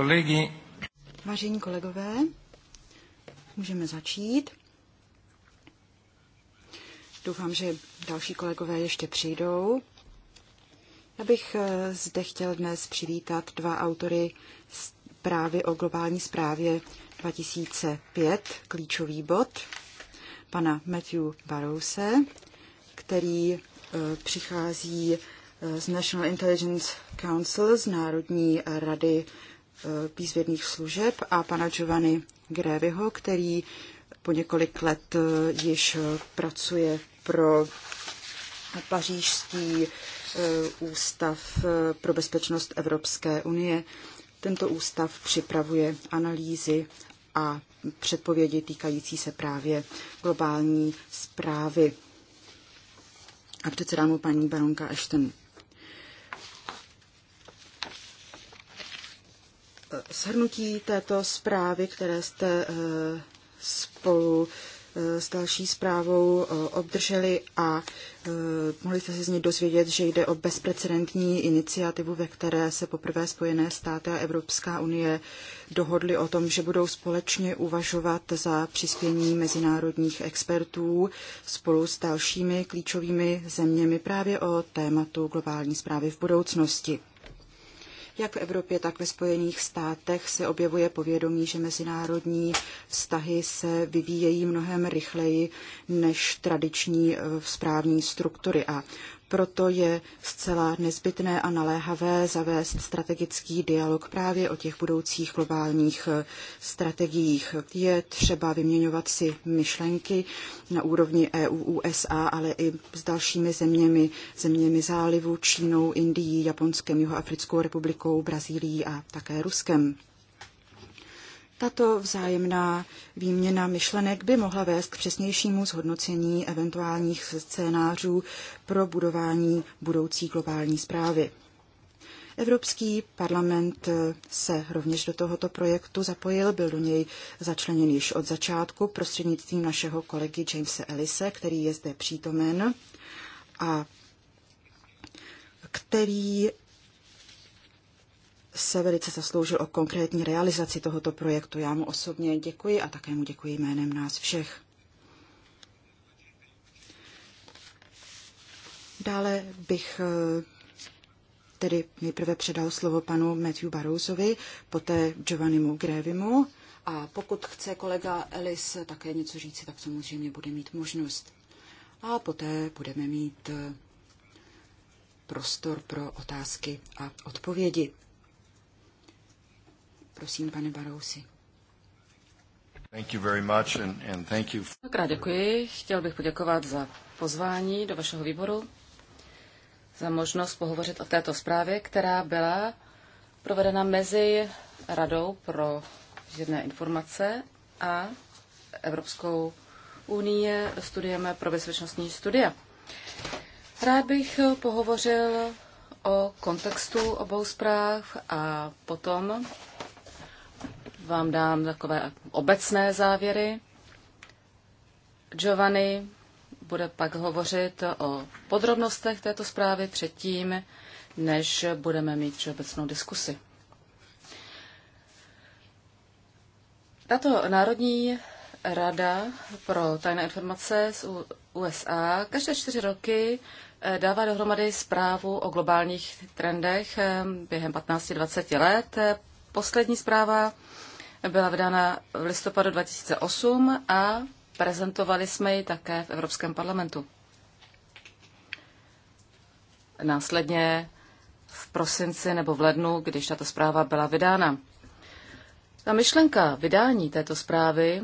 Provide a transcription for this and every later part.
kolegy. Vážení kolegové, můžeme začít. Doufám, že další kolegové ještě přijdou. Já bych eh, zde chtěl dnes přivítat dva autory zprávy o globální zprávě 2005, klíčový bod, pana Matthew Barouse, který eh, přichází eh, z National Intelligence Council, z Národní rady písvědných eh, služeb a pana Giovanni Grévyho, který po několik let eh, již eh, pracuje pro pařížský ústav pro bezpečnost Evropské unie. Tento ústav připravuje analýzy a předpovědi týkající se právě globální zprávy. A předsedá mu paní baronka Ashton. Eh, shrnutí této zprávy, které jste eh, spolu eh, s další zprávou obdrželi a mohli jste se z ní dozvědět, že jde o bezprecedentní iniciativu, ve které se poprvé Spojené státy a Evropská unie dohodly o tom, že budou společně uvažovat za přispění mezinárodních expertů spolu s dalšími klíčovými zeměmi právě o tématu globální zprávy v budoucnosti. Jak v Evropě, tak ve Spojených státech se objevuje povědomí, že mezinárodní vztahy se vyvíjejí mnohem rychleji než tradiční eh, správní struktury. A proto je zcela nezbytné a naléhavé zavést strategický dialog právě o těch budoucích globálních eh, strategiích. Je třeba vyměňovat si myšlenky na úrovni EU-USA, ale i s dalšími zeměmi, zeměmi zálivu, Čínou, Indií, Japonskem, Jihoafrickou republikou, Brazílií a také Ruskem. Tato vzájemná výměna myšlenek by mohla vést k přesnějšímu zhodnocení eventuálních scénářů pro budování budoucí globální zprávy. Evropský parlament se rovněž do tohoto projektu zapojil, byl do něj začleněn již od začátku prostřednictvím našeho kolegy Jamesa Ellise, který je zde přítomen a který se velice zasloužil o konkrétní realizaci tohoto projektu. Já mu osobně děkuji a také mu děkuji jménem nás všech. Dále bych eh, tedy nejprve předal slovo panu Matthew Barrousovi, poté Giovannimu Grévimu a pokud chce kolega Ellis také něco říci, tak samozřejmě bude mít možnost. A poté budeme mít eh, prostor pro otázky a odpovědi. Prosím, pane Barousi. Thank děkuji. Chtěl bych poděkovat za pozvání do vašeho výboru, za možnost pohovořit o této zprávě, která byla provedena mezi Radou pro žádné informace a Evropskou unii studiem pro bezpečnostní studia. Rád bych pohovořil o kontextu obou zpráv a potom vám dám takové obecné závěry. Giovanni bude pak hovořit o podrobnostech této zprávy předtím, než budeme mít všeobecnou diskusi. Tato Národní rada pro tajné informace z USA každé čtyři roky eh, dává dohromady zprávu o globálních trendech eh, během 15-20 let. Eh, poslední zpráva byla vydána v listopadu 2008 a prezentovali jsme ji také v Evropském parlamentu. Následně v prosinci nebo v lednu, když tato zpráva byla vydána. Ta myšlenka vydání této zprávy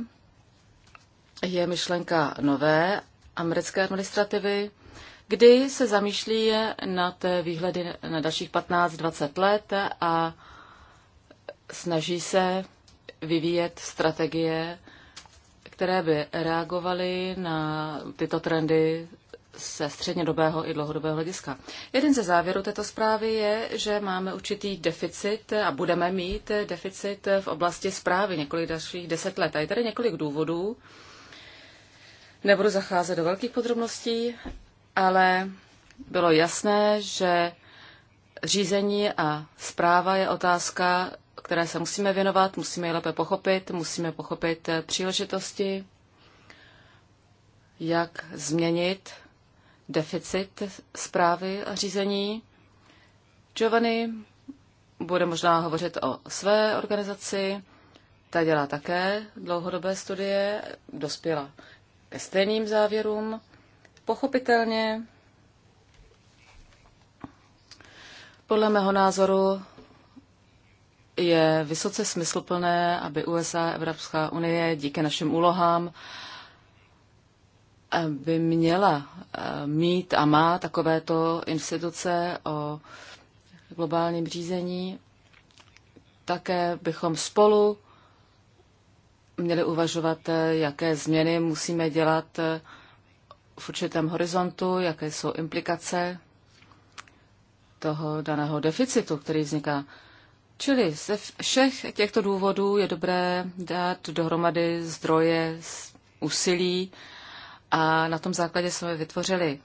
je myšlenka nové americké administrativy, kdy se zamýšlí nad výhledy na dalších 15-20 let a snaží se vyvíjet strategie, které by reagovaly na tyto trendy se střednědobého i dlouhodobého hlediska. Jeden ze závěrů této zprávy je, že máme určitý deficit a budeme mít deficit v oblasti zprávy několik dalších deset let. A je tady několik důvodů. Nebudu zacházet do velkých podrobností, ale bylo jasné, že řízení a zpráva je otázka, které se musíme věnovat, musíme je lépe pochopit, musíme pochopit eh, příležitosti, jak změnit deficit zprávy a řízení. Giovanni bude možná hovořit o své organizaci, ta dělá také dlouhodobé studie, dospěla ke stejným závěrům. Pochopitelně, podle mého názoru, je vysoce smysluplné, aby USA, Evropská unie díky našim úlohám by měla eh, mít a má takovéto instituce o globálním řízení. Také bychom spolu měli uvažovat, eh, jaké změny musíme dělat eh, v určitém horizontu, jaké jsou implikace toho daného deficitu, který vzniká. Čili ze všech těchto důvodů je dobré dát dohromady zdroje, úsilí a na tom základě jsme vytvořili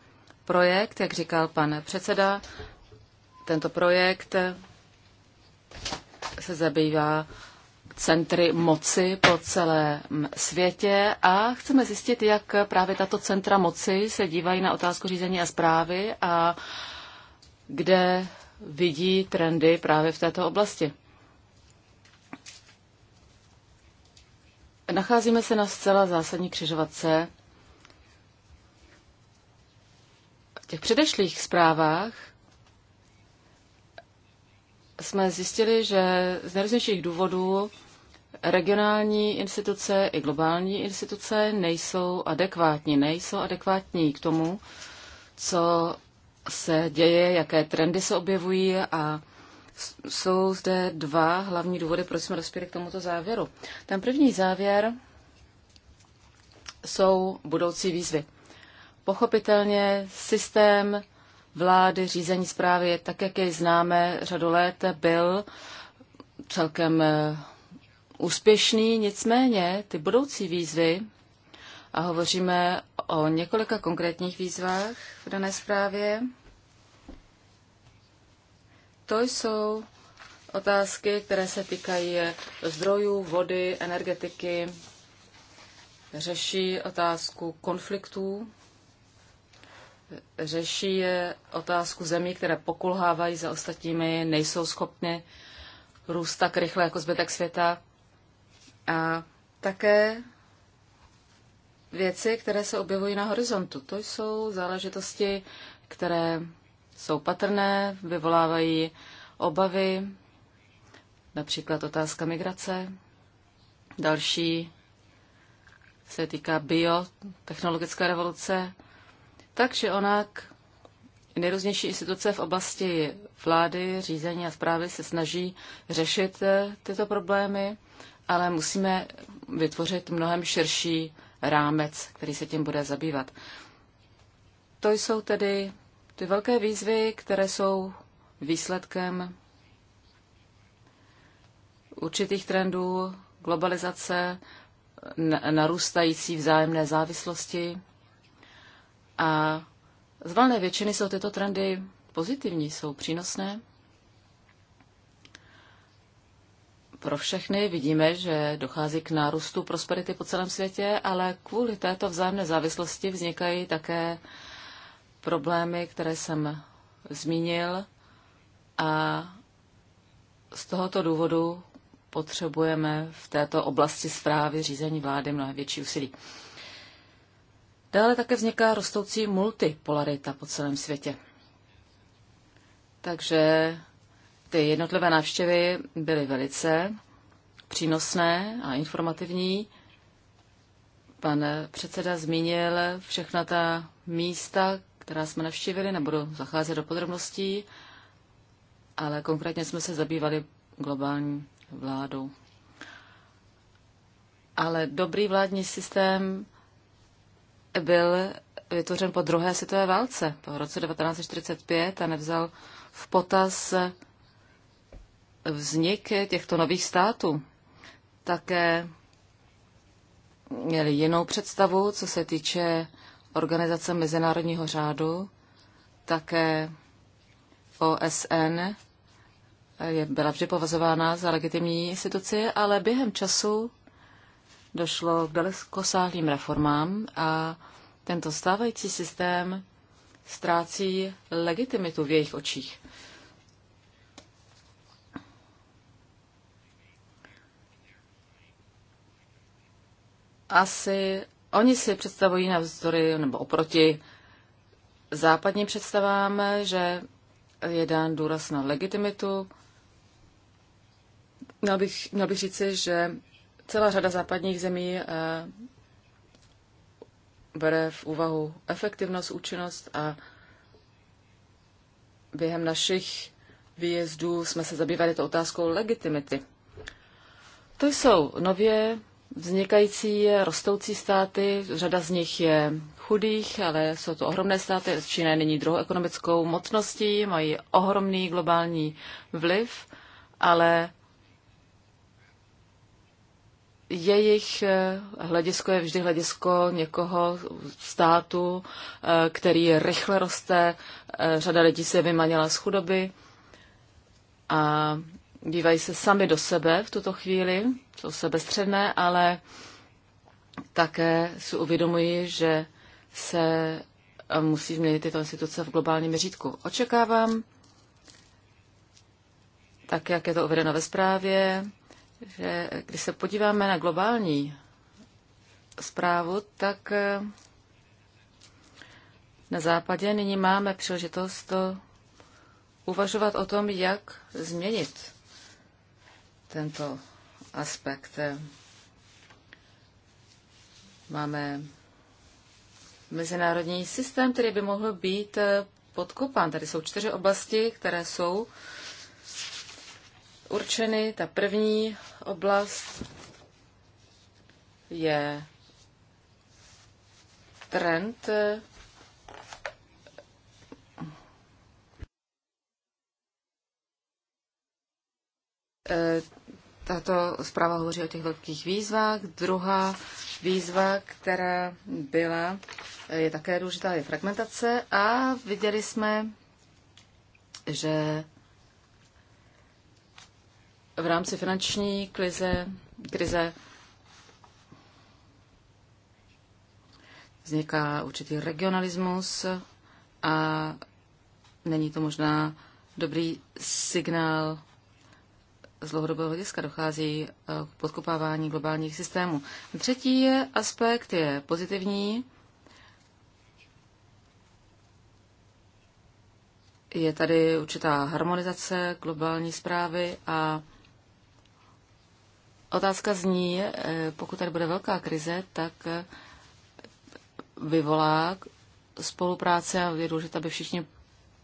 projekt, jak říkal pan předseda. Tento projekt se zabývá centry moci po celém světě a chceme zjistit, jak právě tato centra moci se dívají na otázku řízení a zprávy a kde vidí trendy právě v této oblasti. Nacházíme se na zcela zásadní křižovatce. V těch předešlých zprávách jsme zjistili, že z nejrůznějších důvodů regionální instituce i globální instituce nejsou adekvátní. Nejsou adekvátní k tomu, co se děje, jaké trendy se objevují a jsou zde dva hlavní důvody, proč jsme dospěli k tomuto závěru. Ten první závěr jsou budoucí výzvy. Pochopitelně systém vlády, řízení zprávy, tak jak jej známe řadu let, byl celkem eh, úspěšný, nicméně ty budoucí výzvy a hovoříme o několika konkrétních výzvách v dané zprávě. To jsou otázky, které se týkají zdrojů, vody, energetiky, řeší otázku konfliktů, řeší otázku zemí, které pokulhávají za ostatními, nejsou schopny růst tak rychle jako zbytek světa. A také věci, které se objevují na horizontu. To jsou záležitosti, které jsou patrné, vyvolávají obavy, například otázka migrace. Další se týká biotechnologické revoluce. Takže onak nejrůznější instituce v oblasti vlády, řízení a zprávy se snaží řešit eh, tyto problémy, ale musíme vytvořit mnohem širší rámec, který se tím bude zabývat. To jsou tedy ty velké výzvy, které jsou výsledkem určitých trendů globalizace, narůstající vzájemné závislosti. A z valné většiny jsou tyto trendy pozitivní, jsou přínosné. pro všechny. Vidíme, že dochází k nárůstu prosperity po celém světě, ale kvůli této vzájemné závislosti vznikají také problémy, které jsem zmínil a z tohoto důvodu potřebujeme v této oblasti zprávy řízení vlády mnohem větší úsilí. Dále také vzniká rostoucí multipolarita po celém světě. Takže ty jednotlivé návštěvy byly velice přínosné a informativní. Pan předseda zmínil všechna ta místa, která jsme navštívili, nebudu zacházet do podrobností, ale konkrétně jsme se zabývali globální vládou. Ale dobrý vládní systém byl vytvořen po druhé světové válce, po roce 1945 a nevzal v potaz vznik těchto nových států. Také měli jinou představu, co se týče organizace mezinárodního řádu, také OSN je, byla vždy považována za legitimní instituci, ale během času došlo k dalekosáhlým reformám a tento stávající systém ztrácí legitimitu v jejich očích. asi oni si představují navzdory nebo oproti západním představám, že je dán důraz na legitimitu. Měl bych, měl bych říci, že celá řada západních zemí eh, bere v úvahu efektivnost, účinnost a během našich výjezdů jsme se zabývali to otázkou legitimity. To jsou nově vznikající, rostoucí státy, řada z nich je chudých, ale jsou to ohromné státy. Čína není druhou ekonomickou mocností, mají ohromný globální vliv, ale jejich eh, hledisko je vždy hledisko někoho státu, eh, který rychle roste, eh, řada lidí se vymanila z chudoby a dívají se sami do sebe v tuto chvíli, jsou sebestředné, ale také si uvědomují, že se eh, musí změnit tyto instituce v globálním měřítku. Očekávám, tak jak je to uvedeno ve zprávě, že když se podíváme na globální zprávu, tak eh, na západě nyní máme příležitost to uvažovat o tom, jak změnit tento aspekt. Máme mezinárodní systém, který by mohl být podkopán. Tady jsou čtyři oblasti, které jsou určeny. Ta první oblast je trend tato zpráva hovoří o těch velkých výzvách. Druhá výzva, která byla, je také důležitá, je fragmentace. A viděli jsme, že v rámci finanční krize, krize vzniká určitý regionalismus a není to možná dobrý signál z dlouhodobého hlediska dochází eh, k podkopávání globálních systémů. Třetí aspekt je pozitivní. Je tady určitá harmonizace globální zprávy a otázka zní, eh, pokud tady bude velká krize, tak eh, vyvolá spolupráce a je důležité, aby všichni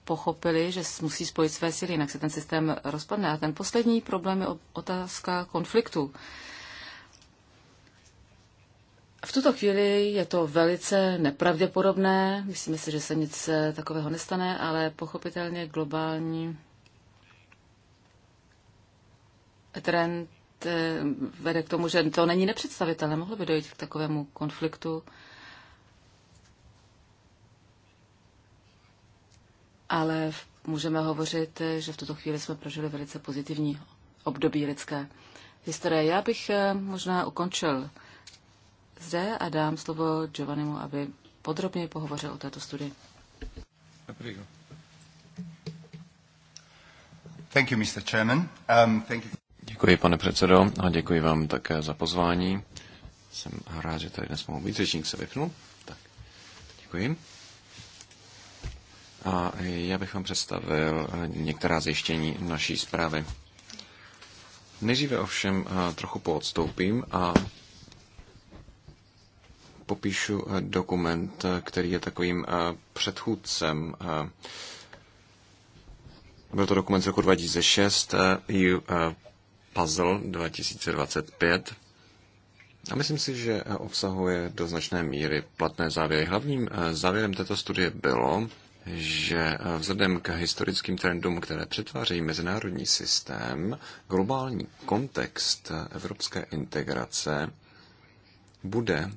pochopili, že musí spojit své síly, jinak se ten systém rozpadne. A ten poslední problém je otázka konfliktu. V tuto chvíli je to velice nepravděpodobné, myslím si, že se nic eh, takového nestane, ale pochopitelně globální trend eh, vede k tomu, že to není nepředstavitelné. Mohlo by dojít k takovému konfliktu ale můžeme hovořit, že v tuto chvíli jsme prožili velice pozitivní období lidské historie. Já bych eh, možná ukončil zde a dám slovo Giovannimu, aby podrobně pohovořil o této studii. Thank you, Mr. Chairman. Um, thank you. Děkuji, pane předsedo, a děkuji vám také za pozvání. Jsem rád, že tady dnes mohu být. Řečník se vypnu. Tak, děkuji. A já bych vám představil eh, některá zjištění naší zprávy. Nejdříve ovšem eh, trochu poodstoupím a popíšu eh, dokument, který je takovým předchůdcem. Byl to dokument z roku 2006, EU Puzzle 2025. A myslím si, že obsahuje do značné míry platné závěry. Hlavním závěrem této studie bylo, že eh, vzhledem k historickým trendům, které přetvářejí mezinárodní systém, globální kontext eh, evropské integrace bude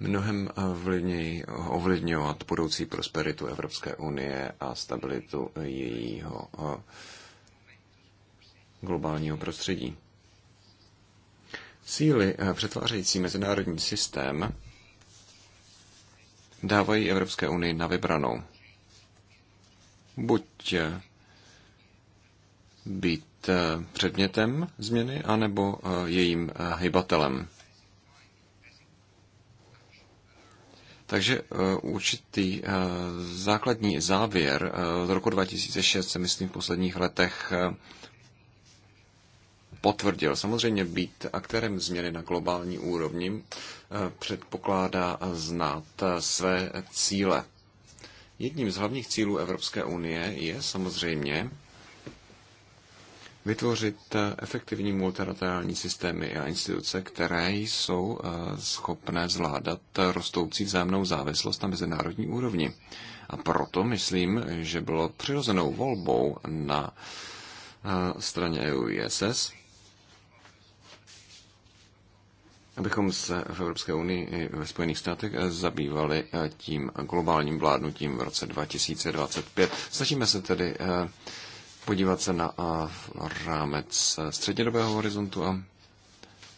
mnohem eh, vlivněji ovlivňovat budoucí prosperitu Evropské unie a stabilitu jejího globálního prostředí. Cíly přetvářející mezinárodní systém dávají Evropské unii na vybranou. Buď eh, být eh, předmětem změny, anebo eh, jejím hybatelem. Takže určitý základní závěr z roku 2006 se myslím v posledních letech potvrdil. Samozřejmě být aktérem změny na globální úrovni eh, předpokládá znát eh, své cíle. Jedním z hlavních cílů Evropské unie je samozřejmě vytvořit eh, efektivní multilaterální systémy a instituce, které jsou schopné zvládat rostoucí vzájemnou závislost na mezinárodní úrovni. A proto myslím, že bylo přirozenou volbou na straně EU ISS abychom se v Evropské unii i ve Spojených státech zabývali eh, tím globálním vládnutím v roce 2025. Snažíme se tedy eh, podívat se na eh, rámec střednědobého horizontu a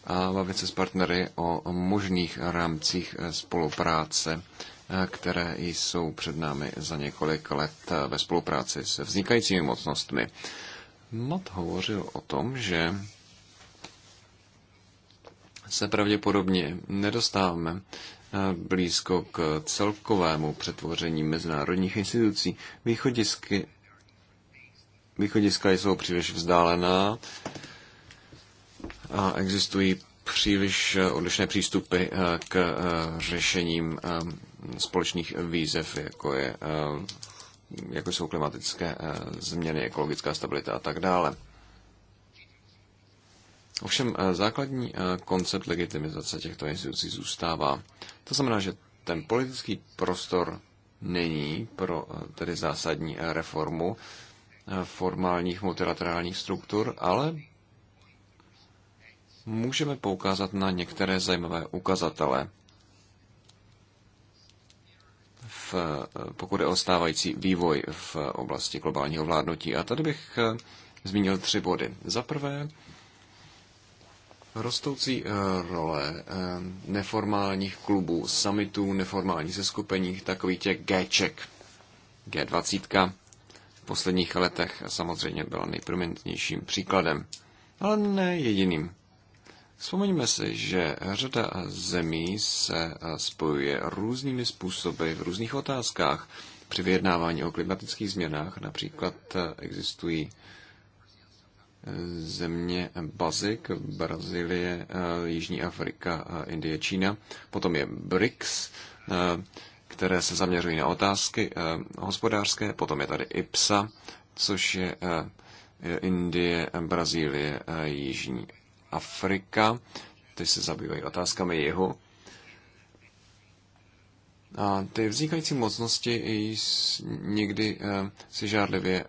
a bavit se s partnery o možných rámcích spolupráce, které jsou před námi za několik let ve spolupráci se vznikajícími mocnostmi. Mat hovořil o tom, že se pravděpodobně nedostáváme eh, blízko k celkovému přetvoření mezinárodních institucí. Východisky, východiska jsou příliš vzdálená a existují příliš odlišné přístupy eh, k eh, řešením společných výzev, jako, je, jako jsou klimatické změny, ekologická stabilita a tak dále. Ovšem eh, základní eh, koncept legitimizace těchto institucí zůstává. To znamená, že ten politický prostor není pro eh, tedy zásadní reformu formálních multilaterálních struktur, ale můžeme poukázat na některé zajímavé ukazatele, v, pokud je o stávající vývoj v oblasti globálního vládnutí. A tady bych zmínil tři body. Za prvé, Rostoucí eh, role eh, neformálních klubů, summitů, neformálních seskupení, takový těch G-ček, G20, v posledních letech samozřejmě byla nejprominentnějším příkladem, ale ne jediným. Vzpomeňme si, že řada zemí se eh, spojuje různými způsoby v různých otázkách. Při vyjednávání o klimatických změnách například existují země Bazik, Brazílie, eh, Jižní Afrika, Indie, Čína. Potom je BRICS, eh, které se zaměřují na otázky eh, hospodářské. Potom je tady IPSA, což je Indie, Brazílie, Jižní Afrika. Ty se zabývají otázkami jihu. A ty vznikající mocnosti někdy si žádlivě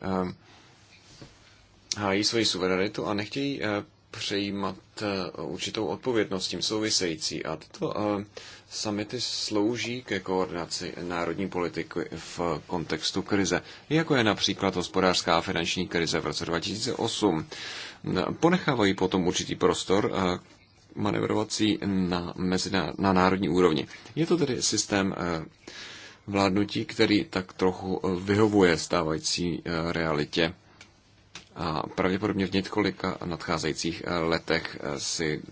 hájí svoji suverenitu a nechtějí eh, přejímat eh, určitou odpovědnost tím související. A tyto eh, samity slouží ke koordinaci národní politiky v kontextu krize, jako je například hospodářská a finanční krize v roce 2008. Ponechávají potom určitý prostor manevrovací na, mezina, na národní úrovni. Je to tedy systém vládnutí, který tak trochu vyhovuje stávající realitě a pravděpodobně v několika nadcházejících eh, letech eh, si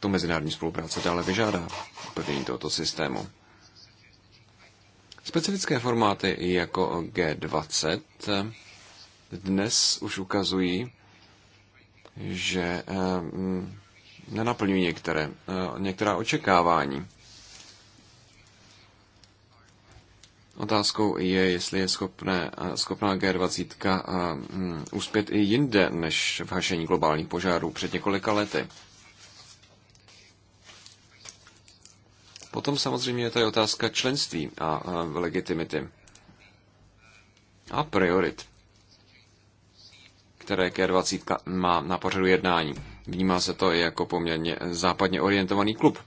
tu mezinárodní spolupráce dále vyžádá plnění tohoto systému. Specifické formáty jako G20 eh, dnes už ukazují, že nenaplňují některé, některá očekávání. Otázkou je, jestli je schopné, schopná G20 um, mm, uspět i jinde než v hašení globálních požárů před několika lety. Potom samozřejmě je tady otázka členství a, a legitimity a priorit, které g 20 má na pořadu jednání. Vnímá se to i jako poměrně západně orientovaný klub.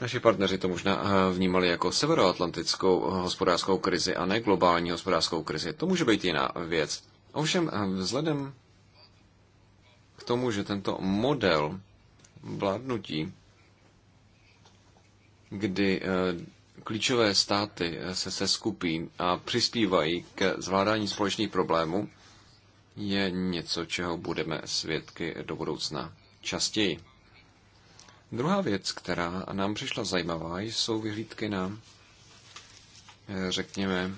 Naši partneři to možná eh, vnímali jako severoatlantickou eh, hospodářskou krizi a ne globální hospodářskou krizi. To může být jiná věc. Ovšem, eh, vzhledem k tomu, že tento model vládnutí, kdy klíčové státy se seskupí a přispívají k zvládání společných problémů, je něco, čeho budeme svědky do budoucna častěji. Druhá věc, která nám přišla zajímavá, jsou vyhlídky na, eh, řekněme,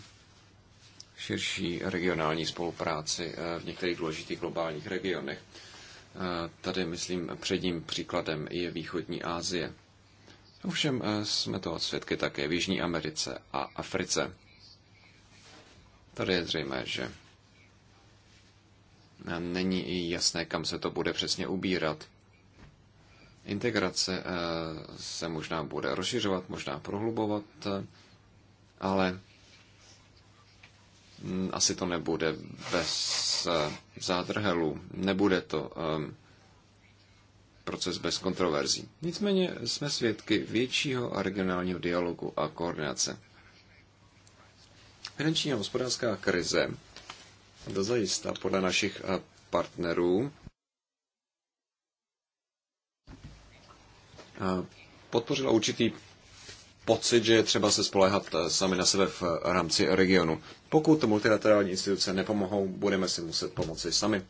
širší regionální spolupráci eh, v některých důležitých globálních regionech. Eh, tady, myslím, předním příkladem je východní Asie. Ovšem jsme toho svědky také v Jižní Americe a Africe. Tady je zřejmé, že není jasné, kam se to bude přesně ubírat. Integrace eh, se možná bude rozšiřovat, možná prohlubovat, eh, ale mm, asi to nebude bez eh, zádrhelů, nebude to proces bez kontroverzí. Nicméně jsme svědky většího a regionálního dialogu a koordinace. Finanční a hospodářská krize dozajista podle našich partnerů Eh, podpořila určitý pocit, že je třeba se spolehat eh, sami na sebe v eh, rámci regionu. Pokud multilaterální instituce nepomohou, budeme si muset pomoci sami.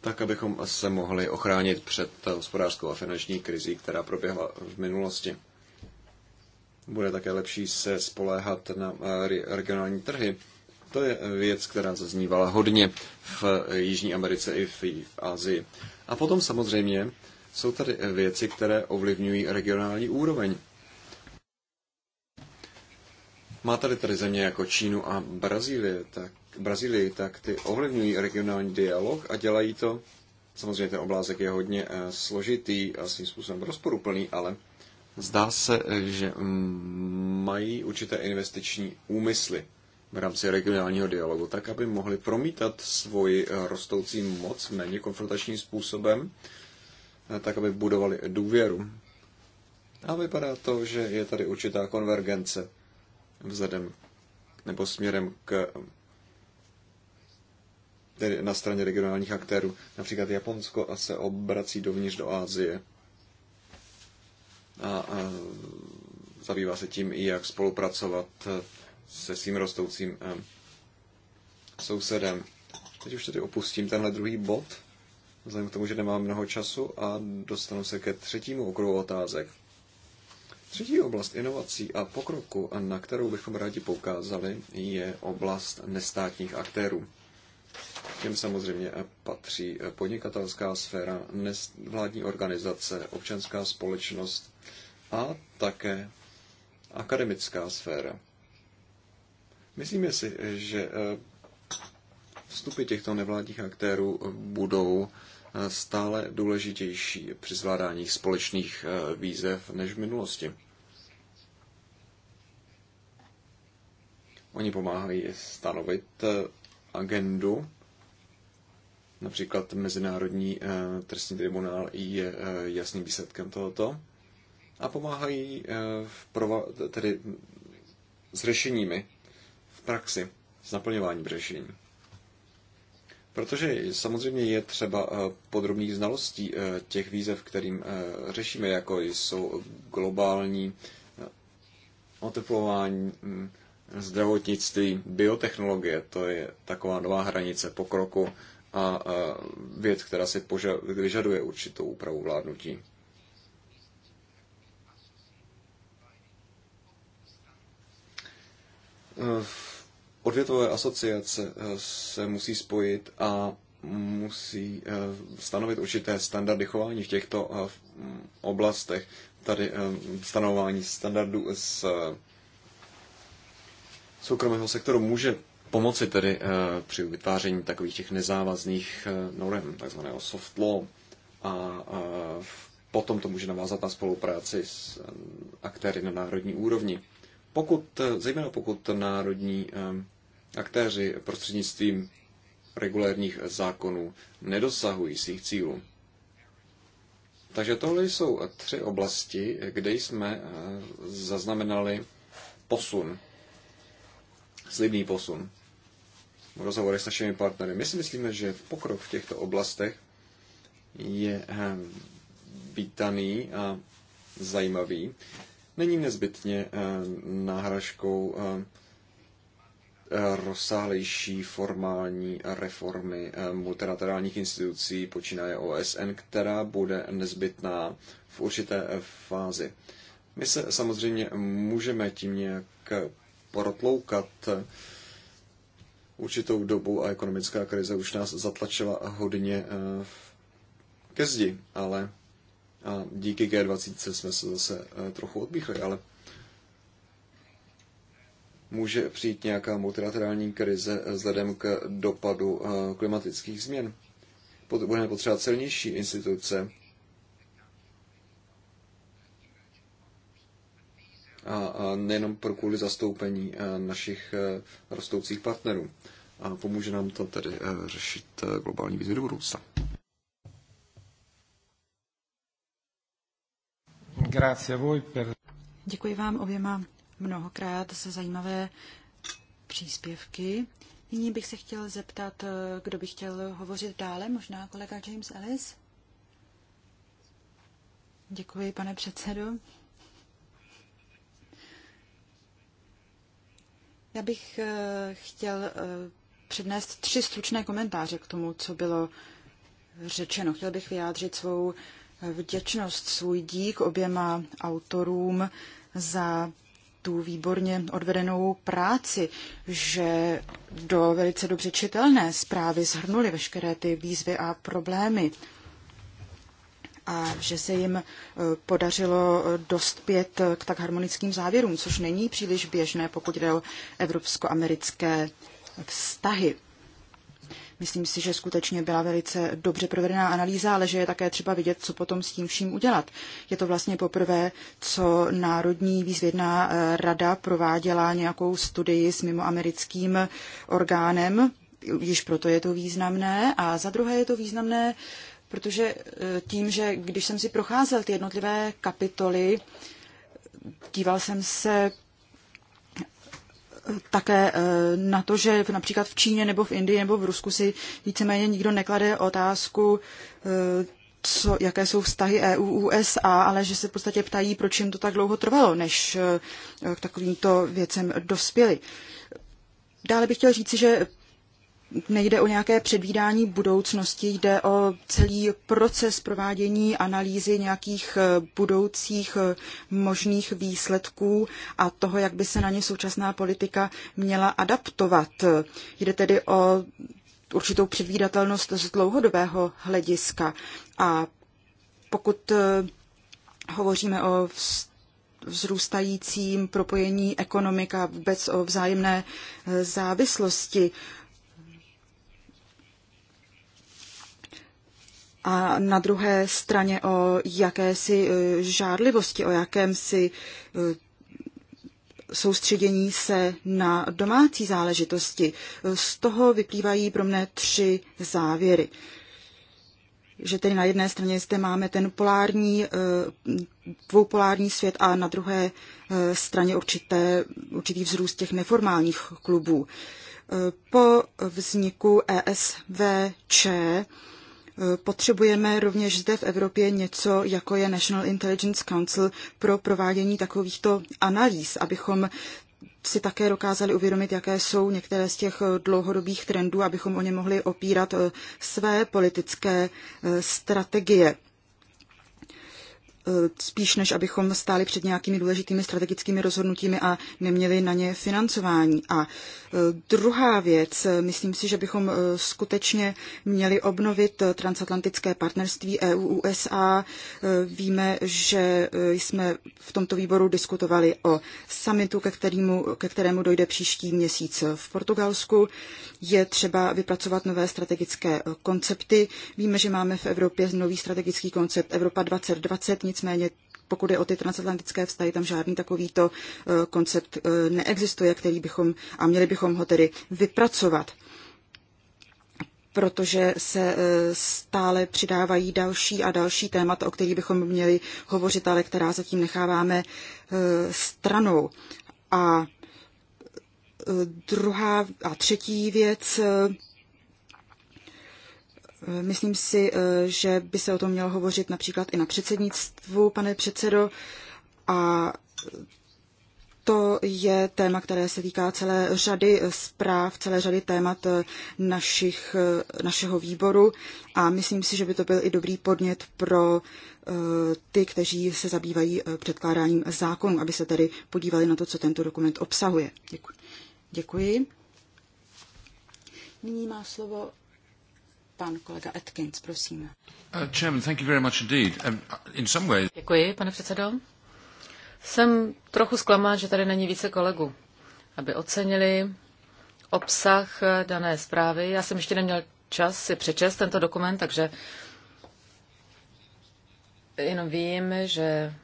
Tak, abychom se mohli ochránit před hospodářskou a finanční krizí, která proběhla v minulosti. Bude také lepší se spoléhat na regionální trhy. To je věc, která zaznívala hodně v Jižní Americe i v Asii. A potom samozřejmě jsou tady eh, věci, které ovlivňují regionální úroveň. Má tady tady země jako Čínu a Brazílie, tak, Brazílii, tak ty ovlivňují regionální dialog a dělají to. Samozřejmě ten oblázek je hodně eh, složitý a svým způsobem rozporuplný, ale zdá se, eh, že mm, mají určité investiční úmysly v rámci regionálního dialogu, tak aby mohli promítat svoji rostoucí moc méně konfrontačním způsobem Eh, tak aby budovali důvěru. A vypadá to, že je tady určitá konvergence vzhledem nebo směrem k tedy na straně regionálních aktérů. Například Japonsko a se obrací dovnitř do Ázie a, a zabývá se tím, i jak spolupracovat se svým rostoucím eh, sousedem. Teď už tedy opustím tenhle druhý bod vzhledem k tomu, že nemám mnoho času a dostanu se ke třetímu okruhu otázek. Třetí oblast inovací a pokroku, na kterou bychom rádi poukázali, je oblast nestátních aktérů. Těm samozřejmě patří podnikatelská sféra, vládní organizace, občanská společnost a také akademická sféra. Myslíme si, že vstupy těchto nevládních aktérů budou stále důležitější při zvládání společných eh, výzev než v minulosti. Oni pomáhají stanovit eh, agendu. Například Mezinárodní eh, trestní tribunál je jasným výsledkem tohoto. A pomáhají v prova- tedy s řešeními v praxi, s naplňováním řešení. Protože samozřejmě je třeba eh, podrobných znalostí eh, těch výzev, kterým eh, řešíme, jako jsou globální oteplování, mm, zdravotnictví, biotechnologie, to je taková nová hranice pokroku a věc, která si vyžaduje určitou úpravu vládnutí. V odvětové asociace eh, se musí spojit a musí eh, stanovit určité standardy chování v těchto eh, mm, oblastech. Tady stanovování standardů z soukromého sektoru může pomoci tedy při vytváření takových těch nezávazných norm, takzvaného soft law. A potom to může navázat na spolupráci s aktéry na národní úrovni. Pokud, zejména pokud národní aktéři prostřednictvím regulérních zákonů nedosahují svých cílů. Takže tohle jsou tři oblasti, kde jsme eh, zaznamenali posun, slibný posun v rozhovorech s našimi partnery. My si myslíme, že pokrok v těchto oblastech je eh, vítaný a zajímavý. Není nezbytně eh, náhražkou rozsáhlejší formální reformy eh, multilaterálních institucí, počínaje OSN, která bude nezbytná v určité fázi. My se samozřejmě můžeme tím nějak protloukat určitou dobu a ekonomická krize už nás zatlačila hodně eh, ke zdi, ale a díky G20 jsme se zase eh, trochu odbíhli, ale může přijít nějaká multilaterální krize vzhledem k dopadu eh, klimatických změn. Budeme potřebovat silnější instituce. A nejenom pro kvůli zastoupení eh, našich eh, rostoucích partnerů. A pomůže nám to tedy řešit globální výzvy do budoucna. Děkuji vám oběma mnohokrát za zajímavé příspěvky. Nyní bych se chtěl zeptat, kdo by chtěl hovořit dále, možná kolega James Ellis. Děkuji, pane předsedo. Já bych eh, chtěl eh, přednést tři stručné komentáře k tomu, co bylo řečeno. Chtěl bych vyjádřit svou eh, vděčnost, svůj dík oběma autorům za tu výborně odvedenou práci, že do velice dobře čitelné zprávy zhrnuli veškeré ty výzvy a problémy a že se jim e, podařilo dospět k tak harmonickým závěrům, což není příliš běžné, pokud jde o evropsko-americké vztahy. Myslím si, že skutečně byla velice dobře provedená analýza, ale že je také třeba vidět, co potom s tím vším udělat. Je to vlastně poprvé, co Národní výzvědná eh, rada prováděla nějakou studii s mimoamerickým orgánem, již proto je to významné. A za druhé je to významné, protože eh, tím, že když jsem si procházel ty jednotlivé kapitoly, díval jsem se také eh, na to, že například v Číně nebo v Indii nebo v Rusku si víceméně nikdo neklade otázku, eh, co, jaké jsou vztahy EU-USA, ale že se v podstatě ptají, proč jim to tak dlouho trvalo, než eh, k takovýmto věcem dospěli. Dále bych chtěl říci, že nejde o nějaké předvídání budoucnosti, jde o celý proces provádění analýzy nějakých eh, budoucích eh, možných výsledků a toho, jak by se na ně současná politika měla adaptovat. Jde tedy o určitou předvídatelnost z dlouhodobého hlediska. A pokud eh, hovoříme o vzrůstajícím propojení ekonomika vůbec o vzájemné závislosti, a na druhé straně o jakési e, žádlivosti, o jakémsi e, soustředění se na domácí záležitosti. E, z toho vyplývají pro mne tři závěry. Že tedy na jedné straně zde máme ten polární, dvoupolární svět a na druhé straně určité, určitý vzrůst těch neformálních klubů. Po vzniku ESVČ Potřebujeme rovněž zde v Evropě něco, jako je National Intelligence Council pro provádění takovýchto analýz, abychom si také dokázali uvědomit, jaké jsou některé z těch eh, dlouhodobých trendů, abychom o ně mohli opírat eh, své politické eh, strategie. Eh, spíš než abychom stáli před nějakými důležitými strategickými rozhodnutími a neměli na ně financování. A eh, druhá věc, eh, myslím si, že bychom skutečně měli obnovit transatlantické partnerství EU-USA. Víme, že jsme v tomto výboru diskutovali o summitu, ke, kterému, ke kterému dojde příští měsíc v Portugalsku je třeba vypracovat nové strategické eh, koncepty. Víme, že máme v Evropě nový strategický koncept Evropa 2020, nicméně pokud je o ty transatlantické vztahy, tam žádný takovýto eh, koncept eh, neexistuje, který bychom, a měli bychom ho tedy vypracovat protože se stále přidávají další a další témata, o kterých bychom měli hovořit, ale která zatím necháváme stranou. A Druhá a třetí věc, eh, myslím si, eh, že by se o tom mělo hovořit například i na předsednictvu, pane předsedo, a to je téma, které se týká celé řady zpráv, celé řady témat eh, našich, našeho výboru a myslím si, že by to byl i dobrý podnět pro ty, kteří se zabývají předkládáním zákonů, aby se tedy podívali na to, co tento dokument obsahuje. Děkuji. Děkuji. Nyní má slovo pan kolega Atkins, prosím. Uh, Chairman, um, uh, Děkuji, pane předsedo. Jsem trochu zklamán, že tady není více kolegů, aby ocenili obsah eh, dané zprávy. Já jsem ještě neměl čas si přečest tento dokument, takže jenom vím, že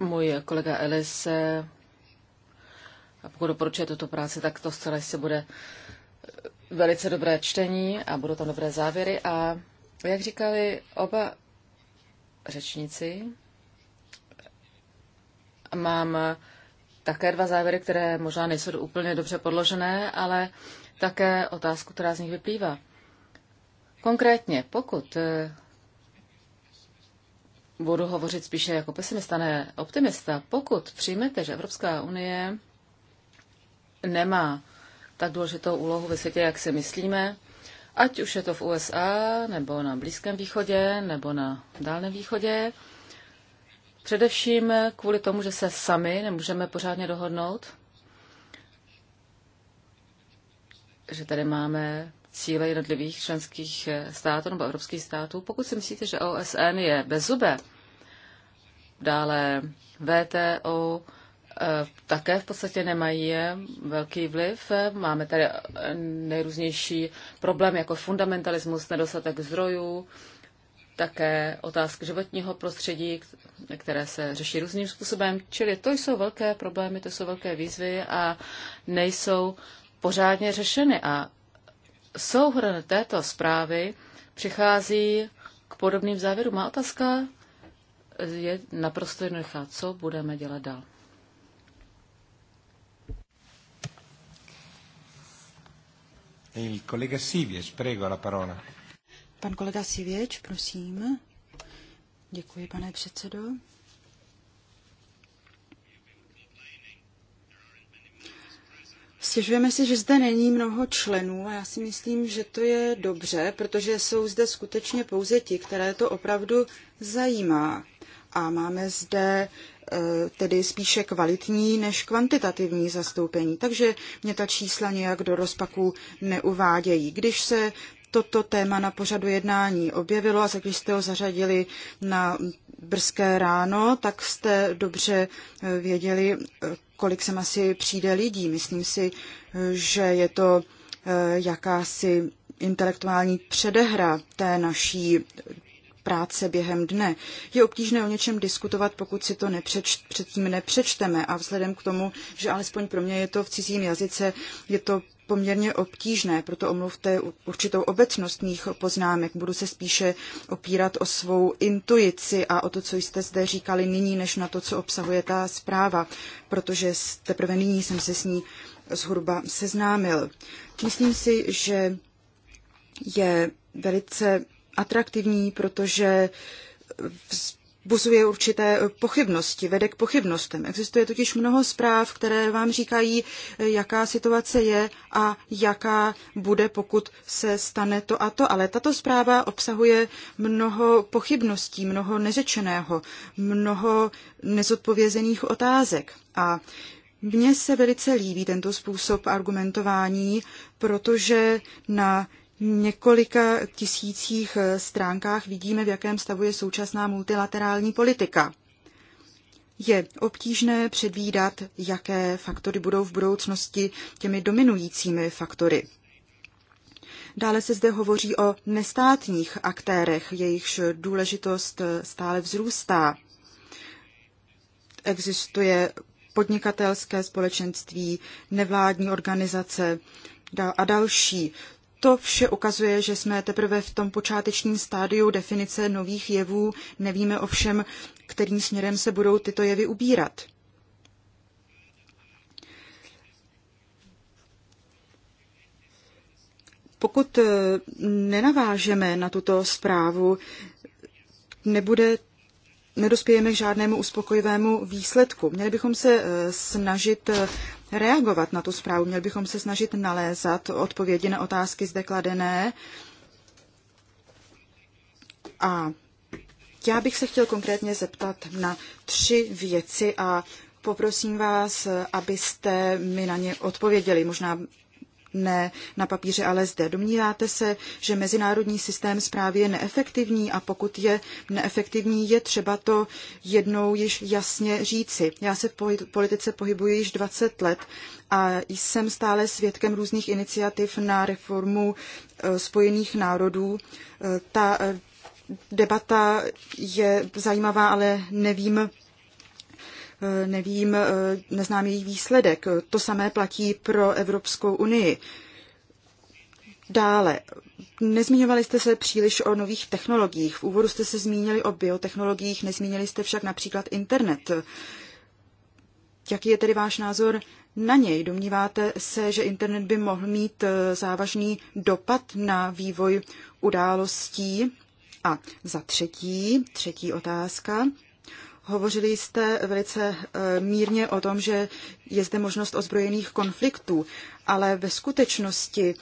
můj kolega Ellis eh, a pokud doporučuje tuto práci, tak to zcela jistě bude velice dobré čtení a budou tam dobré závěry. A jak říkali oba řečníci, mám také dva závěry, které možná nejsou úplně dobře podložené, ale také otázku, která z nich vyplývá. Konkrétně, pokud eh, budu hovořit spíše jako pesimista, ne optimista, pokud přijmete, že Evropská unie nemá tak důležitou úlohu ve světě, jak si myslíme. Ať už je to v USA, nebo na Blízkém východě, nebo na Dálném východě. Především kvůli tomu, že se sami nemůžeme pořádně dohodnout, že tady máme cíle jednotlivých členských států nebo evropských států. Pokud si myslíte, že OSN je zube, dále VTO, Eh, také v podstatě nemají eh, velký vliv. Eh, máme tady nejrůznější problémy jako fundamentalismus, nedostatek zdrojů, také otázky životního prostředí, které se řeší různým způsobem. Čili to jsou velké problémy, to jsou velké výzvy a nejsou pořádně řešeny. A souhrn této zprávy přichází k podobným závěrům. Má otázka je naprosto jednoduchá. Co budeme dělat dál? E il kolega Sivěč, prego la parola. Pan kolega Sivěč, prosím. Děkuji, pane předsedo. Stěžujeme si, že zde není mnoho členů a já si myslím, že to je dobře, protože jsou zde skutečně pouze ti, které to opravdu zajímá. A máme zde Eh, tedy spíše kvalitní než kvantitativní zastoupení, takže mě ta čísla nějak do rozpaku neuvádějí. Když se toto téma na pořadu jednání objevilo a když jste ho zařadili na brzké ráno, tak jste dobře eh, věděli, eh, kolik sem asi přijde lidí. Myslím si, že je to jakási intelektuální předehra té naší práce během dne. Je obtížné o něčem diskutovat, pokud si to nepřeč, předtím nepřečteme a vzhledem k tomu, že alespoň pro mě je to v cizím jazyce, je to poměrně obtížné, proto omluvte určitou obecnost mých poznámek. Budu se spíše opírat o svou intuici a o to, co jste zde říkali nyní, než na to, co obsahuje ta zpráva, protože teprve nyní jsem se s ní zhruba seznámil. Myslím si, že je velice atraktivní, protože vzbuzuje určité pochybnosti, vede k pochybnostem. Existuje totiž mnoho zpráv, které vám říkají, jaká situace je a jaká bude, pokud se stane to a to. Ale tato zpráva obsahuje mnoho pochybností, mnoho neřečeného, mnoho nezodpovězených otázek. A mně se velice líbí tento způsob argumentování, protože na několika tisících eh, stránkách vidíme, v jakém stavu je současná multilaterální politika. Je obtížné předvídat, jaké faktory budou v budoucnosti těmi dominujícími faktory. Dále se zde hovoří o nestátních aktérech, jejichž důležitost eh, stále vzrůstá. Existuje podnikatelské společenství, nevládní organizace a další. To vše ukazuje, že jsme teprve v tom počátečním stádiu definice nových jevů, nevíme ovšem, kterým směrem se budou tyto jevy ubírat. Pokud eh, nenavážeme na tuto zprávu, nebude nedospějeme k žádnému uspokojivému výsledku. Měli bychom se eh, snažit eh, reagovat na tu zprávu. Měli bychom se snažit nalézat odpovědi na otázky zde kladené. A já bych se chtěl konkrétně zeptat na tři věci a poprosím vás, abyste mi na ně odpověděli. Možná ne na papíře, ale zde. Domníváte se, že mezinárodní systém zprávy je neefektivní a pokud je neefektivní, je třeba to jednou již jasně říci. Já se v politice pohybuji již 20 let a jsem stále svědkem různých iniciativ na reformu eh, Spojených národů. Eh, ta eh, debata je zajímavá, ale nevím, Eh, nevím, eh, neznám její výsledek. To samé platí pro Evropskou unii. Dále, nezmiňovali jste se příliš o nových technologiích. V úvodu jste se zmínili o biotechnologiích, nezmínili jste však například internet. Jaký je tedy váš názor na něj? Domníváte se, že internet by mohl mít eh, závažný dopad na vývoj událostí? A za třetí, třetí otázka. Hovořili jste velice eh, mírně o tom, že je zde možnost ozbrojených konfliktů, ale ve skutečnosti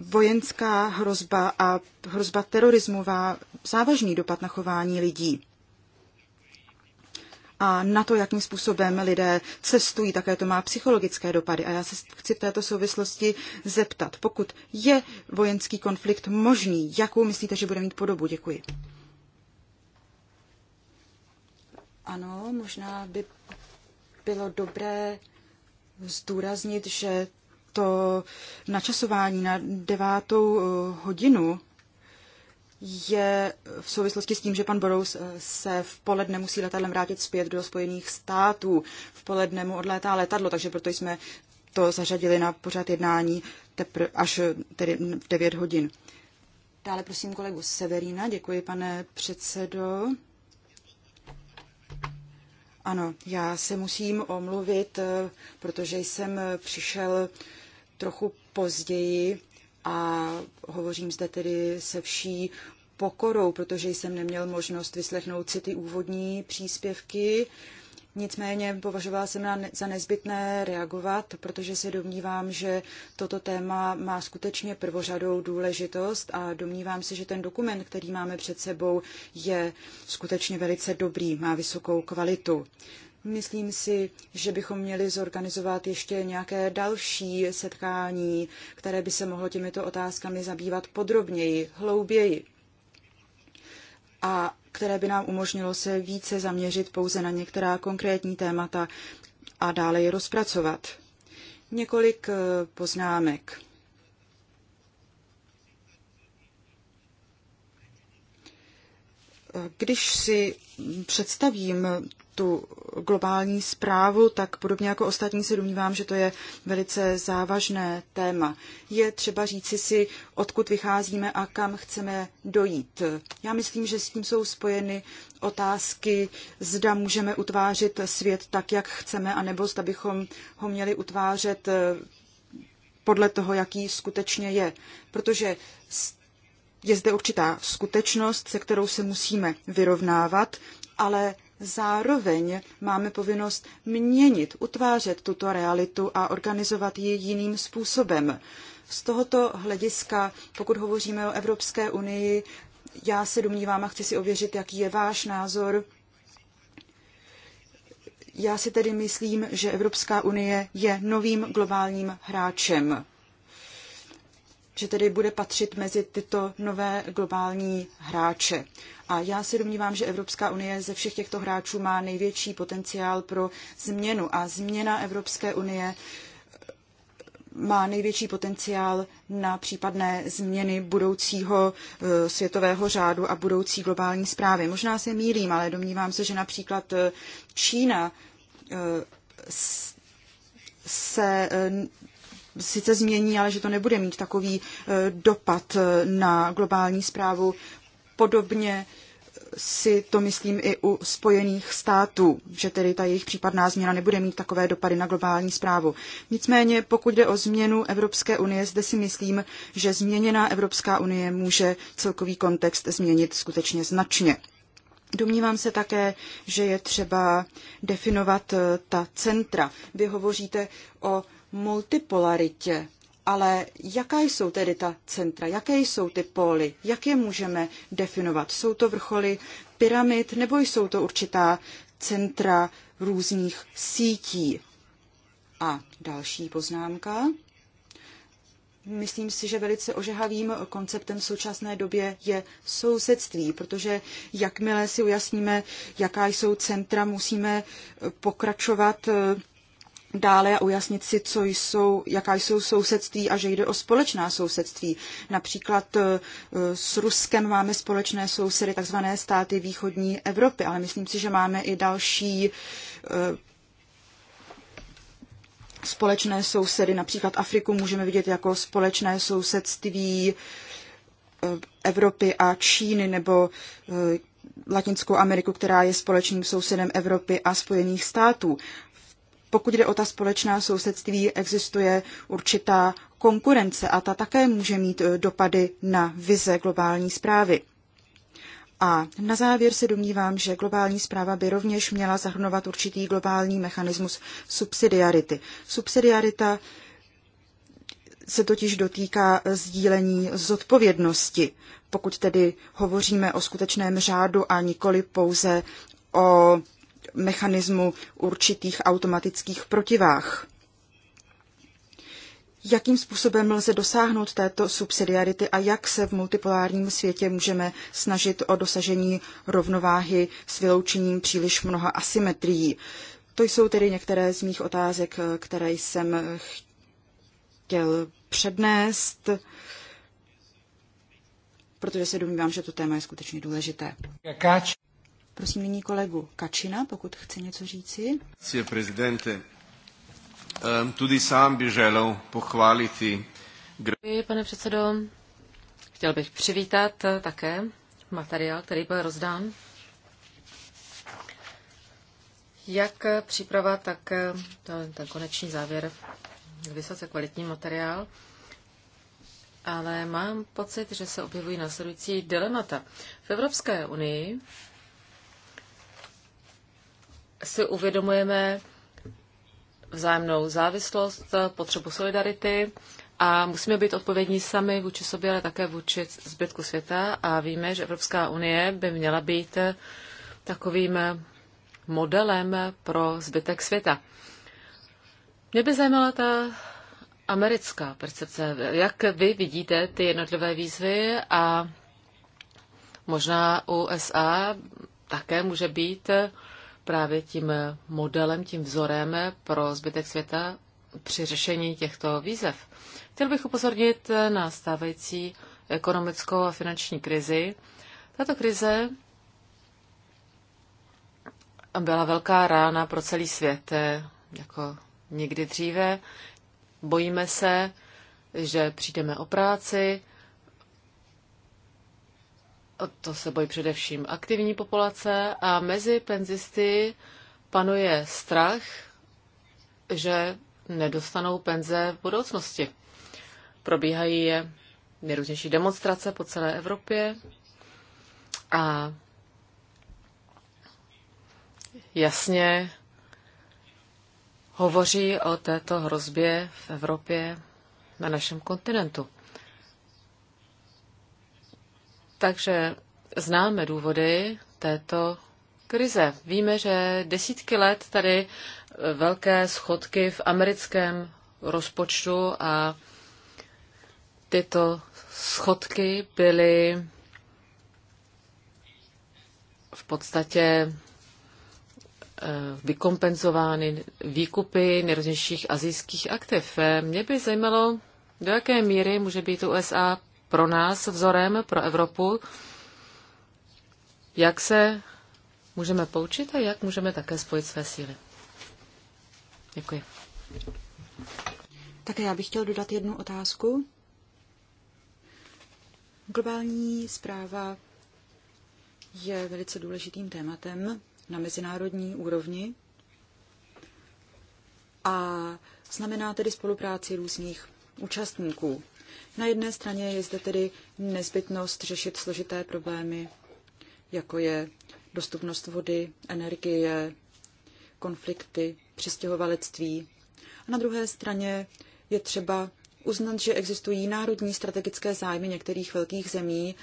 vojenská hrozba a hrozba terorismu má závažný dopad na chování lidí a na to, jakým způsobem lidé cestují, také to má psychologické dopady. A já se chci v této souvislosti zeptat, pokud je vojenský konflikt možný, jakou myslíte, že bude mít podobu? Děkuji. Ano, možná by bylo dobré zdůraznit, že to načasování na devátou eh, hodinu je v souvislosti s tím, že pan Borous eh, se v poledne musí letadlem vrátit zpět do Spojených států. V poledne mu odlétá letadlo, takže proto jsme to zařadili na pořad jednání tepr- až eh, tedy v 9 hodin. Dále prosím kolegu Severína. Děkuji, pane předsedo. Ano, já se musím omluvit, eh, protože jsem eh, přišel trochu později a hovořím zde tedy se vší pokorou, protože jsem neměl možnost vyslechnout si ty úvodní příspěvky. Nicméně považovala jsem za nezbytné reagovat, protože se domnívám, že toto téma má skutečně prvořadou důležitost a domnívám se, že ten dokument, který máme před sebou, je skutečně velice dobrý, má vysokou kvalitu. Myslím si, že bychom měli zorganizovat ještě nějaké další setkání, které by se mohlo těmito otázkami zabývat podrobněji, hlouběji. A které by nám umožnilo se více zaměřit pouze na některá konkrétní témata a dále je rozpracovat. Několik eh, poznámek. Eh, když si představím tu globální zprávu, tak podobně jako ostatní se domnívám, že to je velice závažné téma. Je třeba říci si, odkud vycházíme a kam chceme dojít. Já myslím, že s tím jsou spojeny otázky, zda můžeme utvářet svět tak, jak chceme, anebo zda bychom ho měli utvářet eh, podle toho, jaký skutečně je. Protože je zde určitá skutečnost, se kterou se musíme vyrovnávat, ale Zároveň máme povinnost měnit, utvářet tuto realitu a organizovat ji jiným způsobem. Z tohoto hlediska, pokud hovoříme o Evropské unii, já se domnívám a chci si ověřit, jaký je váš názor. Já si tedy myslím, že Evropská unie je novým globálním hráčem. Že tedy bude patřit mezi tyto nové globální hráče. A já si domnívám, že Evropská unie ze všech těchto hráčů má největší potenciál pro změnu. A změna Evropské unie má největší potenciál na případné změny budoucího eh, světového řádu a budoucí globální zprávy. Možná se mýlím, ale domnívám se, že například eh, Čína eh, se sice změní, ale že to nebude mít takový dopad na globální zprávu Podobně si to myslím i u Spojených států, že tedy ta jejich případná změna nebude mít takové dopady na globální zprávu. Nicméně, pokud jde o změnu Evropské unie, zde si myslím, že změněná Evropská unie může celkový kontext změnit skutečně značně. Domnívám se také, že je třeba definovat eh, ta centra. Vy hovoříte o multipolaritě ale jaká jsou tedy ta centra, jaké jsou ty póly, jak je můžeme definovat? Jsou to vrcholy pyramid nebo jsou to určitá centra různých sítí? A další poznámka. Myslím si, že velice ožehavým konceptem v současné době je sousedství, protože jakmile si ujasníme, jaká jsou centra, musíme pokračovat eh, dále a ujasnit si, co jsou, jaká jsou sousedství a že jde o společná sousedství. Například eh, s Ruskem máme společné sousedy, takzvané státy východní Evropy, ale myslím si, že máme i další eh, společné sousedy, například Afriku můžeme vidět jako společné sousedství eh, Evropy a Číny nebo Latinskou Ameriku, která je společným sousedem Evropy a Spojených států pokud jde o ta společná sousedství, existuje určitá konkurence a ta také může mít e, dopady na vize globální zprávy. A na závěr se domnívám, že globální zpráva by rovněž měla zahrnovat určitý globální mechanismus subsidiarity. Subsidiarita se totiž dotýká e, sdílení zodpovědnosti, pokud tedy hovoříme o skutečném řádu a nikoli pouze o mechanismu určitých automatických protivách. Jakým způsobem lze dosáhnout této subsidiarity a jak se v multipolárním světě můžeme snažit o dosažení rovnováhy s vyloučením příliš mnoha asymetrií? To jsou tedy některé z mých otázek, které jsem chtěl přednést, protože se domnívám, že to téma je skutečně důležité. Prosím nyní kolegu Kačina, pokud chce něco říci. Pane prezidente, ehm, tudy sám by želel pochválit. Děkuji, pane předsedo. Chtěl bych přivítat eh, také materiál, který byl rozdán. Jak příprava, tak eh, ten, ten konečný závěr, vysoce kvalitní materiál, ale mám pocit, že se objevují následující dilemata. V Evropské unii si uvědomujeme vzájemnou závislost, potřebu solidarity a musíme být odpovědní sami vůči sobě, ale také vůči zbytku světa a víme, že Evropská unie by měla být takovým modelem pro zbytek světa. Mě by zajímala ta americká percepce. Jak vy vidíte ty jednotlivé výzvy a možná USA také může být právě tím modelem, tím vzorem pro zbytek světa při řešení těchto výzev. Chtěl bych upozornit na stávající ekonomickou a finanční krizi. Tato krize byla velká rána pro celý svět, eh, jako nikdy dříve. Bojíme se, že přijdeme o práci, to se bojí především aktivní populace a mezi penzisty panuje strach, že nedostanou penze v budoucnosti. Probíhají je nejrůznější demonstrace po celé Evropě a jasně hovoří o této hrozbě v Evropě na našem kontinentu. Takže známe důvody této krize. Víme, že desítky let tady e, velké schodky v americkém rozpočtu a tyto schodky byly v podstatě e, vykompenzovány výkupy nejrůznějších azijských aktiv. E, mě by zajímalo, do jaké míry může být USA pro nás vzorem, pro Evropu, jak se můžeme poučit a jak můžeme také spojit své síly. Děkuji. Také já bych chtěl dodat jednu otázku. Globální zpráva je velice důležitým tématem na mezinárodní úrovni a znamená tedy spolupráci různých účastníků. Na jedné straně je zde tedy nezbytnost řešit složité problémy, jako je dostupnost vody, energie, konflikty, přistěhovalectví. A na druhé straně je třeba uznat, že existují národní strategické zájmy některých velkých zemí,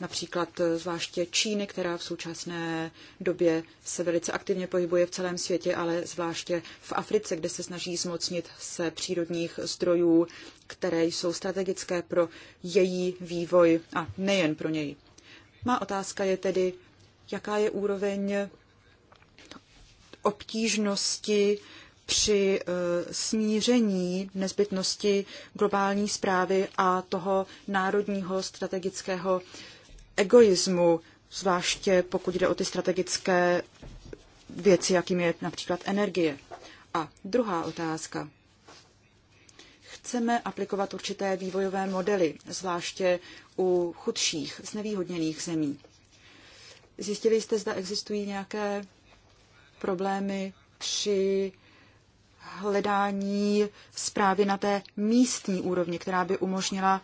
například eh, zvláště Číny, která v současné době se velice aktivně pohybuje v celém světě, ale zvláště v Africe, kde se snaží zmocnit se přírodních zdrojů, které jsou strategické pro její vývoj a nejen pro něj. Má otázka je tedy, jaká je úroveň obtížnosti při eh, smíření nezbytnosti globální zprávy a toho národního strategického egoismu, zvláště pokud jde o ty strategické věci, jakým je například energie. A druhá otázka. Chceme aplikovat určité vývojové modely, zvláště u chudších, znevýhodněných zemí. Zjistili jste, zda existují nějaké problémy při hledání zprávy na té místní úrovni, která by umožnila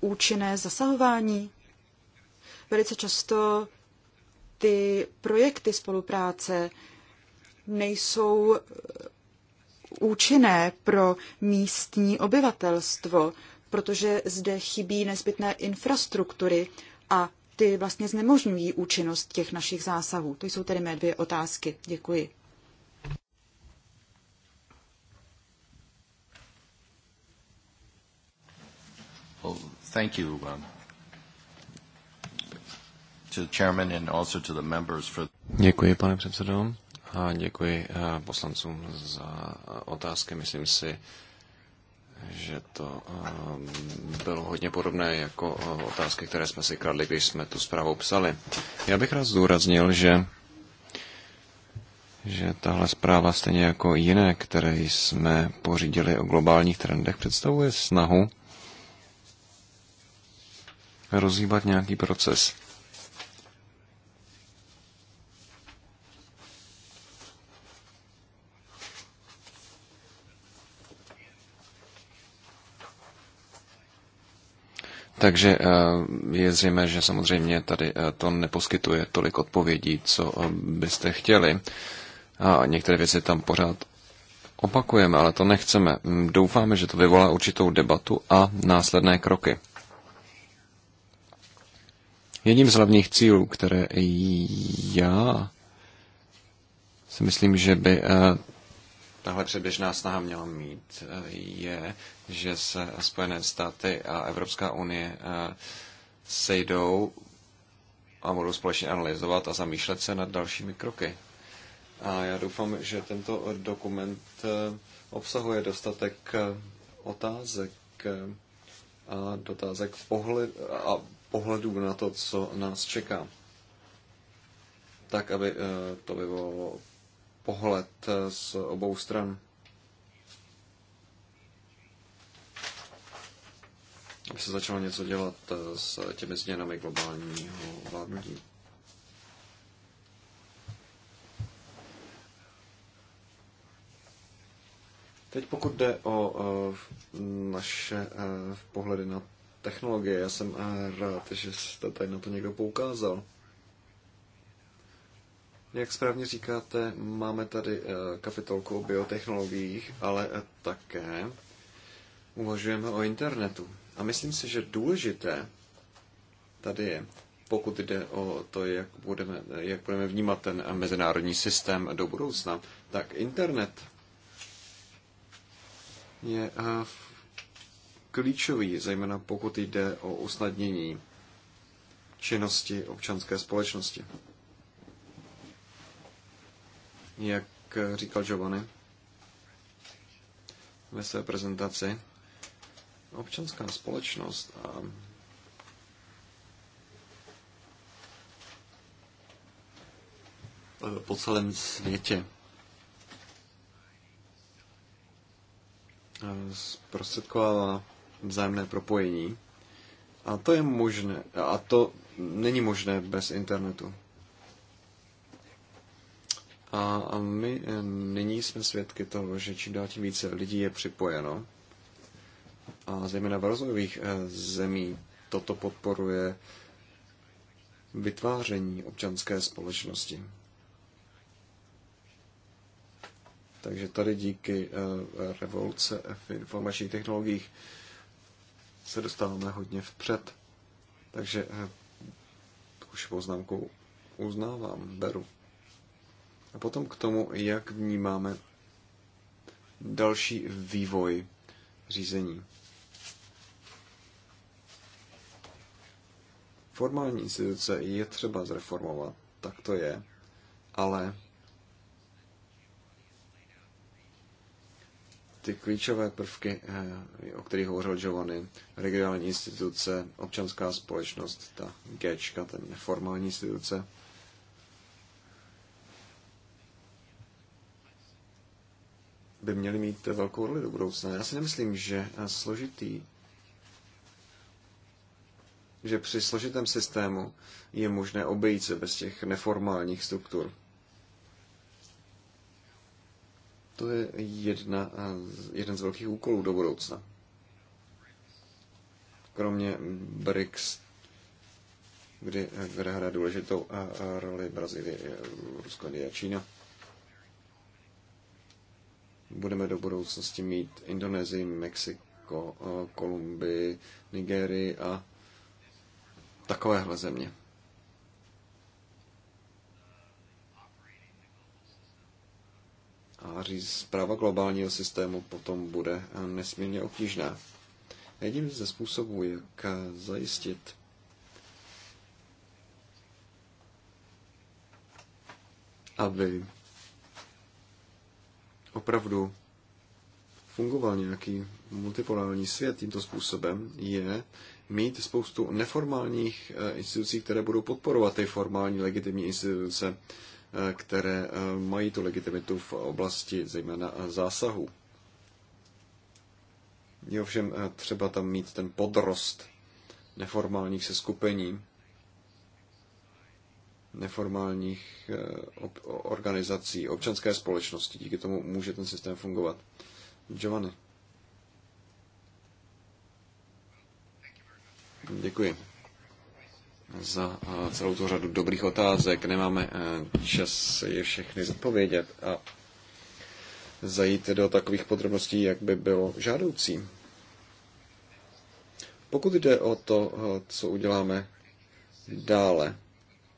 účinné zasahování? Velice často ty projekty spolupráce nejsou eh, účinné pro místní obyvatelstvo, protože zde chybí nezbytné infrastruktury a ty vlastně znemožňují účinnost těch našich zásahů. To jsou tedy mé dvě otázky. Děkuji. Oh, thank you. Um... Děkuji, pane předsedo, a děkuji eh, poslancům za otázky. Myslím si, že to eh, bylo hodně podobné jako eh, otázky, které jsme si kladli, když jsme tu zprávu psali. Já bych rád zdůraznil, že že tahle zpráva, stejně jako jiné, které jsme pořídili o globálních trendech, představuje snahu rozhýbat nějaký proces. Takže eh, je zřejmé, že samozřejmě tady eh, to neposkytuje tolik odpovědí, co eh, byste chtěli. A některé věci tam pořád opakujeme, ale to nechceme. Mm, doufáme, že to vyvolá určitou debatu a následné kroky. Jedním z hlavních cílů, které já si myslím, že by tahle předběžná snaha měla mít, eh, je, že se Spojené státy a Evropská unie eh, sejdou a budou společně analyzovat a zamýšlet se nad dalšími kroky. A já doufám, že tento dokument eh, obsahuje dostatek otázek a dotázek pohled, a pohledů na to, co nás čeká. Tak, aby to vyvolalo pohled eh, z obou stran. Aby se začalo něco dělat eh, s těmi změnami globálního vládnutí. Teď pokud jde o eh, naše pohledy na technologie, já jsem rád, že jste tady na to někdo poukázal. Jak správně říkáte, máme tady eh, kapitolku o biotechnologiích, ale eh, také uvažujeme o internetu. A myslím si, že důležité tady je, pokud jde o to, jak budeme, eh, jak budeme vnímat ten mezinárodní systém do budoucna, tak internet je klíčový, zejména pokud jde o usnadnění činnosti občanské společnosti jak eh, říkal Giovanni ve své prezentaci, občanská společnost a po celém světě eh, zprostředkovává vzájemné propojení. A to je možné, a to není možné bez internetu. A my eh, nyní jsme svědky toho, že čím dál tím více lidí je připojeno. A zejména v rozvojových eh, zemí toto podporuje vytváření občanské společnosti. Takže tady díky eh, revoluce v informačních technologiích se dostáváme hodně vpřed. Takže už poznámku uznávám, beru. A potom k tomu, jak vnímáme další vývoj řízení. Formální instituce je třeba zreformovat, tak to je, ale ty klíčové prvky, eh, o kterých hovořil Giovanni, regionální instituce, občanská společnost, ta G, ten neformální instituce, by měly mít velkou roli do budoucna. Já si nemyslím, že složitý, že při složitém systému je možné obejít se bez těch neformálních struktur. To je jedna, jeden z velkých úkolů do budoucna. Kromě BRICS, kde hraje důležitou roli Brazílie, Rusko, Indie a Čína budeme do budoucnosti mít Indonésii, Mexiko, eh, Kolumbii, Nigérii a takovéhle země. A říct zpráva globálního systému potom bude eh, nesmírně obtížná. Jedním ze způsobů, jak eh, zajistit aby opravdu fungoval nějaký multipolární svět tímto způsobem, je mít spoustu neformálních eh, institucí, které budou podporovat ty formální legitimní instituce, eh, které eh, mají tu legitimitu v oblasti zejména zásahu. Je ovšem třeba tam mít ten podrost neformálních seskupení, neformálních eh, organizací, občanské společnosti. Díky tomu může ten systém fungovat. Giovanni. Děkuji za eh, celou tu řadu dobrých otázek. Nemáme eh, čas je všechny zodpovědět a zajít do takových podrobností, jak by bylo žádoucí. Pokud jde o to, co uděláme dále,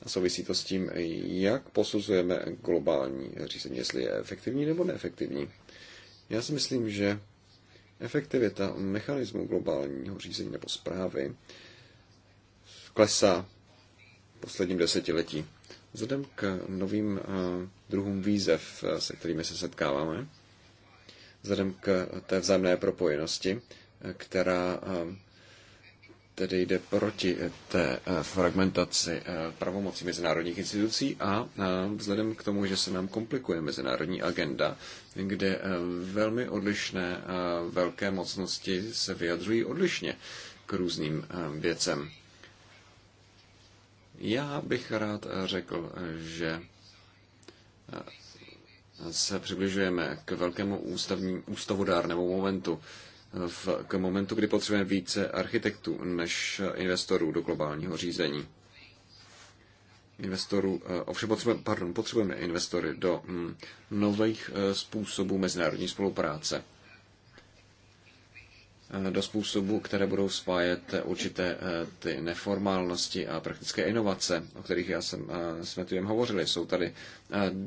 Souvisí to s tím, jak posuzujeme globální řízení, jestli je efektivní nebo neefektivní. Já si myslím, že efektivita mechanismu globálního řízení nebo zprávy klesá v posledním desetiletí. Vzhledem k novým eh, druhům výzev, eh, se kterými se setkáváme, vzhledem k té vzájemné propojenosti, eh, která tedy jde proti eh, té eh, fragmentaci eh, pravomocí mezinárodních institucí a vzhledem k tomu, že se nám komplikuje mezinárodní agenda, kde velmi odlišné velké mocnosti se vyjadřují odlišně k různým věcem. Já bych rád řekl, že se přibližujeme k velkému ústavní, ústavodárnému momentu v, k momentu, kdy potřebujeme více architektů než investorů do globálního řízení. Investorů, eh, ovšem potřebujeme, pardon, potřebujeme investory do mm, nových eh, způsobů mezinárodní spolupráce. Eh, do způsobů, které budou spájet určité eh, ty neformálnosti a praktické inovace, o kterých já jsem eh, s Metujem hovořili. Jsou tady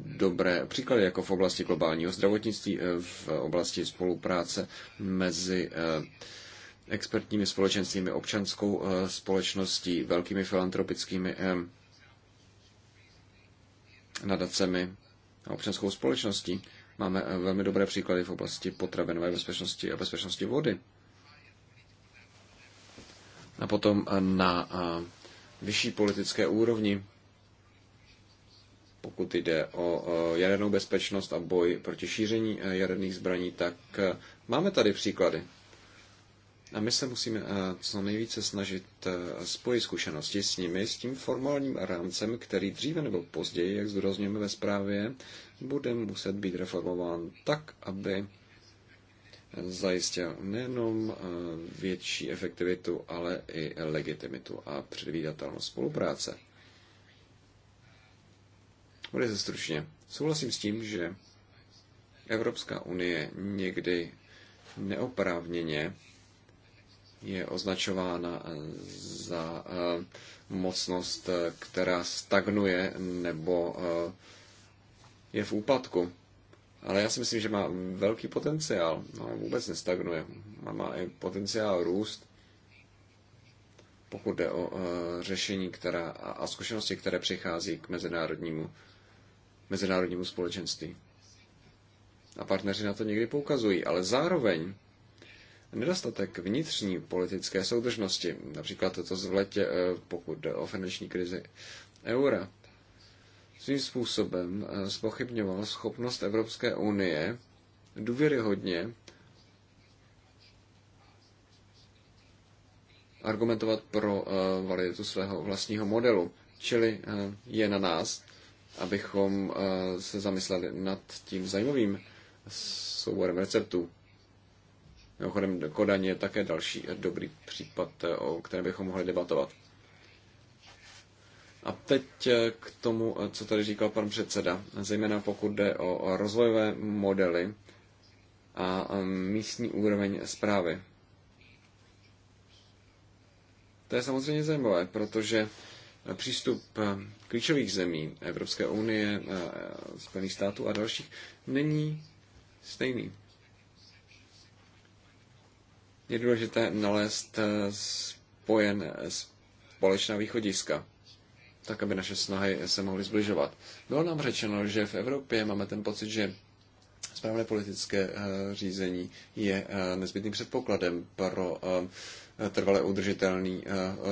dobré příklady, jako v oblasti globálního zdravotnictví, v oblasti spolupráce mezi expertními společenstvími, občanskou společností, velkými filantropickými nadacemi a občanskou společností. Máme velmi dobré příklady v oblasti potravinové bezpečnosti a bezpečnosti vody a potom eh, na eh, vyšší politické úrovni, pokud jde o eh, jadernou bezpečnost a boj proti šíření jaderných zbraní, tak máme tady příklady. A my se musíme co nejvíce snažit spojit zkušenosti s nimi, s tím formálním rámcem, který dříve nebo později, jak zdůrazněme ve zprávě, bude muset být reformován tak, aby zajistil nejenom eh, větší efektivitu, ale i legitimitu a předvídatelnost spolupráce. Bude se stručně. Souhlasím s tím, že Evropská unie někdy neoprávněně je označována eh, za eh, mocnost, která stagnuje nebo je v úpadku. Ale já si myslím, že má velký potenciál. No, vůbec nestagnuje. Má, má i potenciál růst, pokud jde o uh, řešení která, a, a zkušenosti, které přichází k mezinárodnímu, mezinárodnímu společenství. A partneři na to někdy poukazují, ale zároveň nedostatek vnitřní politické soudržnosti, například toto zvletě, eh, pokud jde o finanční krizi eura, svým způsobem spochybňoval eh, schopnost Evropské unie důvěryhodně argumentovat pro eh, validitu svého vlastního modelu. Čili eh, je na nás, abychom se zamysleli nad tím zajímavým souborem receptů. Mimochodem, Kodaň je také další dobrý případ, o kterém bychom mohli debatovat. A teď eh, k tomu, eh, co tady říkal pan předseda, zejména pokud jde o rozvojové modely a místní úroveň zprávy. To je samozřejmě zajímavé, protože eh, přístup klíčových zemí Evropské unie, Spojených států a dalších není stejný. Je důležité nalézt spojen společná východiska tak aby naše snahy se mohly zbližovat. Bylo nám řečeno, že v Evropě máme ten pocit, že správné politické eh, řízení je eh, nezbytným předpokladem pro eh, trvale udržitelný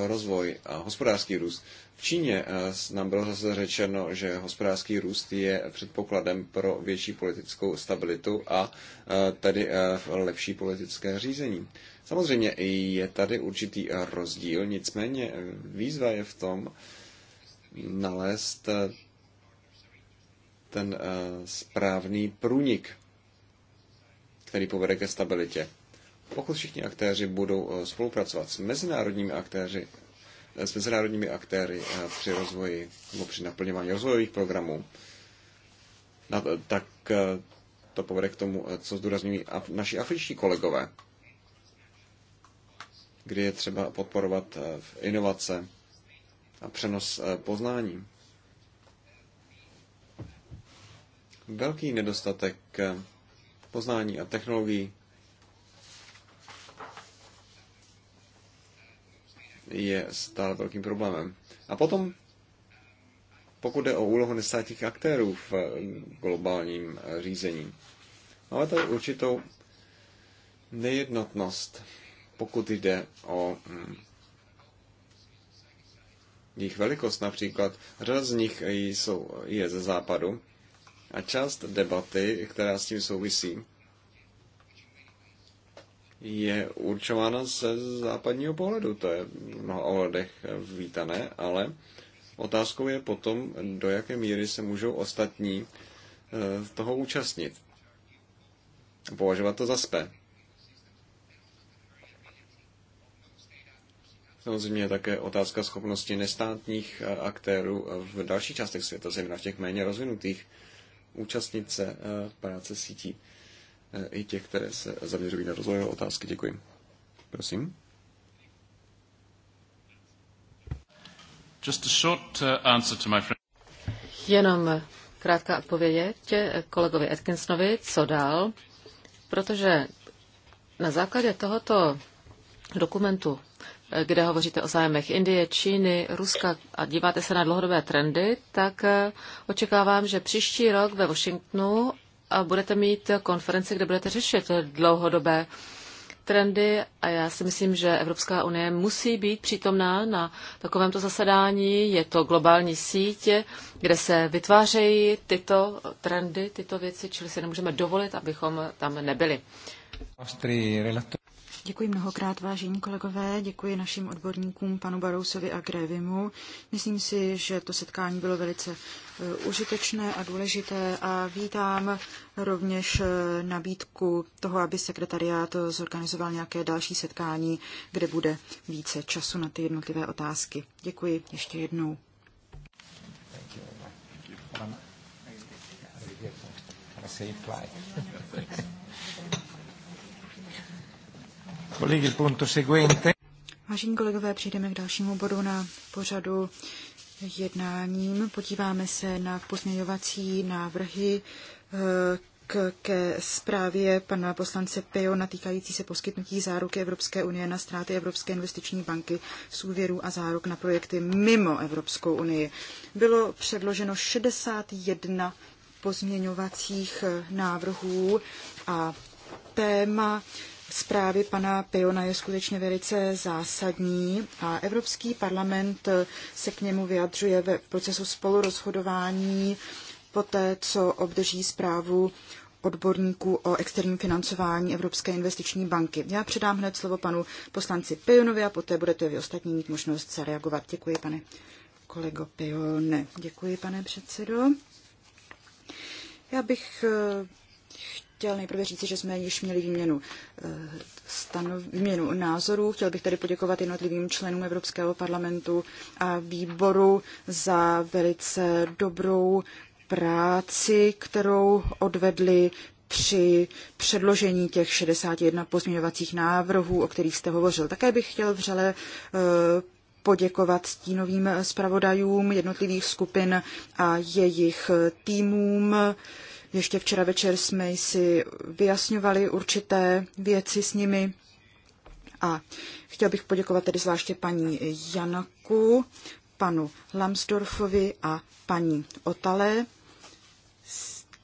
rozvoj a hospodářský růst. V Číně nám bylo zase řečeno, že hospodářský růst je předpokladem pro větší politickou stabilitu a tedy lepší politické řízení. Samozřejmě je tady určitý rozdíl, nicméně výzva je v tom, nalézt eh, ten eh, správný průnik, který povede ke stabilitě. Pokud všichni aktéři budou eh, spolupracovat s mezinárodními aktéři, s mezinárodními aktéry při rozvoji nebo při naplňování rozvojových programů, tak to povede k tomu, co zdůrazňují naši afričtí kolegové, kdy je třeba podporovat inovace, a přenos eh, poznání. Velký nedostatek eh, poznání a technologií je stále velkým problémem. A potom, pokud jde o úlohu nestátních aktérů v eh, globálním řízení, máme tady určitou nejednotnost, pokud jde o hm, jejich velikost například, řada z nich jsou, je ze západu a část debaty, která s tím souvisí, je určována se západního pohledu. To je v mnoha ohledech vítané, ale otázkou je potom, do jaké míry se můžou ostatní eh, toho účastnit. Považovat to za spe. samozřejmě také otázka schopnosti nestátních eh, aktérů eh, v dalších částech světa, zejména v těch méně rozvinutých, účastnit se eh, práce sítí i těch, které se zaměřují na rozvojové otázky. Děkuji. Prosím. Just a short answer to my friend. Jenom krátká odpověď kolegovi Atkinsonovi, co dál, protože na základě tohoto dokumentu kde hovoříte o zájmech Indie, Číny, Ruska a díváte se na dlouhodobé trendy, tak eh, očekávám, že příští rok ve Washingtonu eh, budete mít konferenci, kde budete řešit dlouhodobé trendy a já si myslím, že Evropská unie musí být přítomná na takovémto zasedání. Je to globální síť, kde se vytvářejí tyto trendy, tyto věci, čili si nemůžeme dovolit, abychom tam nebyli. Děkuji mnohokrát, vážení kolegové, děkuji našim odborníkům, panu Barousovi a Grévimu. Myslím si, že to setkání bylo velice eh, užitečné a důležité a vítám rovněž eh, nabídku toho, aby sekretariát zorganizoval nějaké další setkání, kde bude více času na ty jednotlivé otázky. Děkuji ještě jednou. Thank you. Vážení kolegové, přejdeme k dalšímu bodu na pořadu jednáním. Podíváme se na pozměňovací návrhy eh, k, ke zprávě pana poslance Pejona týkající se poskytnutí záruky Evropské unie na ztráty Evropské investiční banky z úvěru a záruk na projekty mimo Evropskou unii. Bylo předloženo 61 pozměňovacích eh, návrhů a téma zprávy pana Pejona je skutečně velice zásadní a Evropský parlament se k němu vyjadřuje ve procesu spolurozhodování poté, co obdrží zprávu odborníků o externím financování Evropské investiční banky. Já předám hned slovo panu poslanci Pionovi a poté budete vy ostatní mít možnost zareagovat. Děkuji, pane kolego Pione. Děkuji, pane předsedo. Já bych chtěl nejprve říci, že jsme již měli výměnu, eh, stanov, výměnu názorů. Chtěl bych tedy poděkovat jednotlivým členům Evropského parlamentu a výboru za velice dobrou práci, kterou odvedli při předložení těch 61 pozměňovacích návrhů, o kterých jste hovořil. Také bych chtěl vřele eh, poděkovat stínovým zpravodajům jednotlivých skupin a jejich týmům, ještě včera večer jsme si vyjasňovali určité věci s nimi a chtěl bych poděkovat tedy zvláště paní Janaku, panu Lamsdorfovi a paní Otale.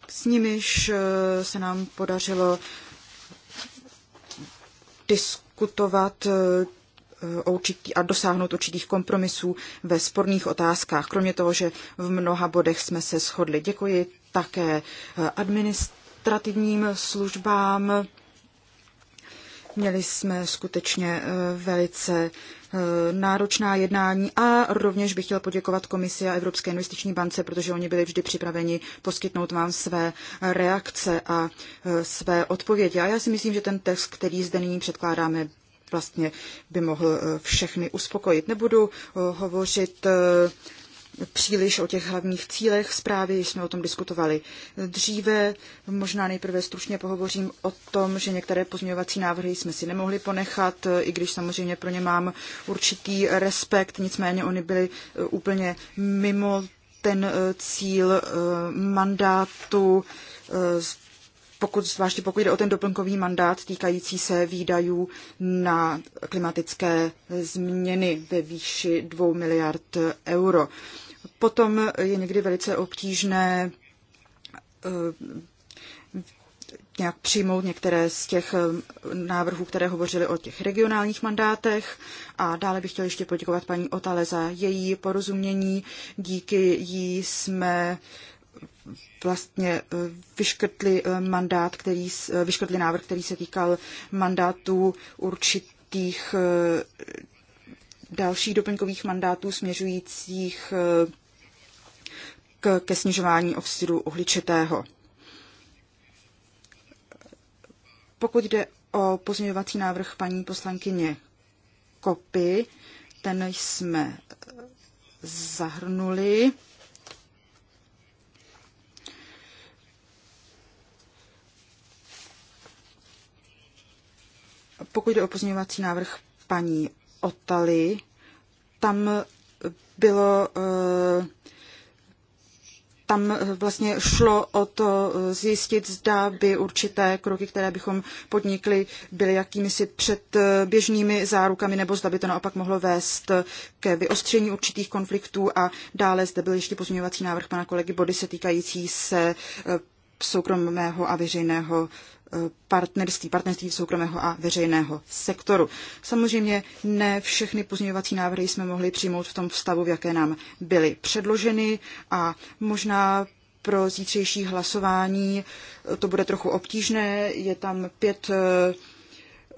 S, nimiž eh, se nám podařilo diskutovat eh, určitý, a dosáhnout určitých kompromisů ve sporných otázkách, kromě toho, že v mnoha bodech jsme se shodli. Děkuji také administrativním službám. Měli jsme skutečně eh, velice eh, náročná jednání a rovněž bych chtěl poděkovat komisi a Evropské investiční bance, protože oni byli vždy připraveni poskytnout vám své reakce a eh, své odpovědi. A já si myslím, že ten text, který zde nyní předkládáme, vlastně by mohl všechny uspokojit. Nebudu hovořit příliš o těch hlavních cílech zprávy, jsme o tom diskutovali dříve. Možná nejprve stručně pohovořím o tom, že některé pozměňovací návrhy jsme si nemohli ponechat, i když samozřejmě pro ně mám určitý respekt, nicméně oni byli e, úplně mimo ten e, cíl e, mandátu pokud, zvláště pokud jde o ten doplňkový mandát týkající se výdajů na klimatické změny ve výši 2 miliard euro. Potom je někdy velice obtížné eh, nějak přijmout některé z těch eh, návrhů, které hovořily o těch regionálních mandátech. A dále bych chtěl ještě poděkovat paní Otale za její porozumění. Díky jí jsme vlastně eh, vyškrtli eh, mandát, který, eh, vyškrtli návrh, který se týkal mandátů určitých dalších doplňkových mandátů směřujících k, ke snižování oxidu uhličitého. Pokud jde o pozměňovací návrh paní poslankyně Kopy, ten jsme zahrnuli. Pokud jde o pozměňovací návrh paní Otaly, tam bylo eh, tam vlastně šlo o to zjistit, zda by určité kroky, které bychom podnikli, byly jakýmisi předběžnými zárukami, nebo zda by to naopak mohlo vést ke vyostření určitých konfliktů. A dále zde byl ještě pozměňovací návrh pana kolegy Body se týkající se eh, soukromého a veřejného partnerství, partnerství soukromého a veřejného sektoru. Samozřejmě ne všechny pozměňovací návrhy jsme mohli přijmout v tom stavu, v jaké nám byly předloženy a možná pro zítřejší hlasování to bude trochu obtížné. Je tam pět eh,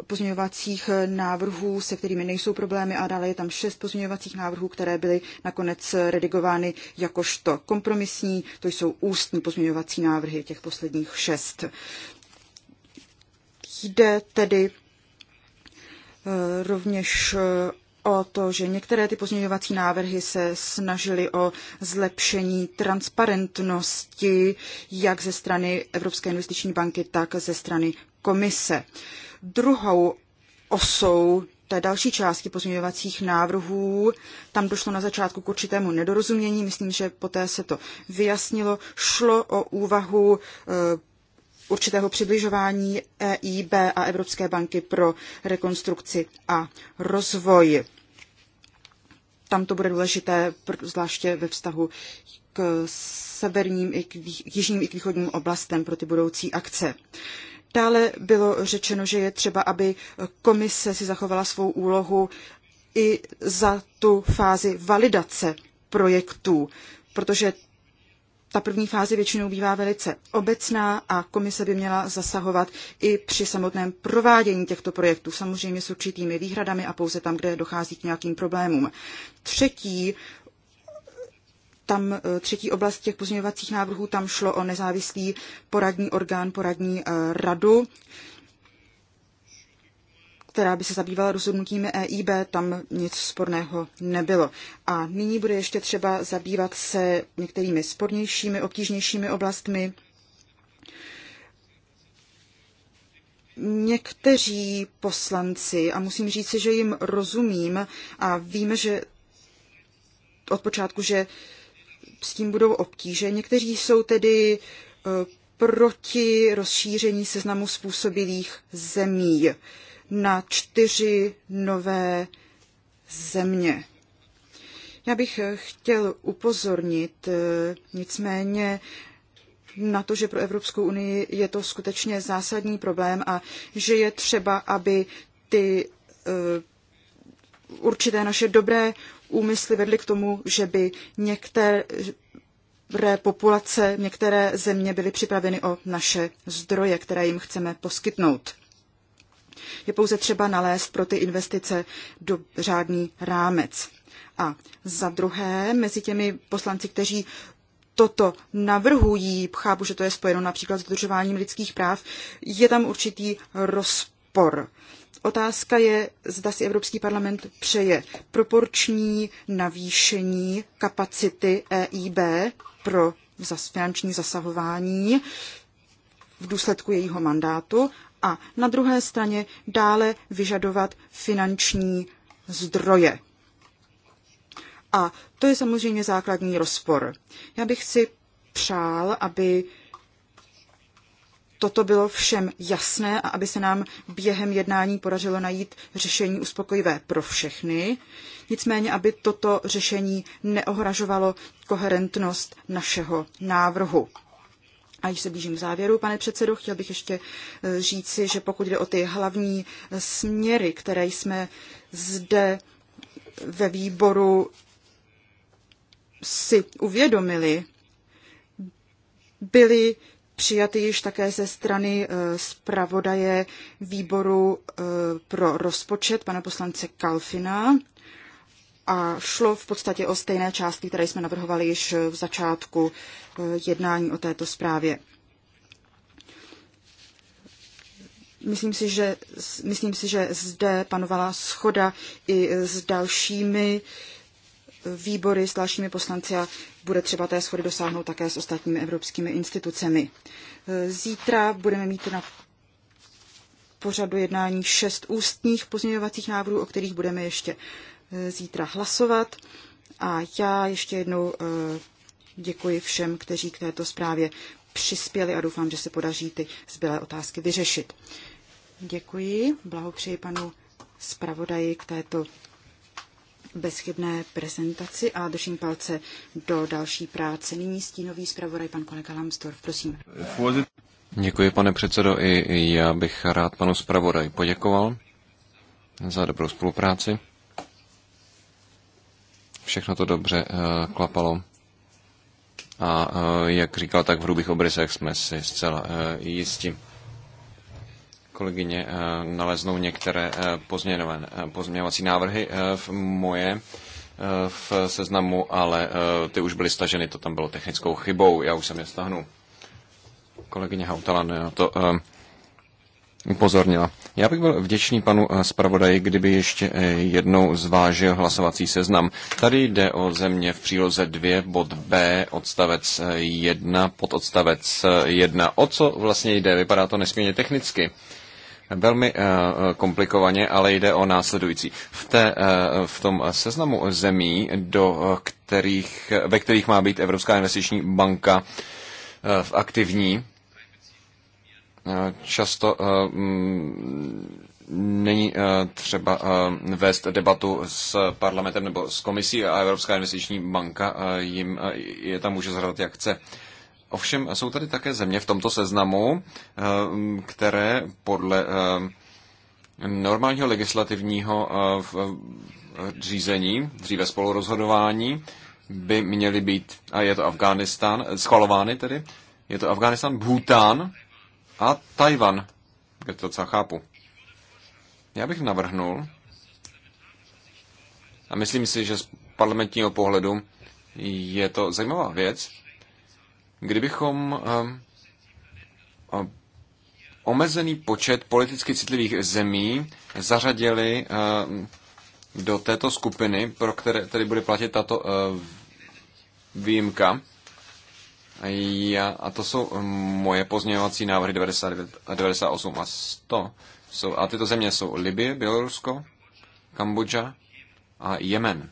pozměňovacích návrhů, se kterými nejsou problémy a dále je tam šest pozměňovacích návrhů, které byly nakonec redigovány jakožto kompromisní. To jsou ústní pozměňovací návrhy, těch posledních šest. Jde tedy eh, rovněž eh, o to, že některé ty pozměňovací návrhy se snažily o zlepšení transparentnosti jak ze strany Evropské investiční banky, tak ze strany komise. Druhou osou té další části pozměňovacích návrhů, tam došlo na začátku k určitému nedorozumění, myslím, že poté se to vyjasnilo. Šlo o úvahu eh, určitého přibližování EIB a Evropské banky pro rekonstrukci a rozvoj. Tam to bude důležité, zvláště ve vztahu k severním, i k jižním i k východním oblastem pro ty budoucí akce. Dále bylo řečeno, že je třeba, aby komise si zachovala svou úlohu i za tu fázi validace projektů, protože ta první fáze většinou bývá velice obecná a komise by měla zasahovat i při samotném provádění těchto projektů, samozřejmě s určitými výhradami a pouze tam, kde dochází k nějakým problémům. Třetí tam eh, třetí oblast těch pozměňovacích návrhů, tam šlo o nezávislý poradní orgán, poradní eh, radu která by se zabývala rozhodnutími EIB, tam nic sporného nebylo. A nyní bude ještě třeba zabývat se některými spornějšími, obtížnějšími oblastmi. Někteří poslanci, a musím říct, že jim rozumím a víme, že od počátku, že s tím budou obtíže. Někteří jsou tedy eh, proti rozšíření seznamu způsobilých zemí na čtyři nové země. Já bych chtěl upozornit eh, nicméně na to, že pro Evropskou unii je to skutečně zásadní problém a že je třeba, aby ty eh, určité naše dobré úmysly vedly k tomu, že by některé populace, některé země byly připraveny o naše zdroje, které jim chceme poskytnout. Je pouze třeba nalézt pro ty investice do řádný rámec. A za druhé, mezi těmi poslanci, kteří toto navrhují, chápu, že to je spojeno například s dodržováním lidských práv, je tam určitý rozpor. Otázka je, zda si Evropský parlament přeje proporční navýšení kapacity EIB pro finanční zasahování v důsledku jejího mandátu, a na druhé straně dále vyžadovat finanční zdroje. A to je samozřejmě základní rozpor. Já bych si přál, aby toto bylo všem jasné a aby se nám během jednání podařilo najít řešení uspokojivé pro všechny. Nicméně, aby toto řešení neohražovalo koherentnost našeho návrhu. A již se blížím k závěru, pane předsedo, chtěl bych ještě e, říci, že pokud jde o ty hlavní e, směry, které jsme zde ve výboru si uvědomili, byly přijaty již také ze strany e, zpravodaje výboru pro rozpočet pana poslance Kalfina a šlo v podstatě o stejné částky, které jsme navrhovali již v začátku eh, jednání o této zprávě. Myslím si, že, myslím si, že zde panovala schoda i s dalšími eh, výbory, s dalšími poslanci a bude třeba té schody dosáhnout také s ostatními evropskými institucemi. Eh, zítra budeme mít na pořadu jednání šest ústních pozměňovacích návrhů, o kterých budeme ještě zítra hlasovat. A já ještě jednou eh, děkuji všem, kteří k této zprávě přispěli a doufám, že se podaří ty zbylé otázky vyřešit. Děkuji, blahopřeji panu zpravodaji k této bezchybné prezentaci a držím palce do další práce. Nyní stínový zpravodaj pan kolega Lambsdorff, prosím. Děkuji, pane předsedo, i já bych rád panu zpravodaj poděkoval za dobrou spolupráci všechno to dobře eh, klapalo. A eh, jak říkal, tak v hrubých obrysech jsme si zcela eh, jistí. Kolegyně naleznou některé pozměňovací návrhy v moje v seznamu, ale ty už byly staženy, to tam bylo technickou chybou, já už jsem je stahnu. Kolegyně Hautala na no to upozornila. Já bych byl vděčný panu eh, zpravodaji, kdyby ještě eh, jednou zvážil hlasovací seznam. Tady jde o země v příloze 2, bod B, odstavec 1, eh, pod odstavec 1. O co vlastně jde? Vypadá to nesmírně technicky velmi komplikovaně, ale jde o následující. V, té, v tom seznamu zemí, do kterých, ve kterých má být Evropská investiční banka v aktivní, Často eh, mm, není eh, třeba eh, vést debatu s parlamentem nebo s komisí a Evropská investiční banka jim je tam může zhrát, jak chce. Ovšem jsou tady také země v tomto seznamu, které podle normálního legislativního řízení, dříve spolurozhodování, by měly být, a je to Afghánistán, schvalovány tedy, je to Afghánistán, Bhután, a Tajvan, kde to docela chápu. Já bych navrhnul, a myslím si, že z parlamentního pohledu je to zajímavá věc, kdybychom ehm, eh, omezený počet politicky citlivých zemí zařadili ehm, do této skupiny, pro které tady bude platit tato eh, výjimka, já, a to jsou um, moje pozměňovací návrhy 99, 98 a 100. Jsou, a tyto země jsou Libie, Bělorusko, Kambodža a Jemen.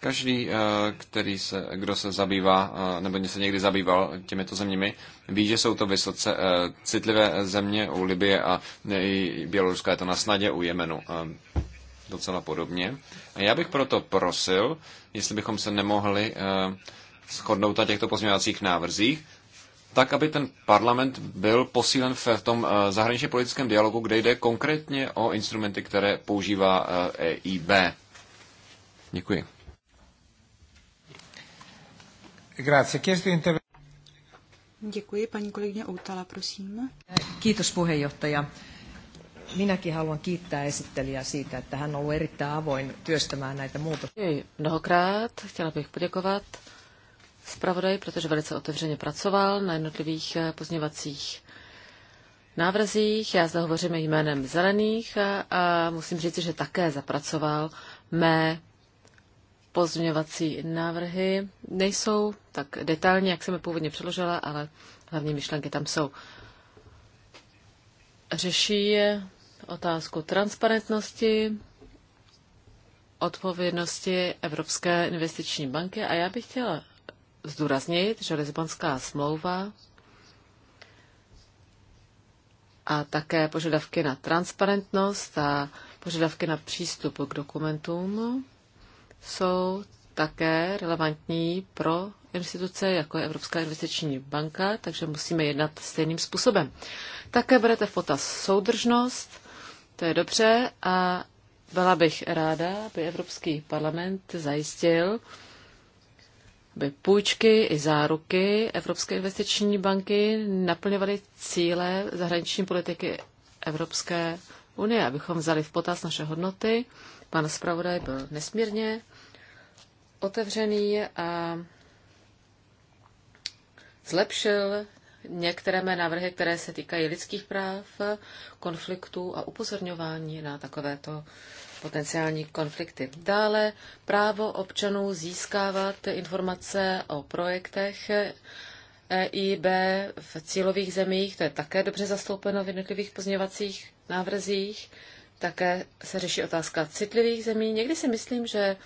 Každý, uh, který se, kdo se zabývá, uh, nebo se někdy zabýval těmito zeměmi, ví, že jsou to vysoce uh, citlivé země u Libie a Běloruska je to na snadě u Jemenu docela podobně. A já bych proto prosil, jestli bychom se nemohli shodnout na těchto pozměňovacích návrzích, tak aby ten parlament byl posílen v tom eh, zahraničně politickém dialogu, kde jde konkrétně o instrumenty, které používá EIB. Eh, e Děkuji. Děkuji, paní kolegyně Outala, prosím. Kýtos, puheenjohtaja. Minäkin haluan kiittää esittelijää siitä, että hän on ollut erittäin avoin työstämään näitä muutoksia. Mnohokrát chtěla bych poděkovat zpravodaj, protože velice otevřeně pracoval na jednotlivých eh, pozněvacích návrzích. Já zde hovořím jménem zelených a musím říct, že také zapracoval mé pozměňovací návrhy. Nejsou tak detailní, jak jsem je původně předložila, ale hlavní myšlenky tam jsou. Řeší otázku transparentnosti, odpovědnosti Evropské investiční banky a já bych chtěla zdůraznit, že Lisbonská smlouva a také požadavky na transparentnost a požadavky na přístup k dokumentům jsou také relevantní pro instituce, jako je Evropská investiční banka, takže musíme jednat stejným způsobem. Také berete v potaz soudržnost, to je dobře a byla bych ráda, aby Evropský parlament zajistil, by půjčky i záruky Evropské investiční banky naplňovaly cíle zahraniční politiky Evropské unie, abychom vzali v potaz naše hodnoty. Pan zpravodaj byl nesmírně otevřený a zlepšil některé mé návrhy, které se týkají lidských práv, konfliktů a upozorňování na takovéto potenciální konflikty. Dále právo občanů získávat informace o projektech EIB v cílových zemích, to je také dobře zastoupeno v jednotlivých pozměvacích návrzích. Také se řeší otázka citlivých zemí. Někdy si myslím, že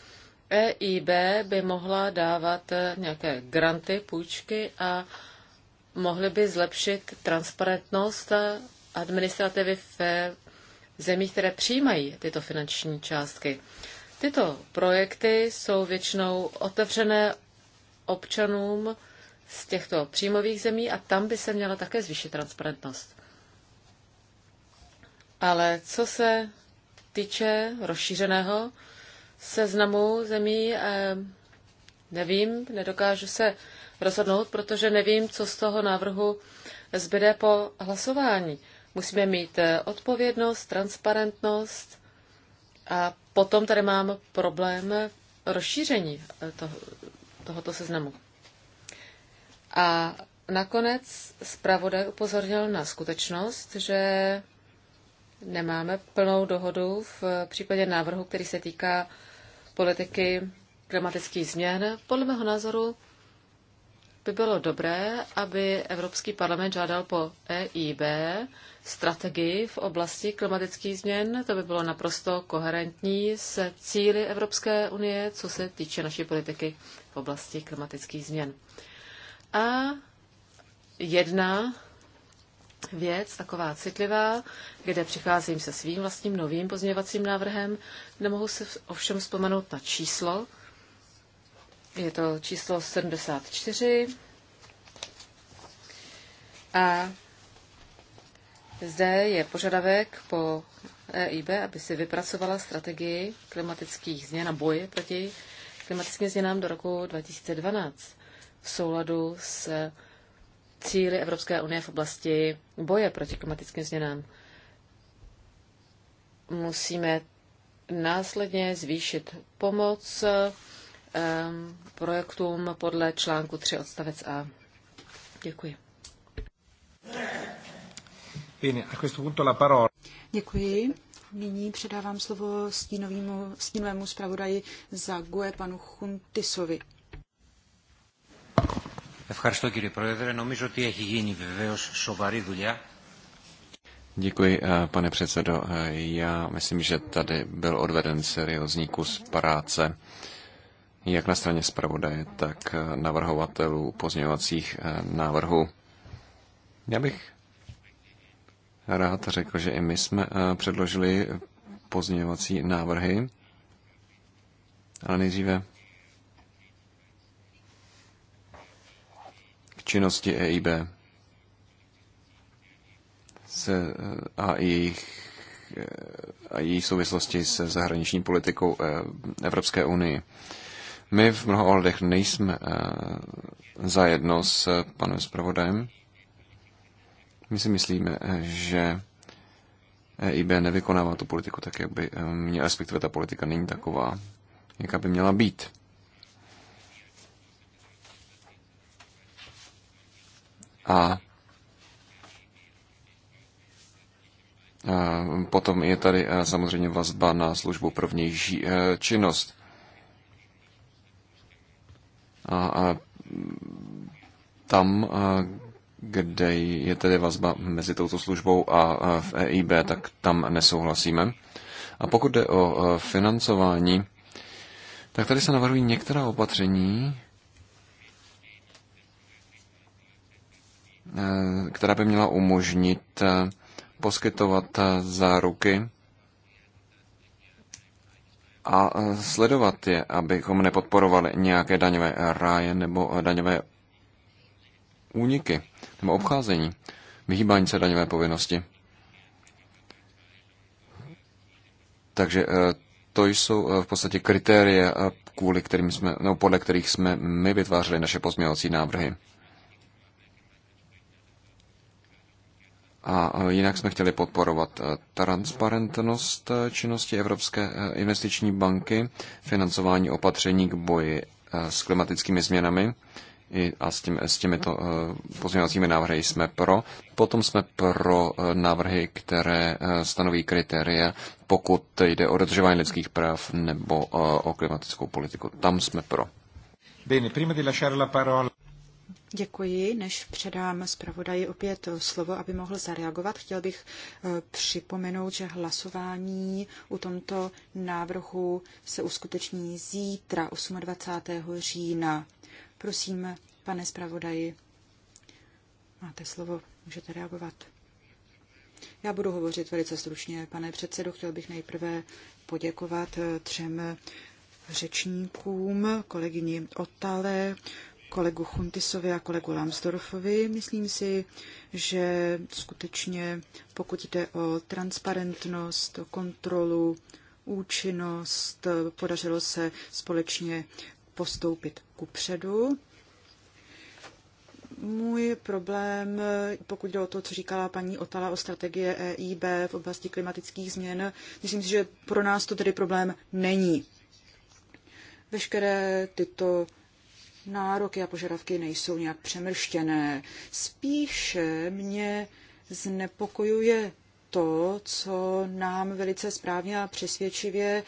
EIB by mohla dávat nějaké granty, půjčky a mohly by zlepšit transparentnost administrativy v zemí, které přijímají tyto finanční částky. Tyto projekty jsou většinou otevřené občanům z těchto příjmových zemí a tam by se měla také zvýšit transparentnost. Ale co se týče rozšířeného seznamu zemí, eh, nevím, nedokážu se rozhodnout, protože nevím, co z toho návrhu zbyde po hlasování. Musíme mít eh, odpovědnost, transparentnost a potom tady mám problém rozšíření eh, toho, tohoto seznamu. A nakonec zpravodaj upozornil na skutečnost, že nemáme plnou dohodu v případě návrhu, který se týká politiky klimatických změn. Podle mého názoru by bylo dobré, aby Evropský parlament žádal po EIB strategii v oblasti klimatických změn. To by bylo naprosto koherentní s cíly Evropské unie, co se týče naší politiky v oblasti klimatických změn. A jedna věc, taková citlivá, kde přicházím se svým vlastním novým pozměvacím návrhem, nemohu se ovšem vzpomenout na číslo, je to číslo 74. A zde je požadavek po EIB, aby si vypracovala strategii klimatických změn a boje proti klimatickým změnám do roku 2012 v souladu s cíly Evropské unie v oblasti boje proti klimatickým změnám. Musíme následně zvýšit pomoc Um, projektům podle článku 3 odstavec A. Děkuji. la parola. Děkuji. Nyní předávám slovo stínovému, stínovému zpravodaji za GUE panu Chuntisovi. Děkuji, eh, pane předsedo. Eh, já myslím, že tady byl odveden seriózní kus práce jak na straně zpravodaje, tak eh, navrhovatelů pozměňovacích eh, návrhů. Já bych rád řekl, že i my jsme eh, předložili pozměňovací návrhy, ale nejdříve k činnosti EIB se, a jejich a její souvislosti se zahraniční politikou Evropské unii. My v mnoha ohledech nejsme eh, zajedno s eh, panem zpravodajem. My si myslíme, eh, že EIB nevykonává tu politiku tak, jak by měla, respektive ta politika není taková, jaká by měla být. A potom je tady samozřejmě vazba na službu prvnější činnost. A, a tam, a kde je tedy vazba mezi touto službou a v EIB, tak tam nesouhlasíme. A pokud jde o financování, tak tady se navrhují některá opatření, e, která by měla umožnit e, poskytovat e, záruky a e, sledovat je, abychom nepodporovali nějaké daňové ráje nebo e, daňové úniky nebo obcházení, vyhýbání se daňové povinnosti. Takže e, to jsou v podstatě kritéria, kvůli kterým jsme, no, podle kterých jsme my vytvářeli naše pozměňovací návrhy. A e, jinak jsme chtěli podporovat e, transparentnost e, činnosti Evropské investiční banky, financování opatření k boji s klimatickými změnami a s, tím, s těmito pozměňovacími návrhy jsme pro. Potom jsme pro návrhy, které stanoví kritéria, pokud jde o dodržování lidských práv nebo o klimatickou politiku. Tam jsme pro. Bene, prima di lasciare la parola. Děkuji. Než předám zpravodaji opět slovo, aby mohl zareagovat, chtěl bych eh, připomenout, že hlasování u tomto návrhu se uskuteční zítra, 28. října. Prosím, pane zpravodaji, máte slovo, můžete reagovat. Já budu hovořit velice stručně. Pane předsedo, chtěl bych nejprve poděkovat eh, třem řečníkům, kolegyni Otale, kolegu Chuntisovi a kolegu Lambsdorffovi. Myslím si, že skutečně pokud jde o transparentnost, o kontrolu, účinnost, podařilo se společně postoupit ku předu. Můj problém, pokud jde o to, co říkala paní Otala o strategie EIB v oblasti klimatických změn, myslím si, že pro nás to tedy problém není. Veškeré tyto nároky a požadavky nejsou nějak přemrštěné. Spíše mě znepokojuje to, co nám velice správně a přesvědčivě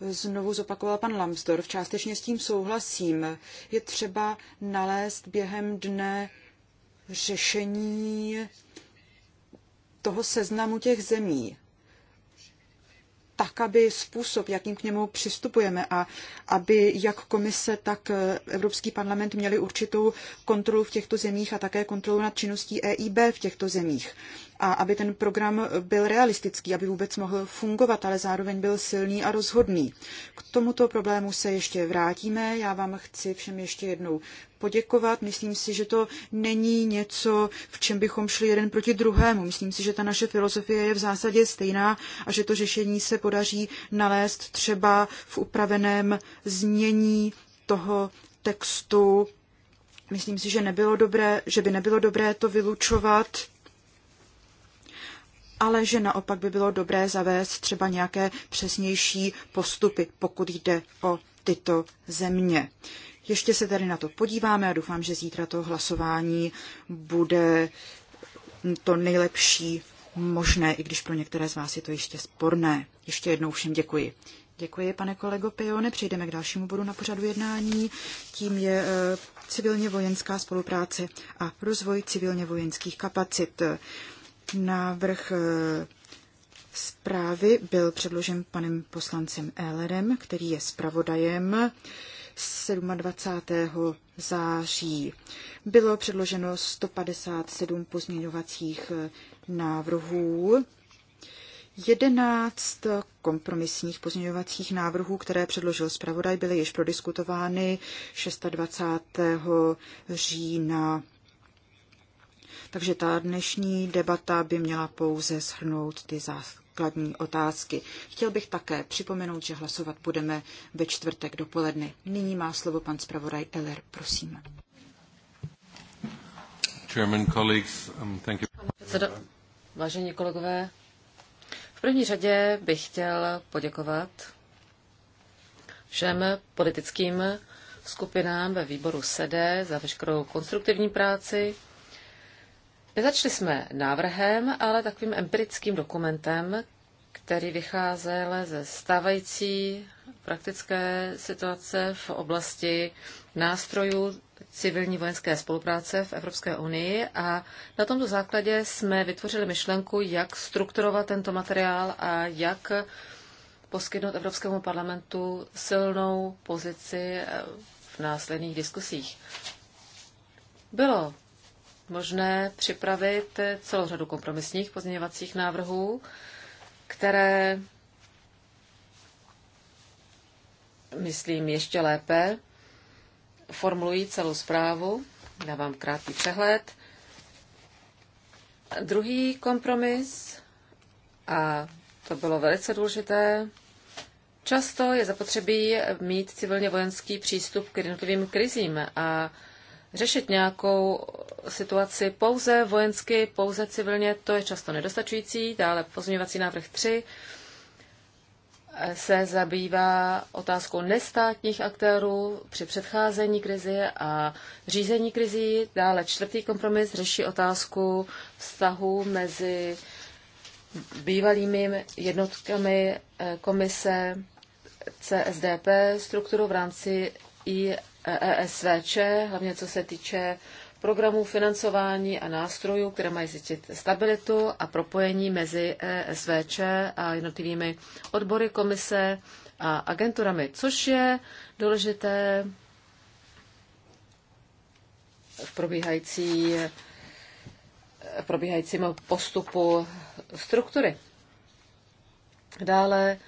znovu zopakoval pan Lambsdorff. Částečně s tím souhlasím. Je třeba nalézt během dne řešení toho seznamu těch zemí, tak, aby způsob, jakým k němu přistupujeme a aby jak komise, tak eh, Evropský parlament měli určitou kontrolu v těchto zemích a také kontrolu nad činností EIB v těchto zemích a aby ten program byl realistický, aby vůbec mohl fungovat, ale zároveň byl silný a rozhodný. K tomuto problému se ještě vrátíme. Já vám chci všem ještě jednou poděkovat. Myslím si, že to není něco, v čem bychom šli jeden proti druhému. Myslím si, že ta naše filozofie je v zásadě stejná a že to řešení se podaří nalézt třeba v upraveném znění toho textu. Myslím si, že, nebylo dobré, že by nebylo dobré to vylučovat ale že naopak by bylo dobré zavést třeba nějaké přesnější postupy, pokud jde o tyto země. Ještě se tady na to podíváme a doufám, že zítra to hlasování bude to nejlepší možné, i když pro některé z vás je to ještě sporné. Ještě jednou všem děkuji. Děkuji, pane kolego Pione. Přejdeme k dalšímu bodu na pořadu jednání. Tím je eh, civilně vojenská spolupráce a rozvoj civilně vojenských kapacit. Návrh eh, zprávy byl předložen panem poslancem Ehlerem, který je zpravodajem 27. září. Bylo předloženo 157 pozměňovacích eh, návrhů, 11 kompromisních pozměňovacích návrhů, které předložil zpravodaj, byly již prodiskutovány 26. října takže ta dnešní debata by měla pouze shrnout ty základní otázky. Chtěl bych také připomenout, že hlasovat budeme ve čtvrtek dopoledne. Nyní má slovo pan zpravodaj Eller, prosím. Chairman, colleagues, um, thank you. Předsedo, vážení kolegové, v první řadě bych chtěl poděkovat všem politickým skupinám ve výboru SEDE e za veškerou konstruktivní práci, Nezačali jsme návrhem, ale takovým empirickým dokumentem, který vycházel ze stávající praktické situace v oblasti nástrojů civilní vojenské spolupráce v Evropské unii a na tomto základě jsme vytvořili myšlenku, jak strukturovat tento materiál a jak poskytnout Evropskému parlamentu silnou pozici v následných diskusích. Bylo možné připravit celou řadu kompromisních pozměňovacích návrhů, které, myslím, ještě lépe formulují celou zprávu. Dávám krátký přehled. Druhý kompromis, a to bylo velice důležité, Často je zapotřebí mít civilně vojenský přístup k jednotlivým krizím a řešit nějakou situaci pouze vojensky, pouze civilně, to je často nedostačující. Dále pozměňovací návrh 3 se zabývá otázkou nestátních aktérů při předcházení krizi a řízení krizí. Dále čtvrtý kompromis řeší otázku vztahu mezi bývalými jednotkami eh, komise CSDP strukturu v rámci ESVČ, hlavně co se týče programů financování a nástrojů, které mají zjistit stabilitu a propojení mezi e SVČ a jednotlivými odbory komise a agenturami, což je důležité v probíhající, probíhajícím postupu struktury. Dále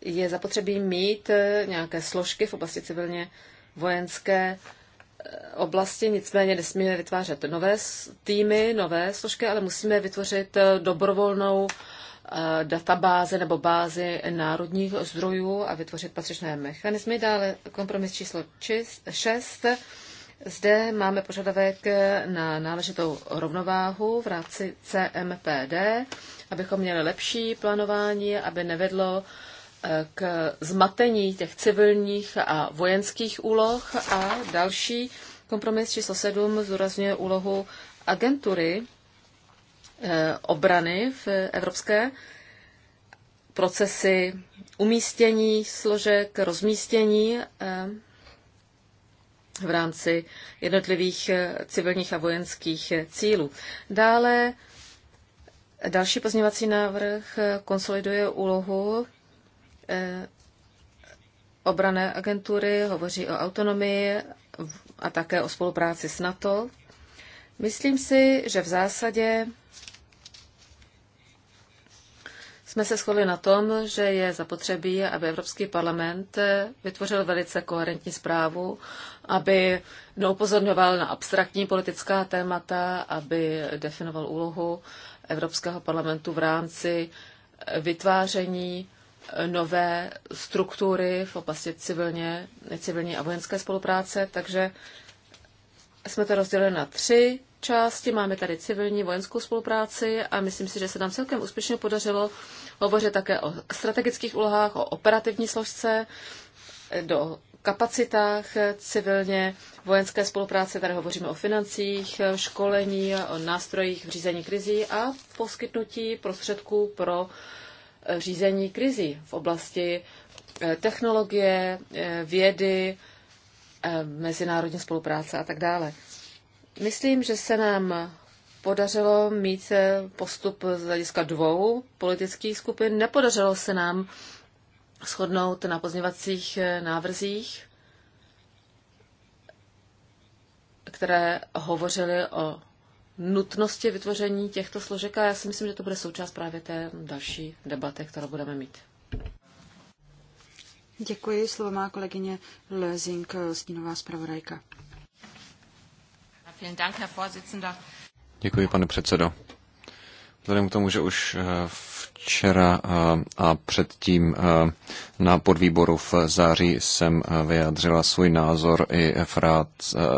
je zapotřebí mít nějaké složky v oblasti civilně vojenské oblasti, nicméně nesmíme vytvářet nové týmy, nové složky, ale musíme vytvořit eh, dobrovolnou eh, databáze nebo bázi národních zdrojů a vytvořit patřičné mechanismy. Dále kompromis číslo 6. Zde máme požadavek eh, na náležitou rovnováhu v rámci CMPD, abychom měli lepší plánování, aby nevedlo k zmatení těch civilních a vojenských úloh a další kompromis číslo 7 zúrazňuje úlohu agentury eh, obrany v evropské procesy umístění složek, rozmístění eh, v rámci jednotlivých eh, civilních a vojenských cílů. Dále další pozměňovací návrh konsoliduje úlohu Eh, obrané agentury, hovoří o autonomii a také o spolupráci s NATO. Myslím si, že v zásadě jsme se shodli na tom, že je zapotřebí, aby Evropský parlament vytvořil velice koherentní zprávu, aby neupozorňoval na abstraktní politická témata, aby definoval úlohu Evropského parlamentu v rámci vytváření nové struktury v oblasti civilně, civilní a vojenské spolupráce, takže jsme to rozdělili na tři části. Máme tady civilní vojenskou spolupráci a myslím si, že se nám celkem úspěšně podařilo hovořit také o strategických úlohách, o operativní složce, do kapacitách civilně vojenské spolupráce. Tady hovoříme o financích, školení, o nástrojích v řízení krizí a poskytnutí prostředků pro uh, Eh, řízení krizí v oblasti eh, technologie, eh, vědy, mezinárodní spolupráce a tak dále. Myslím, že se nám podařilo mít postup z hlediska dvou politických skupin. Nepodařilo se nám shodnout na pozněvacích návrzích, které hovořily o nutnosti vytvoření těchto složek a já si myslím, že to bude součást právě té další debaty, kterou budeme mít. Děkuji, slovo má kolegyně Lezink, stínová zpravodajka. Děkuji, pane předsedo. Vzhledem k tomu, že už eh, včera eh, a předtím eh, na podvýboru v září jsem vyjádřila svůj názor i, frac,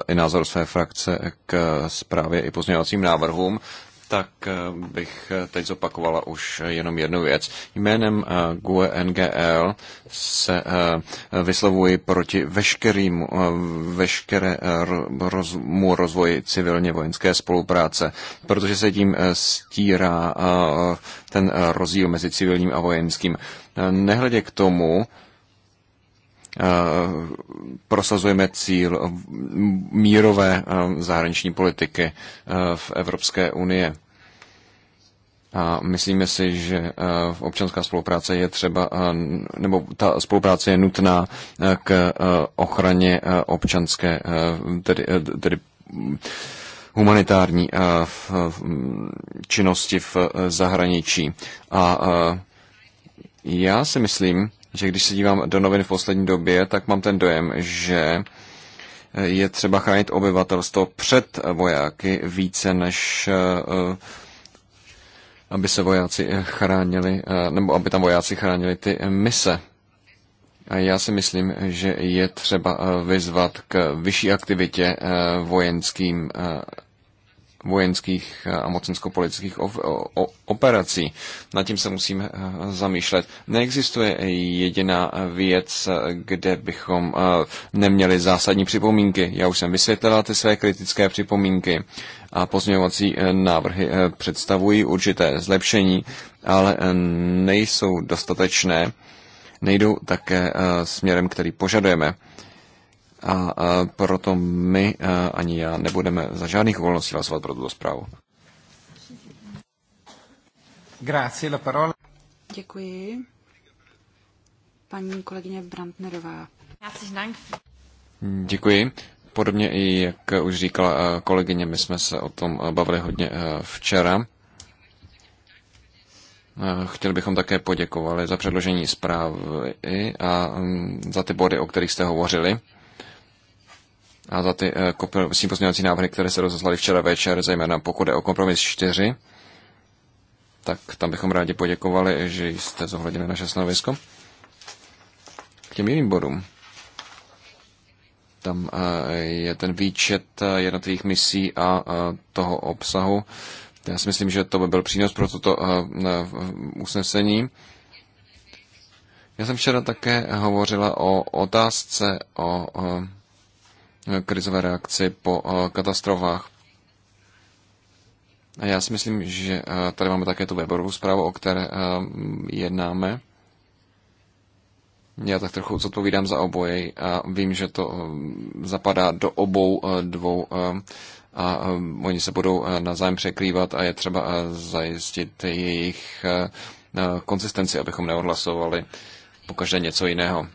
i názor své frakce k zprávě i pozměňovacím návrhům, tak eh, bych eh, teď zopakovala už eh, jenom jednu věc. Jménem GUE NGL se vyslovuji proti veškeré veškerému rozvoji civilně vojenské spolupráce, protože se tím stírá ten rozdíl mezi civilním a vojenským. Nehledě k tomu, Eh, prosazujeme cíl mírové eh, zahraniční politiky eh, v Evropské unie. A myslíme si, že občanská spolupráce je třeba, nebo ta spolupráce je nutná k ochraně občanské, tedy, tedy humanitární činnosti v zahraničí. A já si myslím, že když se dívám do novin v poslední době, tak mám ten dojem, že je třeba chránit obyvatelstvo před vojáky více než eh, eh, aby se vojáci eh, chránili, nebo aby tam vojáci chránili ty mise. A já si myslím, že je třeba vyzvat k vyšší aktivitě vojenským vojenských a mocensko-politických operací. Nad tím se musím eh, zamýšlet. Neexistuje jediná věc, kde bychom eh, neměli zásadní připomínky. Já už jsem vysvětlila ty své kritické připomínky a pozměňovací eh, návrhy představují určité zlepšení, ale nejsou dostatečné, nejdou také směrem, který požadujeme a proto my ani já nebudeme za žádných okolností hlasovat pro tuto zprávu. Grazie, la parola. Děkuji. Paní kolegyně Brandnerová. Děkuji. Podobně i jak už říkala kolegyně, my jsme se o tom bavili hodně včera. Chtěli bychom také poděkovali za předložení zprávy a za ty body, o kterých jste hovořili a za ty eh, kompromisní pozměňovací návrhy, které se rozeslaly včera večer, zejména pokud je o kompromis 4, tak tam bychom rádi poděkovali, že jste zohlednili naše stanovisko. K těm jiným bodům. Tam eh, je ten výčet eh, jednotlivých misí a toho obsahu. Já si myslím, že to by byl přínos pro toto usnesení. Já jsem včera také hovořila o otázce o krizové reakci po eh, katastrofách. A já si myslím, že eh, tady máme také tu webovou zprávu, o které eh, jednáme. Já tak trochu zodpovídám za oboje a vím, že to zapadá do obou dvou a oni se budou zájem překrývat a je třeba zajistit jejich konsistenci, abychom neodhlasovali pokaždé něco jiného.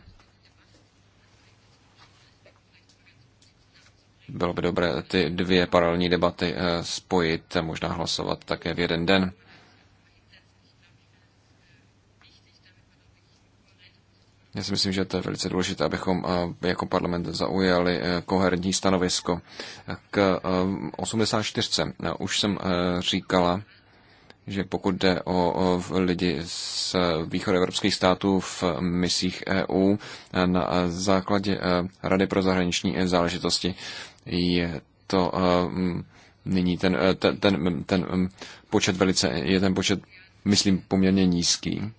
Bylo by dobré ty dvě paralelní debaty eh, spojit a možná hlasovat také v jeden den. Já si myslím, že to je velice důležité, abychom eh, jako parlament zaujali eh, koherentní stanovisko k 84. No, už jsem říkala, že pokud jde o lidi z východoevropských států v misích EU na základě Rady pro zahraniční záležitosti, je to eh, mm, nyní ten, eh, ten, ten, ten mm, počet velice, je ten počet, myslím, poměrně nízký.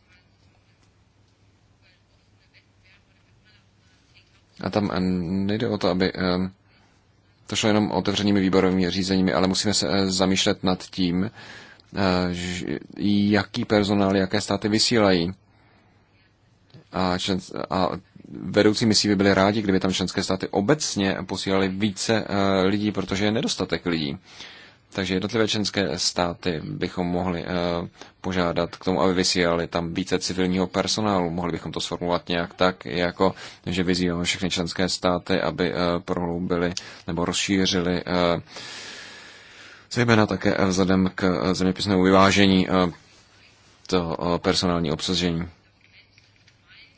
A tam eh, nejde o to, aby to šlo jenom otevřenými výborovými řízeními, ale musíme se zamýšlet nad tím, jaký personál, jaké státy vysílají. A, a vedoucí misí by byli rádi, kdyby tam členské státy obecně posílali více eh, lidí, protože je nedostatek lidí. Takže jednotlivé členské státy bychom mohli eh, požádat k tomu, aby vysílali tam více civilního personálu. Mohli bychom to sformulovat nějak tak, jako že vyzýváme všechny členské státy, aby eh, prohloubili nebo rozšířili zejména také vzhledem k zeměpisnému vyvážení to personální obsazení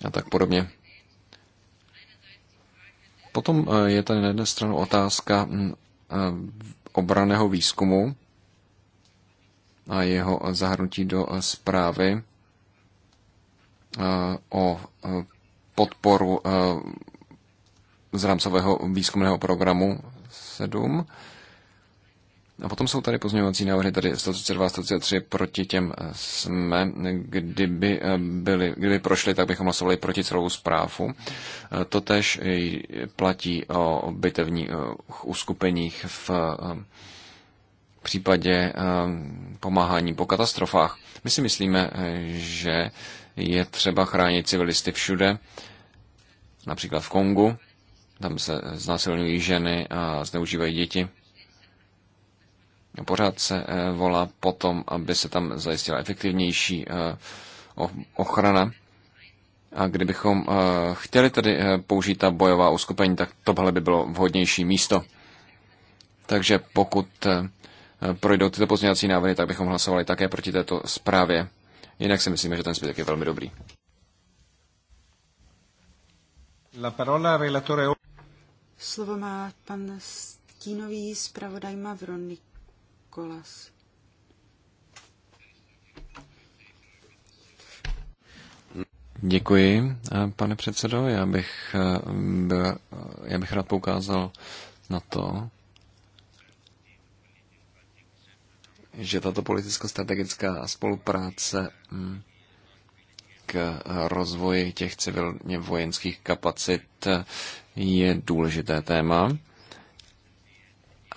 a tak podobně. Potom eh, je tady na jedné stranu otázka mm, eh, obraného výzkumu a jeho zahrnutí do eh, zprávy o podporu z rámcového výzkumného programu 7 a potom jsou tady pozměňovací návrhy, tady 132, 133, proti těm eh, jsme, kdyby, eh, byli, kdyby prošli, tak bychom hlasovali proti celou zprávu. Eh, totež platí o bitevních uskupeních v případě pomáhání po katastrofách. My si myslíme, že je třeba chránit civilisty všude, například v Kongu, tam se znásilňují ženy a zneužívají děti. No, pořád se eh, volá potom, aby se tam zajistila efektivnější eh, ochrana. A kdybychom eh, chtěli tedy použít ta bojová uskupení, tak tohle by bylo vhodnější místo. Takže pokud projdou tyto pozměňovací návrhy, tak bychom hlasovali také proti této zprávě. Jinak si myslíme, že ten zbytek je velmi dobrý. La parola relatore... Slovo má pan stínový zpravodaj Mavronik. Nikolas. Děkuji, eh, pane předsedo. Já bych, eh, byl, eh, já bych rád poukázal na to, že tato politicko-strategická spolupráce mm, k rozvoji těch civilně vojenských kapacit je důležité téma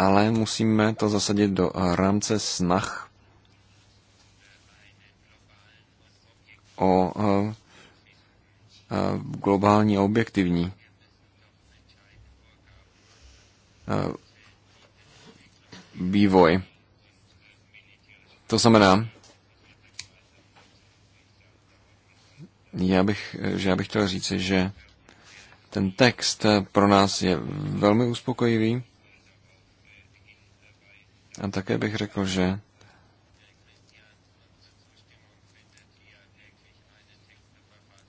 ale musíme to zasadit do rámce snah o globální a objektivní vývoj. To znamená, já bych, že já bych chtěl říci, že ten text pro nás je velmi uspokojivý. A také bych řekl, že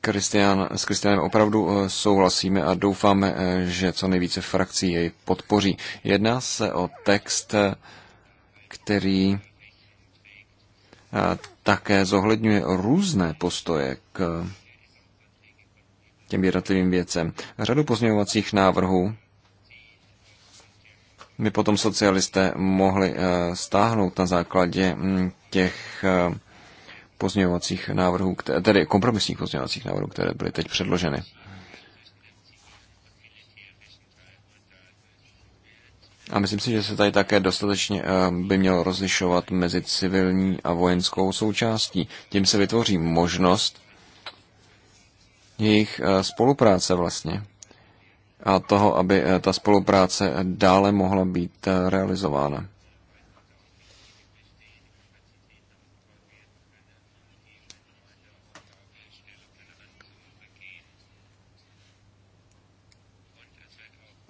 Christian, s Kristianem opravdu eh, souhlasíme a doufáme, eh, že co nejvíce frakcí jej podpoří. Jedná se o text, eh, který také zohledňuje různé postoje k těm jednotlivým věcem. Řadu pozměňovacích návrhů by potom socialisté mohli eh, stáhnout na základě mm, těch eh, pozměňovacích návrhů, tedy kompromisních pozměňovacích návrhů, které byly teď předloženy. A myslím si, že se tady také dostatečně eh, by mělo rozlišovat mezi civilní a vojenskou součástí. Tím se vytvoří možnost jejich spolupráce vlastně a toho, aby eh, ta spolupráce dále mohla být eh, realizována.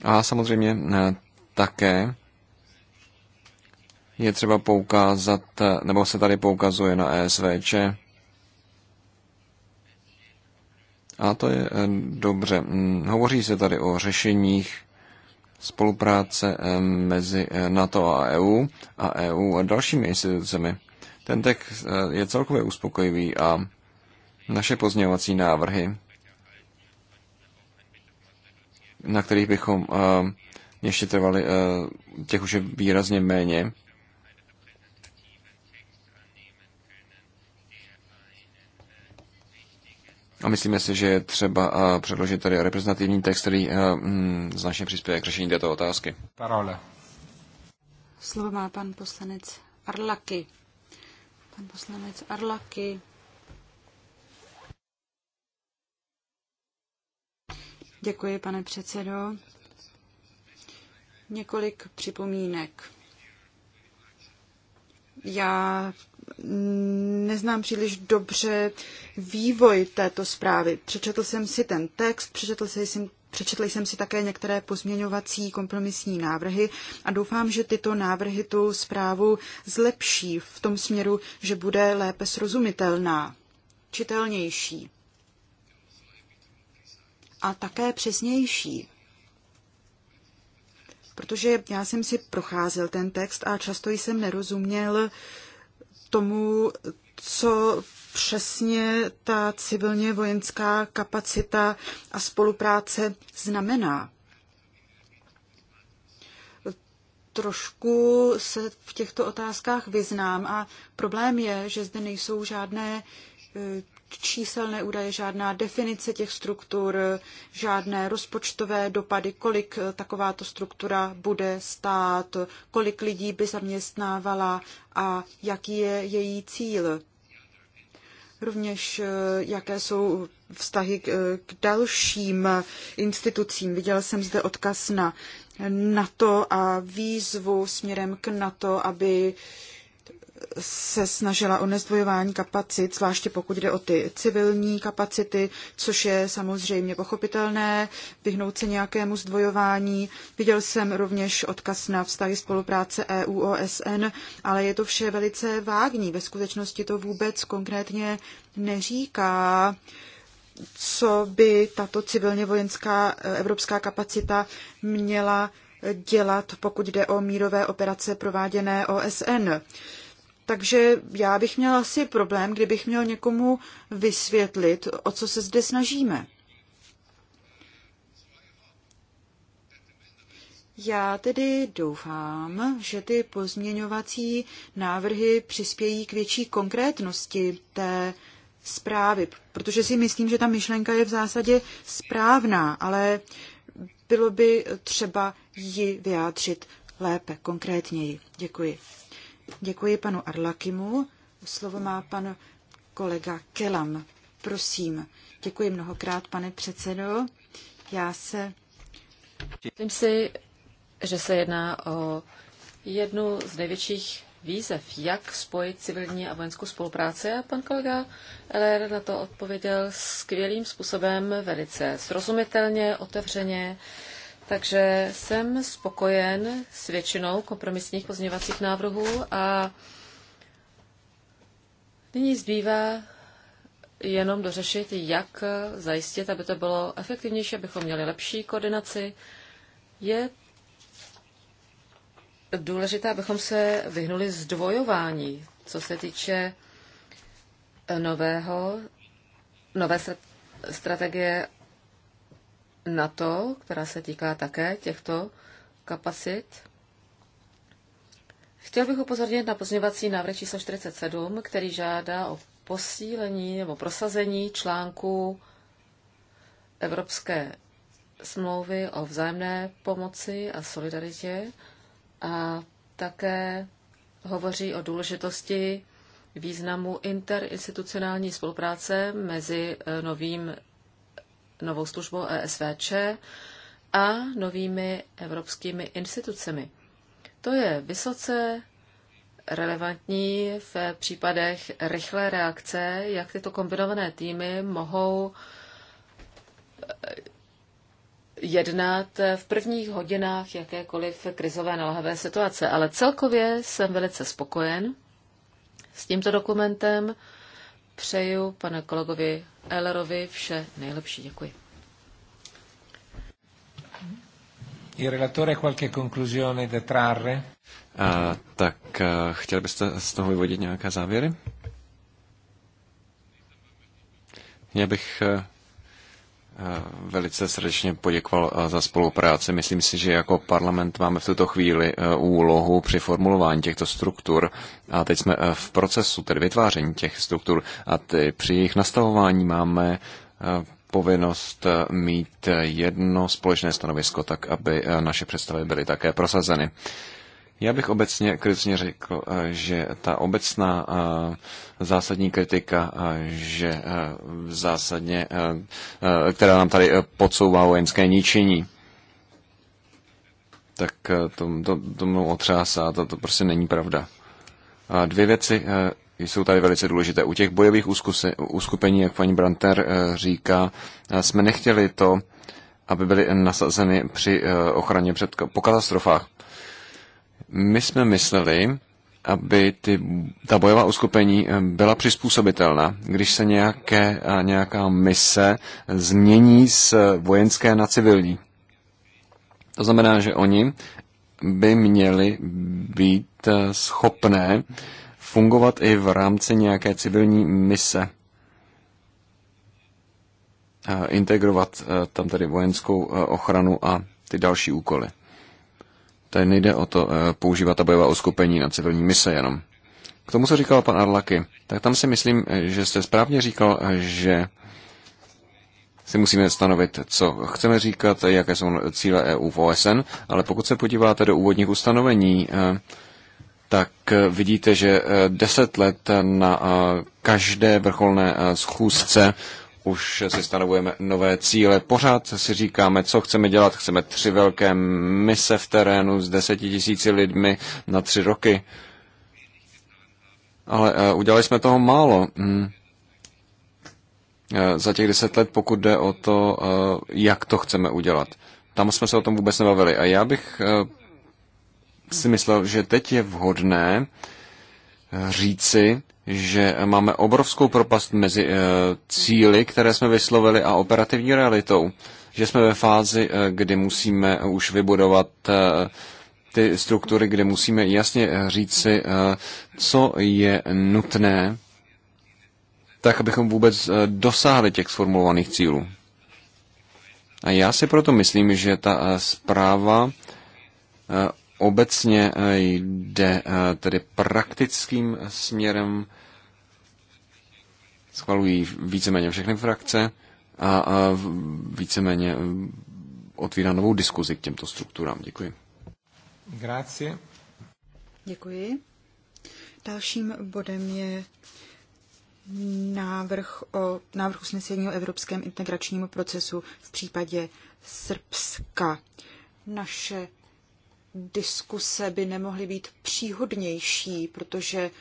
A samozřejmě eh, také je třeba poukázat, nebo se tady poukazuje na ESVČ, A to je eh, dobře. Mm, hovoří se tady o řešeních spolupráce eh, mezi eh, NATO a EU a EU a dalšími institucemi. Ten text je celkově uspokojivý a naše pozměňovací návrhy, na kterých bychom ještě trvali, těch už je výrazně méně, A myslíme si, že je třeba předložit tady reprezentativní text, který mm, značně přispěje k řešení této otázky. Parole. Slovo má pan poslanec Arlaky. Pan poslanec Arlaky. Děkuji, pane předsedo. Několik připomínek. Já neznám příliš dobře vývoj této zprávy. Přečetl jsem si ten text, přečetl jsem Přečetl jsem si také některé pozměňovací kompromisní návrhy a doufám, že tyto návrhy tu zprávu zlepší v tom směru, že bude lépe srozumitelná, čitelnější a také přesnější. Protože já jsem si procházel ten text a často jsem nerozuměl tomu, co přesně ta civilně vojenská kapacita a spolupráce znamená. Trošku se v těchto otázkách vyznám a problém je, že zde nejsou žádné eh, číselné údaje, žádná definice těch struktur, žádné rozpočtové dopady, kolik eh, takováto struktura bude stát, kolik lidí by zaměstnávala a jaký je její cíl. Rovněž eh, jaké jsou vztahy eh, k dalším institucím. Viděl jsem zde odkaz na NATO a výzvu směrem k NATO, aby se snažila o nezdvojování kapacit, zvláště pokud jde o ty civilní kapacity, což je samozřejmě pochopitelné, vyhnout se nějakému zdvojování. Viděl jsem rovněž odkaz na vztahy spolupráce EU-OSN, ale je to vše velice vágní. Ve skutečnosti to vůbec konkrétně neříká, co by tato civilně vojenská eh, evropská kapacita měla dělat, pokud jde o mírové operace prováděné OSN. Takže já bych měla asi problém, kdybych měl někomu vysvětlit, o co se zde snažíme. Já tedy doufám, že ty pozměňovací návrhy přispějí k větší konkrétnosti té zprávy, protože si myslím, že ta myšlenka je v zásadě správná, ale bylo by třeba ji vyjádřit lépe, konkrétněji. Děkuji. Děkuji panu Arlakimu. Slovo má pan kolega Kelam. Prosím. Děkuji mnohokrát, pane předsedo. Já se... Myslím si, že se jedná o jednu z největších výzev, jak spojit civilní a vojenskou spolupráci. A pan kolega LR na to odpověděl skvělým způsobem, velice srozumitelně, otevřeně. Uh, takže jsem spokojen s většinou kompromisních pozměňovacích návrhů a nyní zbývá jenom dořešit, jak zajistit, aby to bylo efektivnější, abychom měli lepší koordinaci. Je důležité, abychom se vyhnuli zdvojování, co se týče nového, nové strategie NATO, která se týká také těchto kapacit. Chtěl bych upozornit na pozměvací návrh číslo 47, který žádá o posílení nebo prosazení článku Evropské smlouvy o vzájemné pomoci a solidaritě a také hovoří o důležitosti významu interinstitucionální spolupráce mezi novým novou službou ESVČ a novými evropskými institucemi. To je vysoce relevantní v případech rychlé reakce, jak tyto kombinované týmy mohou eh, jednat v prvních hodinách jakékoliv krizové nalahavé situace. Ale celkově jsem velice spokojen s tímto dokumentem. Přeju pane kolegovi Ellerovi vše nejlepší. Děkuji. Il relatore qualche conclusione da trarre? A, eh, tak a, eh, chtěli byste z toho vyvodit nějaké závěry? Já bych a, eh, Eh, velice srdečně poděkoval eh, za spolupráci. Myslím si, že jako parlament máme v tuto chvíli eh, úlohu při formulování těchto struktur a teď jsme v procesu tedy vytváření těch struktur a ty, při jejich nastavování máme povinnost mít jedno společné stanovisko, tak aby naše představy byly také prosazeny. Já bych obecně kriticky řekl, eh, že ta obecná eh, zásadní kritika, eh, že zásadně, která nám tady podsouvá vojenské ničení, tak to, to, to mnou otřásá, to, to prostě není pravda. A dvě věci jsou tady velice důležité. U těch bojových uskuse, uskupení, jak paní Branter říká, jsme nechtěli to, aby byly nasazeny při ochraně před, po katastrofách. My jsme mysleli, aby ty, ta bojová uskupení eh, byla přizpůsobitelná. Když se nějaké, eh, nějaká mise změní z eh, vojenské na civilní. To znamená, že oni by měli být schopné fungovat i v rámci nějaké civilní mise. Integrovat tam tedy vojenskou ochranu a ty další úkoly. Tady nejde o to eh, používat ta bojová uskupení na civilní mise jenom. K tomu, co říkal pan Arlaky, tak tam si myslím, eh, že jste správně říkal, eh, že si musíme stanovit, co chceme říkat, jaké jsou cíle EU v OSN, ale pokud se podíváte do úvodních ustanovení, tak vidíte, že deset let na každé vrcholné schůzce už si stanovujeme nové cíle. Pořád si říkáme, co chceme dělat. Chceme tři velké mise v terénu s deseti tisíci lidmi na tři roky. Ale uh, udělali jsme toho málo. Hmm. Za těch deset let, pokud jde o to, eh, jak to chceme udělat. Tam jsme se o tom vůbec nebavili. A já bych si myslel, že teď je vhodné říci, že máme obrovskou propast mezi eh, cíly, které jsme vyslovili, a operativní realitou. Že jsme ve fázi, eh, kdy musíme eh, už vybudovat ty struktury, kde musíme jasně říci, co je nutné, tak abychom vůbec dosáhli těch sformulovaných cílů. A já si proto myslím, že ta zpráva obecně jde tedy praktickým směrem schvalují víceméně všechny frakce a, a víceméně eh, otvírá novou diskuzi k těmto strukturám. Děkuji. Grazie. Děkuji. Dalším bodem je návrh, o, návrh usnesení o evropském integračním procesu v případě Srbska. Naše diskuse by nemohly být příhodnější, protože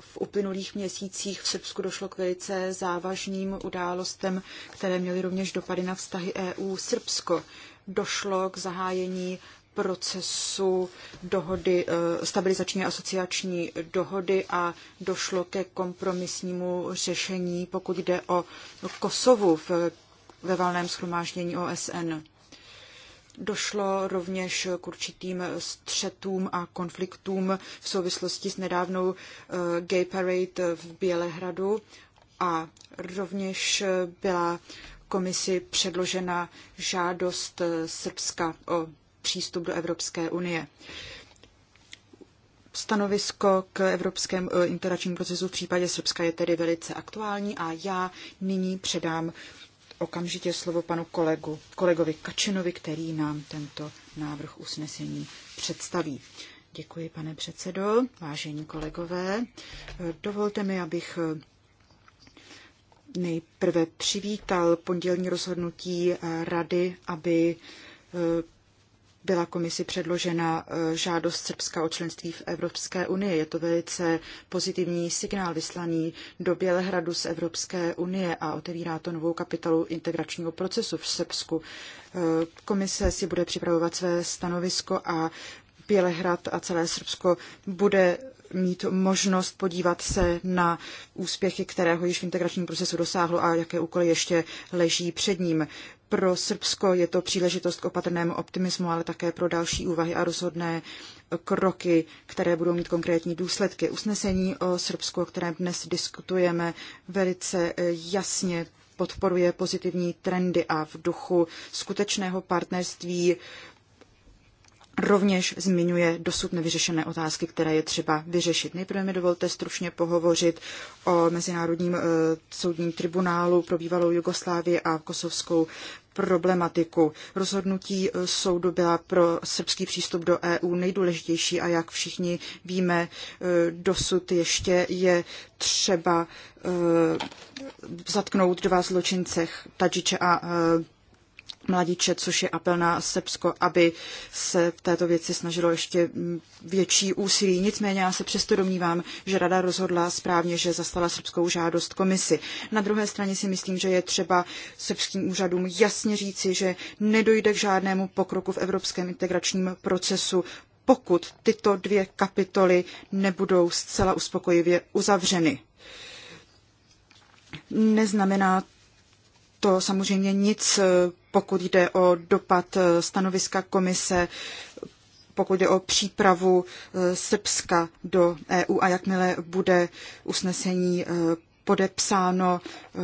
v uplynulých měsících v Srbsku došlo k velice závažným událostem, které měly rovněž dopady na vztahy EU-Srbsko. Došlo k zahájení procesu dohody, e, stabilizační asociační dohody a došlo ke kompromisnímu řešení, pokud jde o Kosovu v, ve valném schromáždění OSN. Došlo rovněž k určitým střetům a konfliktům v souvislosti s nedávnou eh, gay parade v Bělehradu a rovněž byla komisi předložena žádost eh, Srbska o přístup do Evropské unie. Stanovisko k evropském eh, interačním procesu v případě Srbska je tedy velice aktuální a já nyní předám okamžitě slovo panu kolegu, kolegovi Kačenovi, který nám tento návrh usnesení představí. Děkuji, pane předsedo, vážení kolegové. Dovolte mi, abych nejprve přivítal pondělní rozhodnutí rady, aby byla komisi předložena e, žádost Srbska o členství v Evropské unii. Je to velice pozitivní signál vyslaný do Bělehradu z Evropské unie a otevírá to novou kapitolu integračního procesu v Srbsku. E, komise si bude připravovat své stanovisko a Bělehrad a celé Srbsko bude mít možnost podívat se na úspěchy, kterého již v integračním procesu dosáhlo a jaké úkoly ještě leží před ním. Pro Srbsko je to příležitost k opatrnému optimismu, ale také pro další úvahy a rozhodné kroky, které budou mít konkrétní důsledky. Usnesení o Srbsku, o kterém dnes diskutujeme, velice eh, jasně podporuje pozitivní trendy a v duchu skutečného partnerství rovněž zmiňuje dosud nevyřešené otázky, které je třeba vyřešit. Nejprve mi dovolte stručně pohovořit o Mezinárodním eh, soudním tribunálu pro bývalou Jugoslávii a kosovskou problematiku. Rozhodnutí eh, soudu byla pro srbský přístup do EU nejdůležitější a jak všichni víme, eh, dosud ještě je třeba zatknout dva zločince, Tadžiče a mladíče, což je apel na Srbsko, aby se v této věci snažilo ještě větší úsilí. Nicméně já se přesto domnívám, že rada rozhodla správně, že zaslala srbskou žádost komisi. Na druhé straně si myslím, že je třeba srbským úřadům jasně říci, že nedojde k žádnému pokroku v evropském integračním procesu, pokud tyto dvě kapitoly nebudou zcela uspokojivě uzavřeny. Neznamená to samozřejmě nic, pokud jde o dopad stanoviska komise, pokud jde o přípravu eh, Srbska do EU a jakmile bude usnesení eh, podepsáno, eh,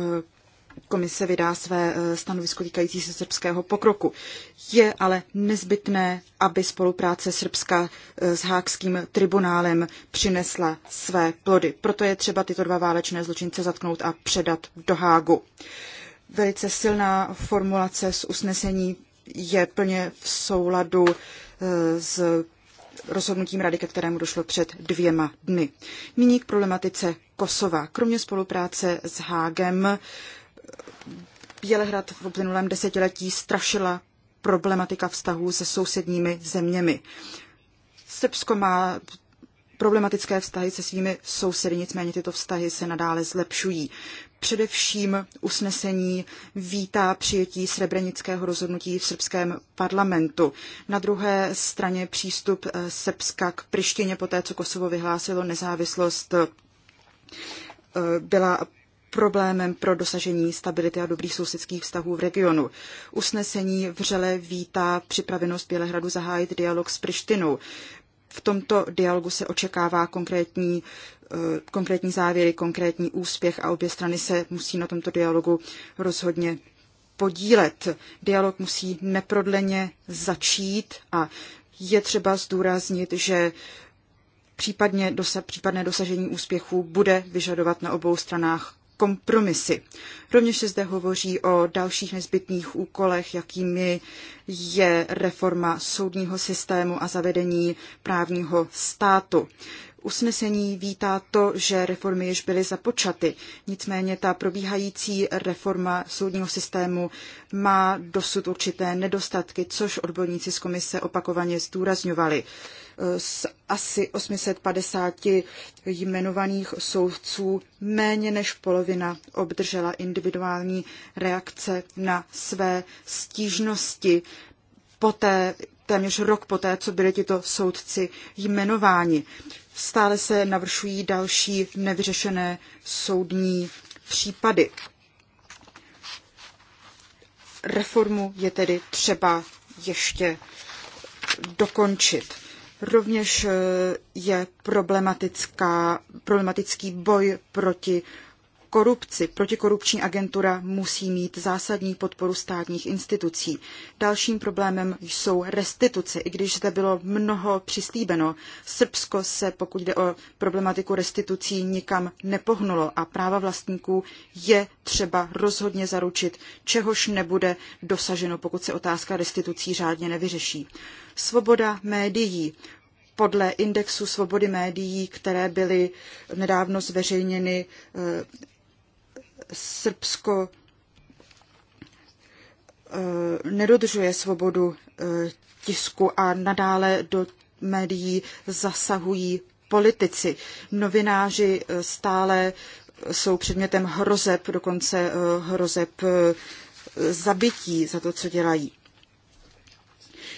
komise vydá své stanovisko týkající se srbského pokroku. Je ale nezbytné, aby spolupráce Srbska s Hákským tribunálem přinesla své plody. Proto je třeba tyto dva válečné zločince zatknout a předat do Hágu velice silná formulace z usnesení je plně v souladu eh, s rozhodnutím rady, ke kterému došlo před dvěma dny. Nyní k problematice Kosova. Kromě spolupráce s Hágem Bělehrad v uplynulém desetiletí strašila problematika vztahů se sousedními zeměmi. Srbsko má problematické vztahy se svými sousedy, nicméně tyto vztahy se nadále zlepšují. Především usnesení vítá přijetí srebrenického rozhodnutí v srbském parlamentu. Na druhé straně přístup eh, Srbska k Prištině po té, co Kosovo vyhlásilo nezávislost, eh, byla problémem pro dosažení stability a dobrých sousedských vztahů v regionu. Usnesení vřele vítá připravenost Bělehradu zahájit dialog s Prištinou. V tomto dialogu se očekává konkrétní Eh, konkrétní závěry, konkrétní úspěch a obě strany se musí na tomto dialogu rozhodně podílet. Dialog musí neprodleně začít a je třeba zdůraznit, že případně dosa, případné dosažení úspěchů bude vyžadovat na obou stranách kompromisy. Rovněž se zde hovoří o dalších nezbytných úkolech, jakými je reforma soudního systému a zavedení právního státu usnesení vítá to, že reformy již byly započaty. Nicméně ta probíhající reforma soudního systému má dosud určité nedostatky, což odborníci z komise opakovaně zdůrazňovali. Z asi 850 jmenovaných soudců méně než polovina obdržela individuální reakce na své stížnosti poté téměř rok poté, co byli tito soudci jmenováni stále se navršují další nevyřešené soudní případy. Reformu je tedy třeba ještě dokončit. Rovněž eh, je problematická, problematický boj proti korupci. Protikorupční agentura musí mít zásadní podporu státních institucí. Dalším problémem jsou restituce. I když zde bylo mnoho přislíbeno, Srbsko se, pokud jde o problematiku restitucí, nikam nepohnulo a práva vlastníků je třeba rozhodně zaručit, čehož nebude dosaženo, pokud se otázka restitucí řádně nevyřeší. Svoboda médií podle indexu svobody médií, které byly nedávno zveřejněny eh, Srbsko eh, nedodržuje svobodu eh, tisku a nadále do médií zasahují politici. Novináři eh, stále jsou předmětem hrozeb, dokonce hrozeb zabití za to, co dělají.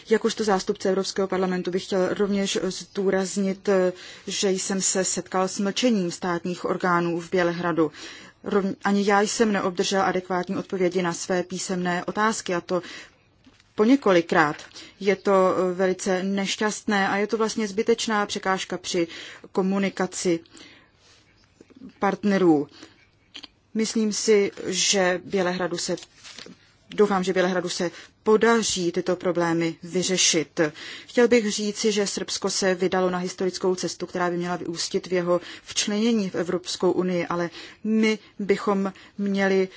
Jakožto zástupce Evropského parlamentu bych chtěl rovněž zdůraznit, že jsem se setkal s mlčením státních orgánů v Bělehradu ani já jsem neobdržel adekvátní odpovědi na své písemné otázky a to po několikrát. Je to eh, velice nešťastné a je to vlastně zbytečná překážka při komunikaci partnerů. Myslím si, že Bělehradu se Doufám, že Bělehradu se podaří tyto problémy vyřešit. Chtěl bych říci, že Srbsko se vydalo na historickou cestu, která by měla vyústit v jeho včlenění v Evropskou unii, ale my bychom měli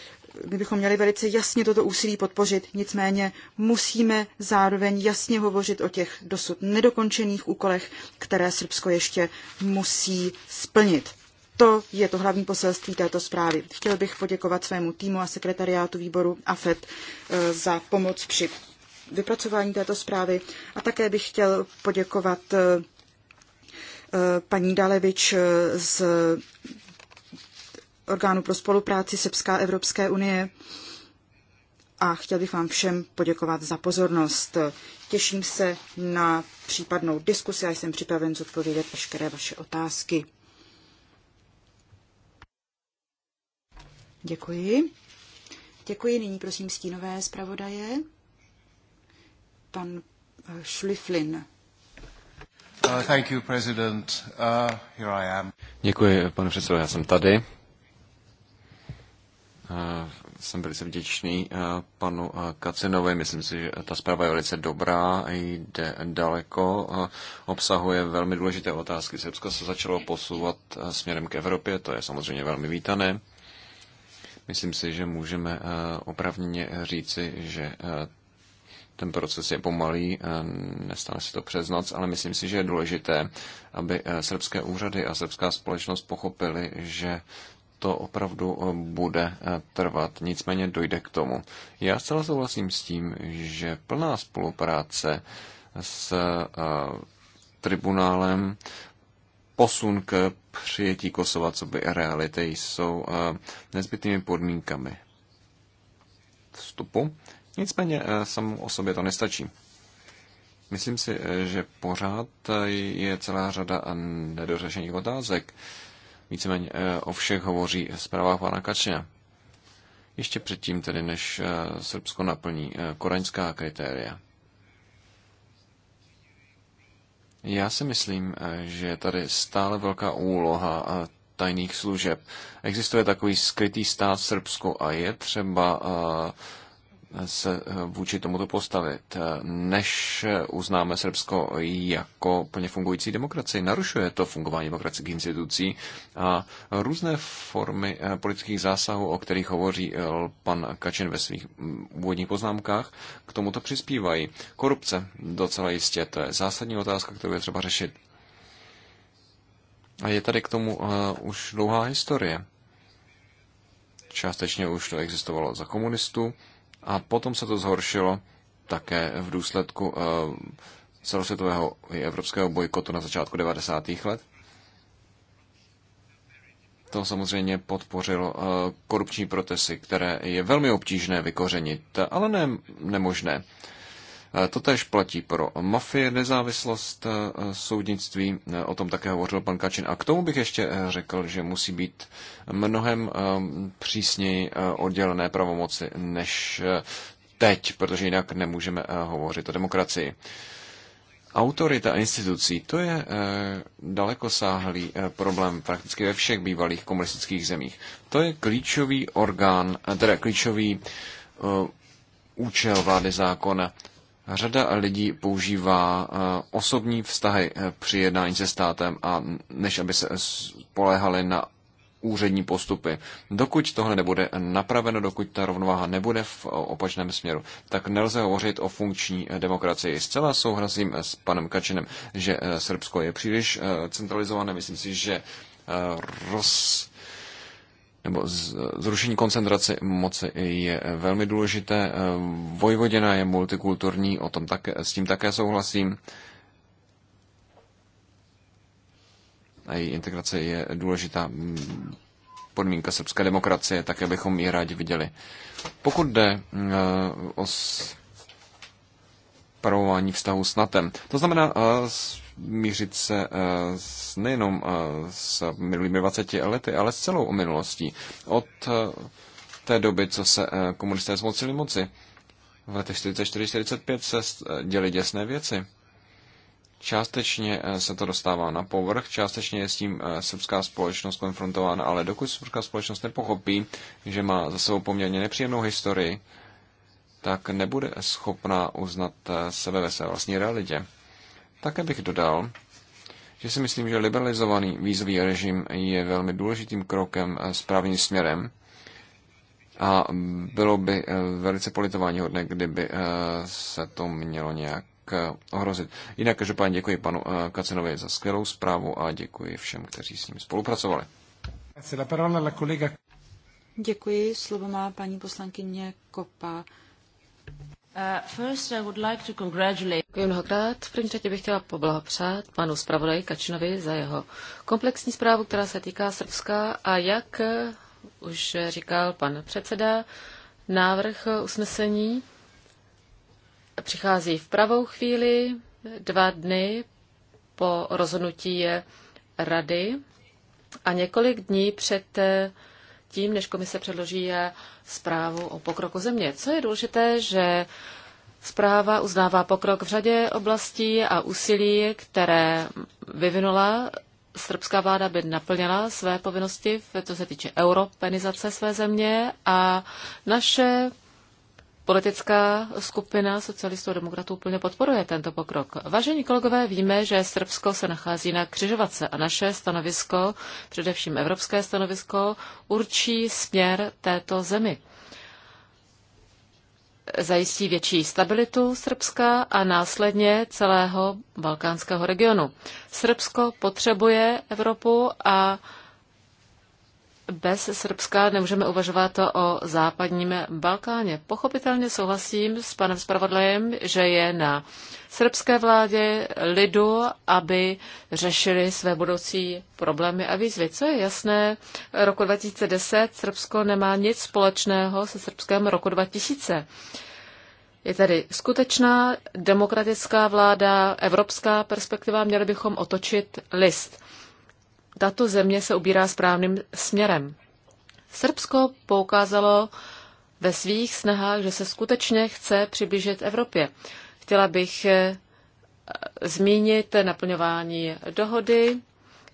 my bychom měli velice jasně toto úsilí podpořit, nicméně musíme zároveň jasně hovořit o těch dosud nedokončených úkolech, které Srbsko ještě musí splnit. To je to hlavní poselství této zprávy. Chtěl bych poděkovat svému týmu a sekretariátu výboru AFET eh, za pomoc při vypracování této zprávy a také bych chtěl poděkovat eh, eh, paní Dalevič z orgánu pro spolupráci Srbská Evropské unie a chtěl bych vám všem poděkovat za pozornost. Těším se na případnou diskusi a jsem připraven zodpovědět veškeré vaše otázky. Děkuji. Děkuji. Nyní prosím stínové zpravodaje. Pan eh, Šliflin. Uh, thank you, President. Uh, here I am. Děkuji, pane předsedo, já jsem tady. Uh, jsem velice vděčný eh, panu Kacinovi. Myslím si, že ta zpráva je velice dobrá, jde daleko, obsahuje velmi důležité otázky. Srbsko se začalo posouvat směrem k Evropě, to je samozřejmě velmi vítané. Myslím si, že můžeme eh, opravně říci, že eh, ten proces je pomalý, eh, nestane se to přes noc, ale myslím si, že je důležité, aby srbské úřady a srbská společnost pochopili, že to opravdu bude trvat, nicméně dojde k tomu. Já zcela souhlasím s tím, že plná spolupráce s tribunálem posun k přijetí Kosova, co by reality jsou eh, nezbytnými podmínkami vstupu. Nicméně eh, samou o sobě to nestačí. Myslím si, eh, že pořád je celá řada nedořešených otázek. Víceméně o všech hovoří zpráva pana Kačina. Ještě předtím tedy, než Srbsko naplní koraňská kritéria. Já si myslím, eh, že je tady stále velká úloha eh, tajných služeb. Existuje takový skrytý stát v Srbsku a je třeba eh, se eh, vůči tomuto postavit, eh, než uznáme Srbsko jako plně fungující demokracii. Narušuje to fungování demokratických institucí a různé formy eh, politických zásahů, o kterých hovoří pan Kačin ve svých mm, úvodních poznámkách, k tomuto přispívají. Korupce docela jistě, to je zásadní otázka, kterou je třeba řešit. A je tady k tomu už dlouhá historie. Částečně už to existovalo za komunistů, a potom se to zhoršilo také v důsledku eh, celosvětového i evropského bojkotu na začátku 90. let. To samozřejmě podpořilo eh, korupční protesty, které je velmi obtížné vykořenit, ale ne, nemožné. Totež platí pro mafie, nezávislost e, soudnictví, e, o tom také hovořil pan Kačin. A k tomu bych ještě e, řekl, že musí být mnohem přísněji oddělené pravomoci než teď, protože jinak nemůžeme hovořit o demokracii. Autorita institucí, to je e, dalekosáhlý problém prakticky ve všech bývalých komunistických zemích. To je klíčový orgán, teda klíčový účel vlády zákona. Řada lidí používá eh, osobní vztahy eh, při jednání se státem, a než aby se spoléhali na úřední postupy. Dokud tohle nebude napraveno, dokud ta rovnováha nebude v eh, opačném směru, tak nelze hovořit o funkční demokracii. Zcela souhlasím s panem Kačinem, že Srbsko je příliš centralizované. Myslím si, že roz nebo zrušení koncentrace moci je velmi důležité. Vojvodina je multikulturní, o tom také, s tím také souhlasím. A její integrace je důležitá podmínka srbské demokracie, také bychom ji rádi viděli. Pokud jde eh, o spravování vztahu s NATO, to znamená eh, mířit se eh, s, nejenom eh, s minulými 20 lety, ale s celou minulostí. Od eh, té doby, co se komunisté zmocili moci. V letech 44-45 se děly děsné věci. Částečně se to dostává na povrch, částečně je s tím srbská společnost konfrontována, ale dokud srbská společnost nepochopí, že má za sebou poměrně nepříjemnou historii, tak nebude schopná uznat sebe ve své vlastní realitě. Také bych dodal, že si myslím, že liberalizovaný vízový režim je velmi důležitým krokem správným směrem a bylo by eh, velice politování hodné, kdyby eh, se to mělo nějak eh, ohrozit. Jinak každopádně děkuji panu Kacenovi za skvělou zprávu a děkuji všem, kteří s ním spolupracovali. Děkuji, slovo má paní poslankyně Kopa. Uh, Děkuji mnohokrát. V první řadě bych chtěla poblahopřát panu zpravodaji Kačinovi za jeho komplexní zprávu, která se týká Srbska a jak eh, už říkal pan předseda, návrh usnesení přichází v pravou chvíli, dva dny po rozhodnutí rady a několik dní před eh, tím, než komise předloží zprávu o pokroku země. Co je důležité, že Zpráva uznává pokrok v řadě oblastí a úsilí, které vyvinula srbská vláda, by naplněla své povinnosti, co se týče europenizace své země a naše politická skupina socialistů a demokratů plně podporuje tento pokrok. Vážení kolegové, víme, že Srbsko se nachází na křižovatce a naše stanovisko, především evropské stanovisko, určí směr této zemi. Zajistí větší stabilitu Srbska a následně celého balkánského regionu. Srbsko potřebuje Evropu a bez Srbska nemůžeme uvažovat o západním Balkáně. Pochopitelně souhlasím s panem spravodlejem, že je na srbské vládě lidu, aby řešili své budoucí problémy a výzvy. Co je jasné, roku 2010 Srbsko nemá nic společného se srbském roku 2000. Je tady skutečná demokratická vláda, evropská perspektiva, měli bychom otočit list tato země se ubírá správným směrem. Srbsko poukázalo ve svých snahách, že se skutečně chce přiblížit Evropě. Chtěla bych eh, zmínit naplňování dohody,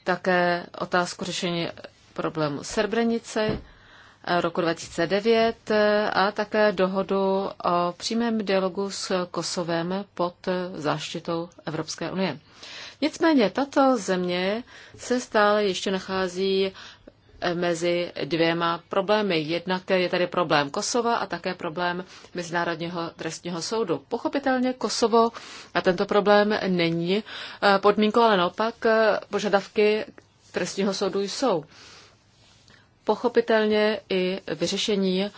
také otázku řešení problému Srbrenice, roku 2009 a také dohodu o přímém dialogu s Kosovem pod záštitou Evropské unie. Nicméně tato země se stále ještě nachází eh, mezi dvěma problémy. Jednak je tady problém Kosova a také problém Mezinárodního trestního soudu. Pochopitelně Kosovo a tento problém není eh, podmínkou, ale naopak eh, požadavky trestního soudu jsou pochopitelně i vyřešení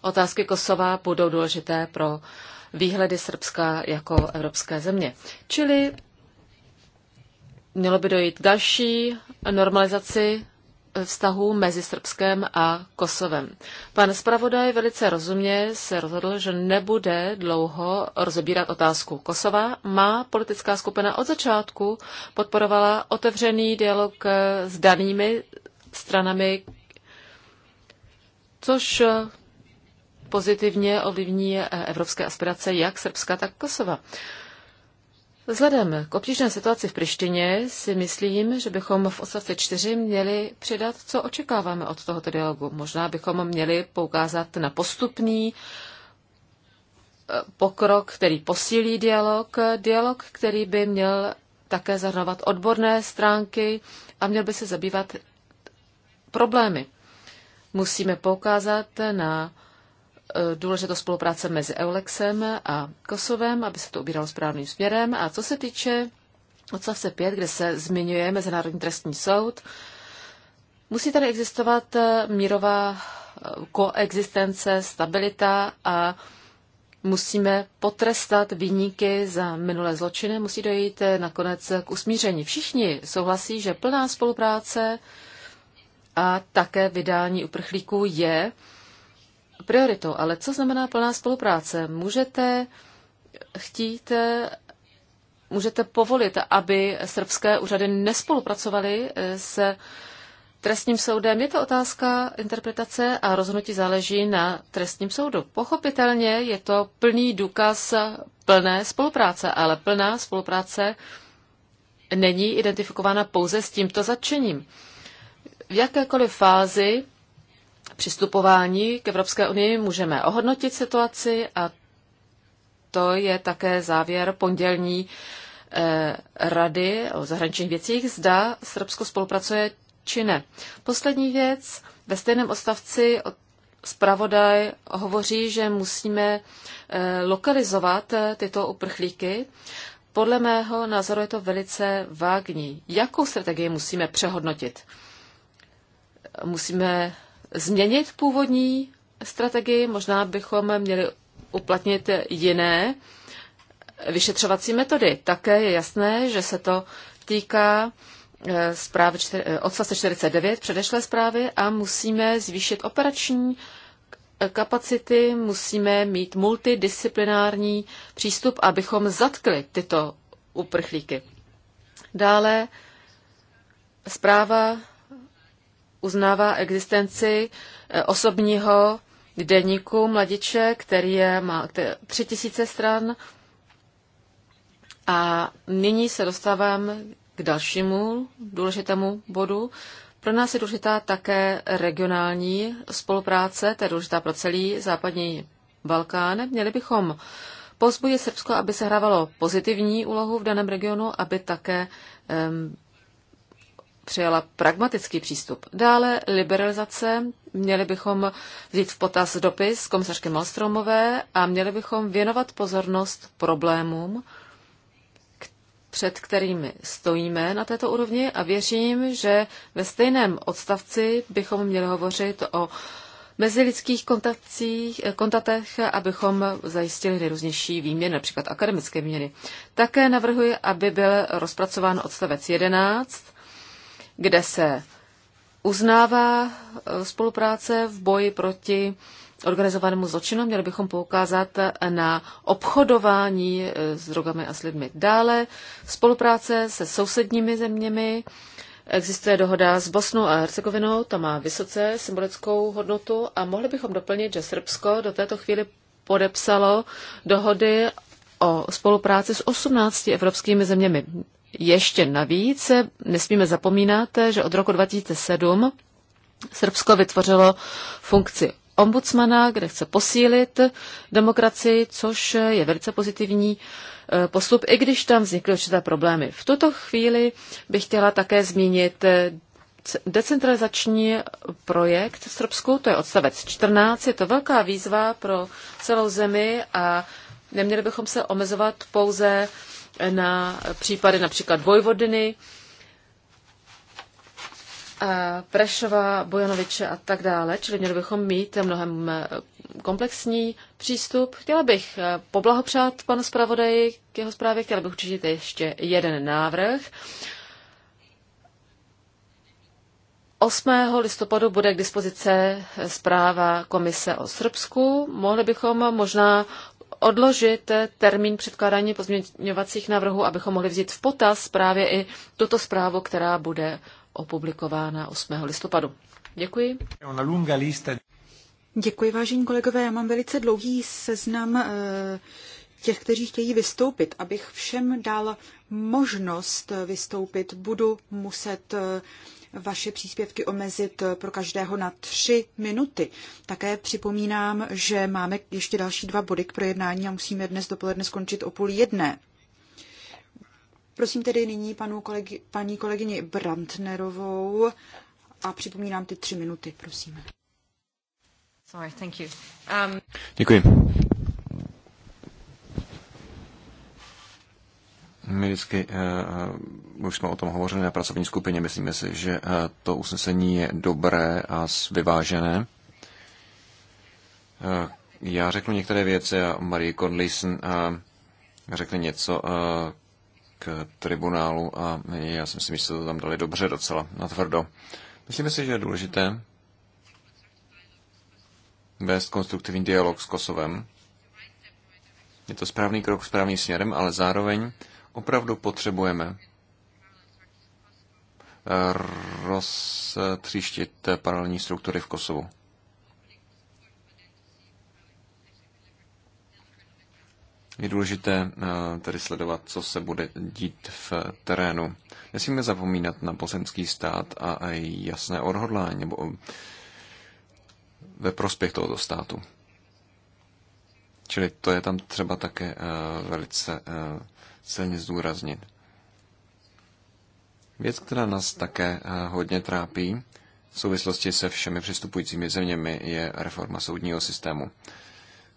otázky Kosova budou důležité pro výhledy Srbska jako evropské země. Čili mělo by dojít k další normalizaci vztahu mezi Srbskem a Kosovem. Pan zpravodaj velice rozumně se rozhodl, že nebude dlouho rozebírat otázku Kosova. Má politická skupina od začátku podporovala otevřený dialog s danými stranami což eh, pozitivně ovlivní eh, evropské aspirace jak Srbska, tak Kosova. Vzhledem k obtížné situaci v Prištině si myslím, že bychom v odstavci 4 měli přidat, co očekáváme od tohoto dialogu. Možná bychom měli poukázat na postupný eh, pokrok, který posílí dialog, dialog, který by měl také zahrnovat odborné stránky a měl by se zabývat problémy musíme poukázat na e, důležitost spolupráce mezi Eulexem a Kosovem, aby se to ubíralo správným směrem. A co se týče odstavce 5, kde se zmiňuje Mezinárodní trestní soud, musí tady existovat e, mírová e, koexistence, stabilita a musíme potrestat výniky za minulé zločiny, musí dojít nakonec k usmíření. Všichni souhlasí, že plná spolupráce a také vydání uprchlíků je prioritou. Ale co znamená plná spolupráce? Můžete chtít, můžete povolit, aby srbské úřady nespolupracovaly s trestním soudem. Je to otázka interpretace a rozhodnutí záleží na trestním soudu. Pochopitelně je to plný důkaz plné spolupráce, ale plná spolupráce není identifikována pouze s tímto začením v jakékoliv fázi přistupování k Evropské unii můžeme ohodnotit situaci a to je také závěr pondělní eh, rady o zahraničních věcích, zda Srbsko spolupracuje či ne. Poslední věc, ve stejném odstavci zpravodaj hovoří, že musíme eh, lokalizovat eh, tyto uprchlíky. Podle mého názoru je to velice vágní. Jakou strategii musíme přehodnotit? Musíme změnit původní strategii, možná bychom měli uplatnit jiné vyšetřovací metody. Také je jasné, že se to týká eh, zprávy eh, odstavce 49 předešlé zprávy a musíme zvýšit operační kapacity, musíme mít multidisciplinární přístup, abychom zatkli tyto uprchlíky. Dále zpráva uznává existenci eh, osobního deníku mladiče, který je, má tři tisíce stran. A nyní se dostávám k dalšímu důležitému bodu. Pro nás je důležitá také regionální spolupráce, to je důležitá pro celý západní Balkán. Měli bychom pozbudit Srbsko, aby se hrávalo pozitivní úlohu v daném regionu, aby také um, přijala pragmatický přístup. Dále liberalizace. Měli bychom vzít v potaz dopis komisařky Malstromové a měli bychom věnovat pozornost problémům, před kterými stojíme na této úrovni a věřím, že ve stejném odstavci bychom měli hovořit o mezilidských kontaktech, kontatech, abychom zajistili nejrůznější výměny, například akademické výměny. Také navrhuji, aby byl rozpracován odstavec 11, kde se uznává e, spolupráce v boji proti organizovanému zločinu. Měli bychom poukázat na obchodování e, s drogami a s lidmi. Dále spolupráce se sousedními zeměmi. Existuje dohoda s Bosnou a Hercegovinou, ta má vysoce symbolickou hodnotu a mohli bychom doplnit, že Srbsko do této chvíli podepsalo dohody o spolupráci s 18 evropskými zeměmi ještě navíc nesmíme zapomínat, že od roku 2007 Srbsko vytvořilo funkci ombudsmana, kde chce posílit demokracii, což je velice pozitivní eh, postup, i když tam vznikly určité problémy. V tuto chvíli bych chtěla také zmínit eh, decentralizační projekt v Srbsku, to je odstavec 14, je to velká výzva pro celou zemi a neměli bychom se omezovat pouze na případy například Vojvodiny, Prešova, Bojanoviče a tak dále, čili měli bychom mít mnohem eh, komplexní přístup. Chtěla bych eh, poblahopřát panu zpravodaji k jeho zprávě, chtěla bych určitě ještě jeden návrh. 8. listopadu bude k dispozici eh, zpráva Komise o Srbsku. Mohli bychom možná odložit termín předkládání pozměňovacích návrhů, abychom mohli vzít v potaz právě i tuto zprávu, která bude opublikována 8. listopadu. Děkuji. Děkuji, vážení kolegové. Já mám velice dlouhý seznam eh, těch, kteří chtějí vystoupit. Abych všem dal možnost vystoupit, budu muset eh, vaše příspěvky omezit pro každého na tři minuty. Také připomínám, že máme ještě další dva body k projednání a musíme dnes dopoledne skončit o půl jedné. Prosím tedy nyní panu kolegy, paní kolegyni Brantnerovou a připomínám ty tři minuty, prosím. Sorry, thank you. Um... Děkuji. My vždycky, uh, už jsme o tom hovořili na pracovní skupině, myslíme si, že uh, to usnesení je dobré a vyvážené. Uh, já řeknu některé věci a Marie Conlison uh, řekne něco uh, k tribunálu a já si myslím, že se to tam dali dobře docela, na tvrdo. Myslíme si, že je důležité vést konstruktivní dialog s Kosovem. Je to správný krok správným směrem, ale zároveň opravdu potřebujeme eh, roztříštit paralelní struktury v Kosovu. Je důležité eh, tedy sledovat, co se bude dít v terénu. Nesmíme zapomínat na bosenský stát a jasné odhodlání nebo eh, ve prospěch tohoto státu. Čili to je tam třeba také velice silně zdůraznit. Věc, která nás také eh, hodně trápí v souvislosti se všemi přistupujícími zeměmi, je reforma soudního systému.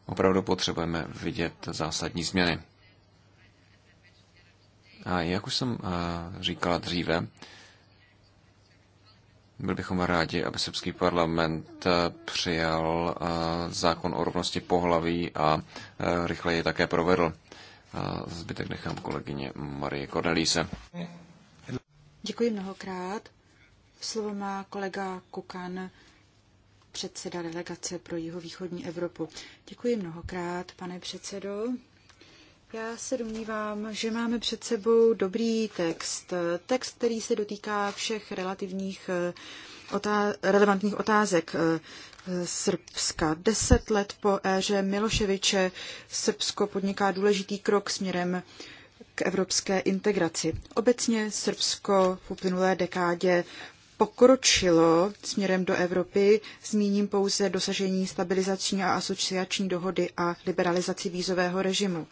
Opravdu potřebujeme vidět zásadní změny. A jak už jsem eh, říkala dříve, byli bychom rádi, aby srbský parlament eh, přijal zákon o rovnosti pohlaví a rychleji také provedl. A zbytek nechám kolegyně Marie Kornelíse. Děkuji mnohokrát. Slovo má kolega Kukan, předseda delegace pro jihovýchodní Evropu. Děkuji mnohokrát, pane předsedo. Já se domnívám, že máme před sebou dobrý text. Text, který se dotýká všech relativních eh, otá- relevantních otázek Srbska. Deset let po éře Miloševiče Srbsko podniká důležitý krok směrem k evropské integraci. Obecně Srbsko v uplynulé dekádě pokročilo směrem do Evropy, zmíním pouze dosažení stabilizační a asociační dohody a liberalizaci vízového režimu.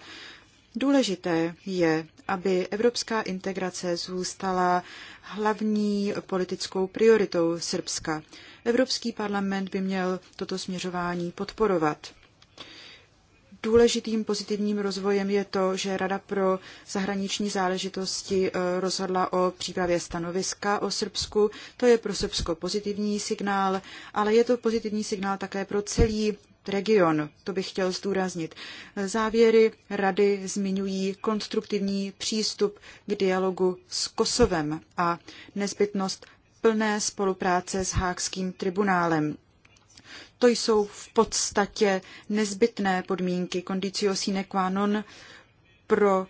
Důležité je, aby evropská integrace zůstala hlavní politickou prioritou Srbska. Evropský parlament by měl toto směřování podporovat. Důležitým pozitivním rozvojem je to, že Rada pro zahraniční záležitosti eh, rozhodla o přípravě stanoviska o Srbsku. To je pro Srbsko pozitivní signál, ale je to pozitivní signál také pro celý region. To bych chtěl zdůraznit. Závěry rady zmiňují konstruktivní přístup k dialogu s Kosovem a nezbytnost plné spolupráce s Hákským tribunálem. To jsou v podstatě nezbytné podmínky conditio sine qua non pro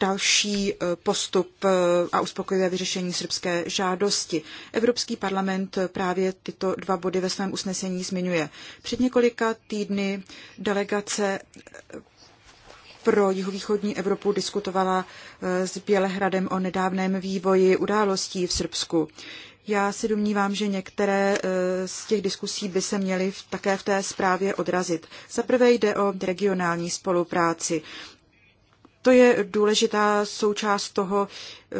další e, postup e, a uspokojivé vyřešení srbské žádosti. Evropský parlament právě tyto dva body ve svém usnesení zmiňuje. Před několika týdny delegace pro jihovýchodní Evropu diskutovala eh, s Bělehradem o nedávném vývoji událostí v Srbsku. Já si domnívám, že některé eh, z těch diskusí by se měly také v té zprávě odrazit. Za prvé jde o regionální spolupráci. To je důležitá součást toho, eh,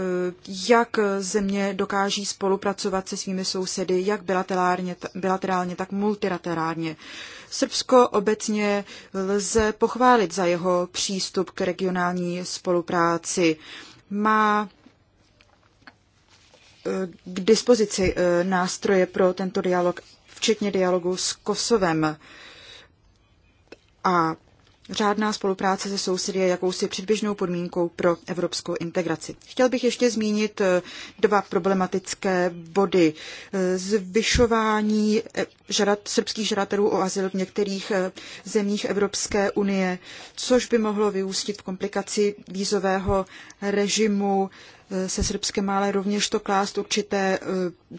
jak země dokáží spolupracovat se svými sousedy, jak bilaterálně, bilaterálně tak multilaterálně. Srbsko obecně lze pochválit za jeho přístup k regionální spolupráci. Má eh, k dispozici eh, nástroje pro tento dialog, včetně dialogu s Kosovem. A Řádná spolupráce se sousedy je jakousi předběžnou podmínkou pro evropskou integraci. Chtěl bych ještě zmínit eh, dva problematické body. Eh, zvyšování eh, žadat, srbských žadatelů o azyl v některých zemích Evropské unie, což by mohlo vyústit v komplikaci vízového režimu se Srbskem, ale rovněž to klást určité e,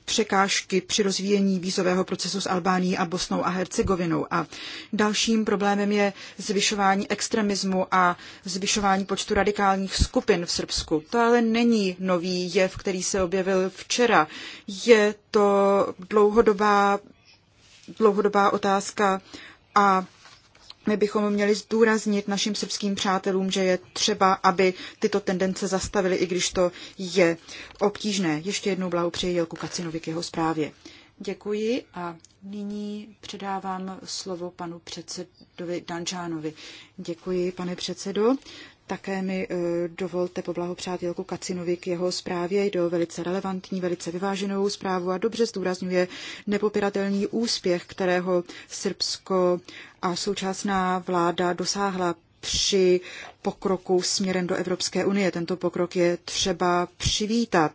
překážky při rozvíjení vízového procesu s Albánií a Bosnou a Hercegovinou. A dalším problémem je zvyšování extremismu a zvyšování počtu radikálních skupin v Srbsku. To ale není nový jev, který se objevil včera. Je to dlouhodobá, dlouhodobá otázka a my bychom měli zdůraznit našim srbským přátelům, že je třeba, aby tyto tendence zastavili, i když to je obtížné. Ještě jednou blahopřeji Jelku Kacinovi k jeho zprávě. Děkuji a nyní předávám slovo panu předsedovi Dančánovi. Děkuji, pane předsedo. Také mi e, dovolte poblahopřát Jelku Kacinovi k jeho zprávě. Jde o velice relevantní, velice vyváženou zprávu a dobře zdůrazňuje nepopiratelný úspěch, kterého Srbsko a současná vláda dosáhla při pokroku směrem do Evropské unie. Tento pokrok je třeba přivítat.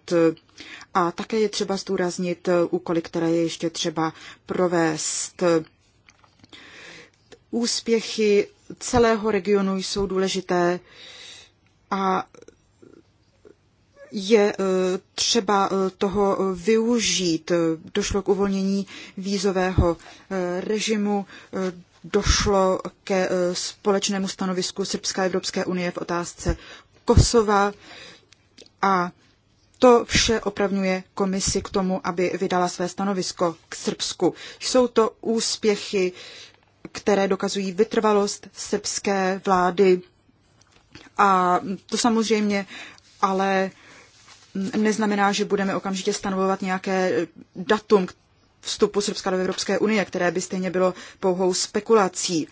A také je třeba zdůraznit úkoly, které je ještě třeba provést. Úspěchy celého regionu jsou důležité a je e, třeba e, toho využít. Došlo k uvolnění vízového e, režimu, došlo ke společnému stanovisku Srbská Evropské unie v otázce Kosova a to vše opravňuje komisi k tomu, aby vydala své stanovisko k Srbsku. Jsou to úspěchy, které dokazují vytrvalost srbské vlády. A to samozřejmě ale neznamená, že budeme okamžitě stanovovat nějaké datum vstupu Srbska do Evropské unie, které by stejně bylo pouhou spekulací.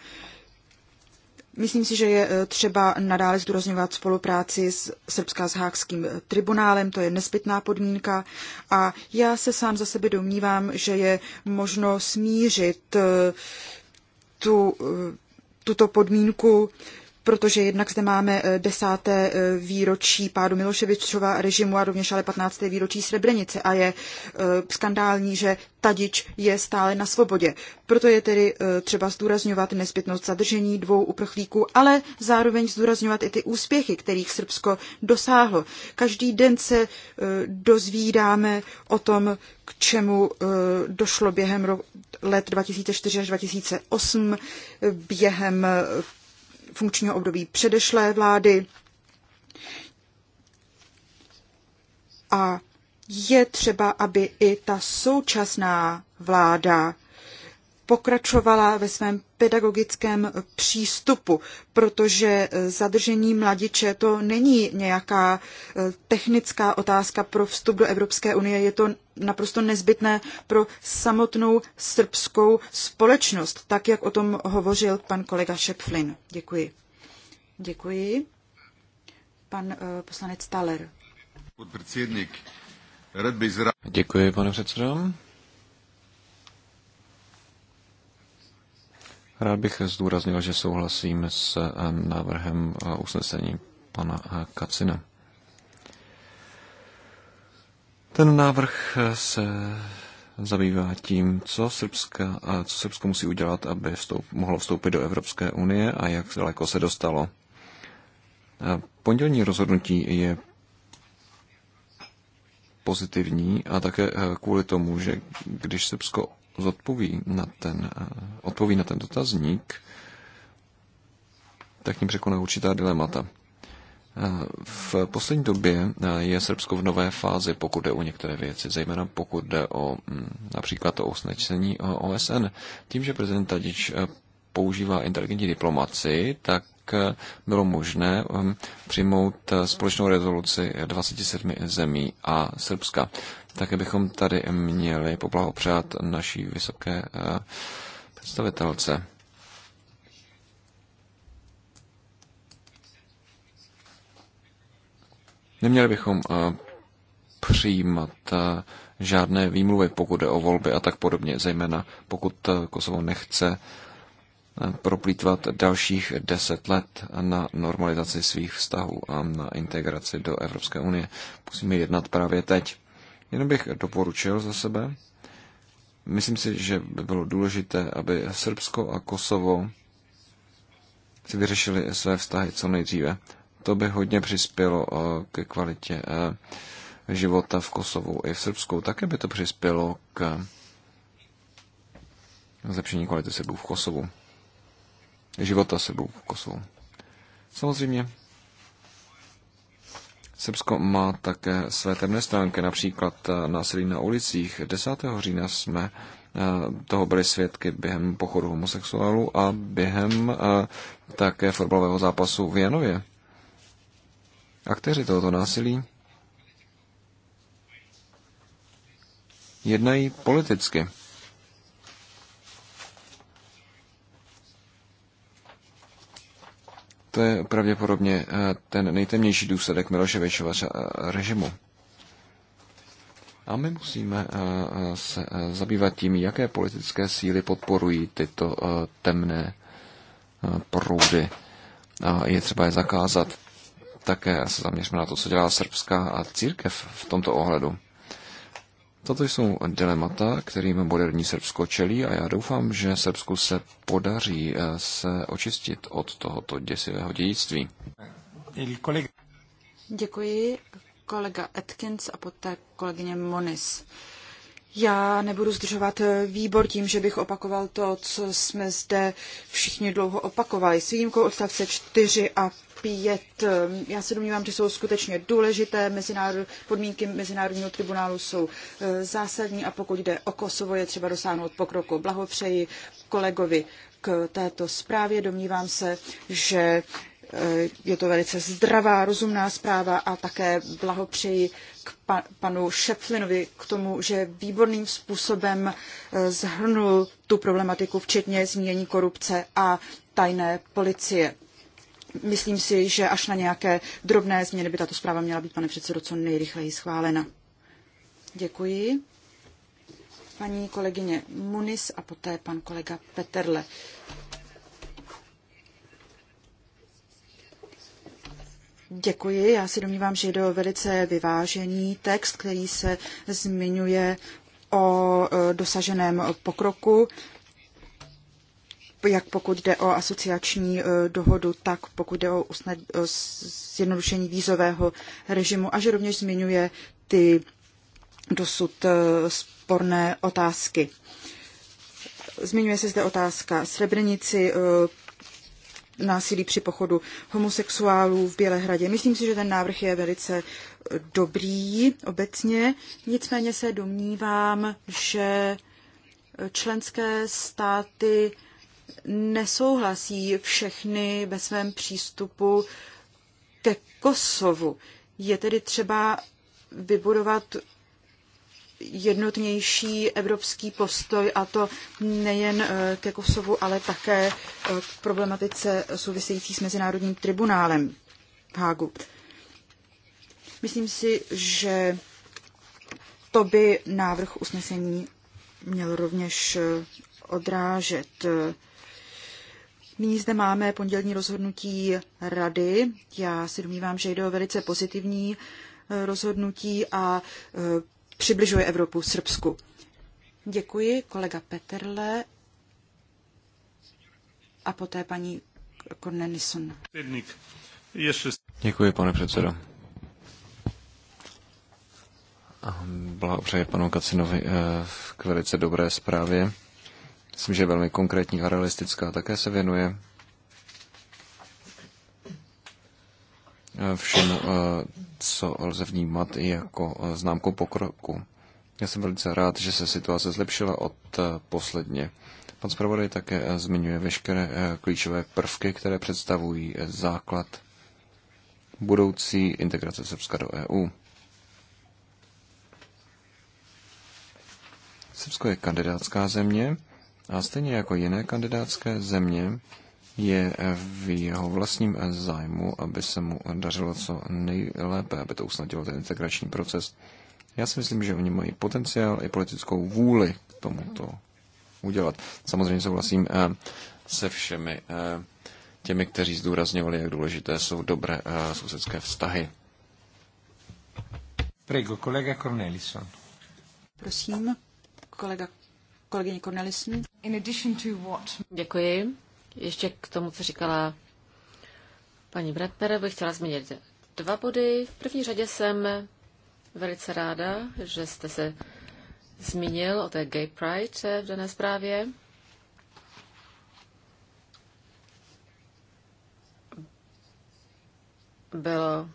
Myslím si, že je eh, třeba nadále zdůrazňovat spolupráci s Srbská s Hákským eh, tribunálem, to je nezbytná podmínka a já se sám za sebe domnívám, že je možno smířit eh, tu, eh, tuto podmínku protože jednak zde máme eh, desáté eh, výročí pádu Miloševičova režimu a rovněž ale 15. výročí Srebrenice a je eh, skandální, že Tadič je stále na svobodě. Proto je tedy třeba zdůrazňovat nezbytnost zadržení dvou uprchlíků, ale zároveň zdůrazňovat i ty úspěchy, kterých Srbsko dosáhlo. Každý den se dozvídáme o tom, k čemu došlo během let 2004 až 2008, během funkčního období předešlé vlády. A je třeba, aby i ta současná vláda pokračovala ve svém pedagogickém přístupu, protože eh, zadržení mladiče to není nějaká eh, technická otázka pro vstup do Evropské unie, je to naprosto nezbytné pro samotnou srbskou společnost, tak jak o tom hovořil pan kolega Šepflin. Děkuji. Děkuji. Pan eh, poslanec Staler. Děkuji, pane předsedo. Rád bych zdůraznil, že souhlasím s eh, návrhem eh, usnesení pana eh, Kacina. Ten návrh se zabývá tím, co, Srbska, co Srbsko musí udělat, aby vstoup, mohlo vstoupit do Evropské unie a jak daleko se dostalo. Pondělní rozhodnutí je pozitivní a také kvůli tomu, že když Srbsko zodpoví na ten, eh, odpoví na ten dotazník, tak tím překoná určitá dilemata. Eh, v poslední době eh, je Srbsko v nové fázi, pokud jde o některé věci, zejména pokud jde o mm, například o usnečení OSN. Tím, že prezident Tadič používá inteligentní diplomaci, tak bylo možné přijmout společnou rezoluci 27 zemí a Srbska také bychom tady měli poblahopřát naší vysoké eh, představitelce. Neměli bychom eh, přijímat eh, žádné výmluvy, pokud jde o volby a tak podobně, zejména pokud Kosovo nechce proplýtvat dalších deset let na normalizaci svých vztahů a na integraci do Evropské unie. Musíme jednat právě teď. Jenom bych doporučil za sebe. Myslím si, že by bylo důležité, aby Srbsko a Kosovo si vyřešili své vztahy co nejdříve. To by hodně přispělo eh, ke kvalitě eh, života v Kosovu i v Srbsku. Také by to přispělo k zlepšení kvality Srbů v Kosovu. Života Srbů v Kosovu. Samozřejmě Srbsko má také své temné stránky, například eh, násilí na ulicích. 10. října jsme eh, toho byli svědky během pochodu homosexuálů a během eh, také fotbalového zápasu v Janově. Aktéři tohoto násilí jednají politicky. to je pravděpodobně eh, ten nejtemnější důsledek Miloševičova režimu. A my musíme eh, eh, se zabývat tím, jaké politické síly podporují tyto temné proudy. A je třeba je zakázat. Také se zaměřme na to, co dělá srbská a církev v tomto ohledu. Toto jsou dilemata, kterým moderní Srbsko čelí a já doufám, že Srbsku se podaří eh, se očistit od tohoto děsivého dědictví. Děkuji kolega Atkins a poté kolegyně Monis. Já nebudu zdržovat eh, výbor tím, že bych opakoval to, co jsme zde všichni dlouho opakovali. S výjimkou odstavce 4 a 5. Eh, já se domnívám, že jsou skutečně důležité. Mezinárod, podmínky Mezinárodního tribunálu jsou eh, zásadní a pokud jde o Kosovo, je třeba dosáhnout pokroku. Blahopřeji kolegovi k této zprávě. Domnívám se, že je to velice zdravá, rozumná zpráva a také blahopřeji k panu Šeflinovi k tomu, že výborným způsobem eh, zhrnul tu problematiku, včetně zmínění korupce a tajné policie. Myslím si, že až na nějaké drobné změny by tato zpráva měla být, pane předsedo, co nejrychleji schválena. Děkuji. Paní kolegyně Munis a poté pan kolega Peterle. Děkuji. Já si domnívám, že jde o velice vyvážený text, který se zmiňuje o e, dosaženém pokroku, jak pokud jde o asociační e, dohodu, tak pokud jde o, usnad, o zjednodušení vízového režimu a že rovněž zmiňuje ty dosud e, sporné otázky. Zmiňuje se zde otázka Srebrenici, násilí při pochodu homosexuálů v Bělehradě. Myslím si, že ten návrh je velice eh, dobrý obecně, nicméně se domnívám, že členské státy nesouhlasí všechny ve svém přístupu ke Kosovu. Je tedy třeba vybudovat jednotnější evropský postoj a to nejen eh, ke Kosovu, ale také eh, k problematice související s Mezinárodním tribunálem v Hágu. Myslím si, že to by návrh usnesení měl rovněž eh, odrážet. Nyní zde máme pondělní rozhodnutí rady. Já si domnívám, že jde o velice pozitivní rozhodnutí a přibližuje Evropu Srbsku. Děkuji, kolega Peterle a poté paní Cornelison. Děkuji, pane předsedo. opřeje panu Kacinovi eh, k velice dobré zprávě. Myslím, že je velmi konkrétní a realistická. Také se věnuje všem, eh, co lze vnímat i jako eh, známku pokroku. Já jsem velice rád, že se situace zlepšila od eh, posledně. Pan zpravodaj také zmiňuje veškeré klíčové prvky, které představují základ budoucí integrace Srbska do EU. Srbsko je kandidátská země a stejně jako jiné kandidátské země je v jeho vlastním zájmu, aby se mu dařilo co nejlépe, aby to usnadilo ten integrační proces. Já si myslím, že oni mají potenciál i politickou vůli k tomuto udělat. Samozřejmě souhlasím eh, se všemi eh, těmi, kteří zdůrazňovali, jak důležité jsou dobré eh, sousedské vztahy. Prego, kolega Cornelison. Prosím, kolega, kolegyně Cornelison. In addition to what? Děkuji. Ještě k tomu, co říkala paní Brentner, bych chtěla zmínit dva body. V první řadě jsem velice ráda, že jste se zmínil o té Gay Pride v dané zprávě. Bylo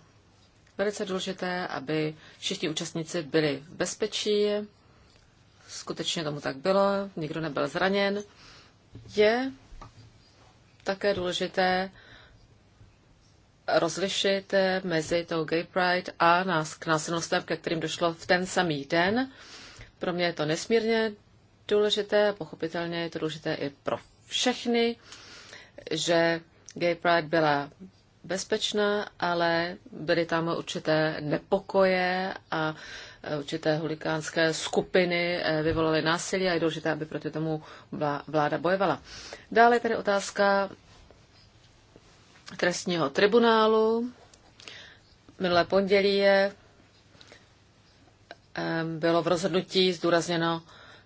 velice důležité, aby všichni účastníci byli v bezpečí. Skutečně tomu tak bylo, nikdo nebyl zraněn. Je také důležité rozlišit mezi tou gay pride a nás k násilnostem, ke kterým došlo v ten samý den. Pro mě je to nesmírně důležité a pochopitelně je to důležité i pro všechny, že gay pride byla bezpečná, ale byly tam určité nepokoje a určité hulikánské skupiny eh, vyvolaly násilí a je důležité, aby proti tomu vláda bojovala. Dále je tady otázka trestního tribunálu. Minulé pondělí je eh, bylo v rozhodnutí zdůrazněno,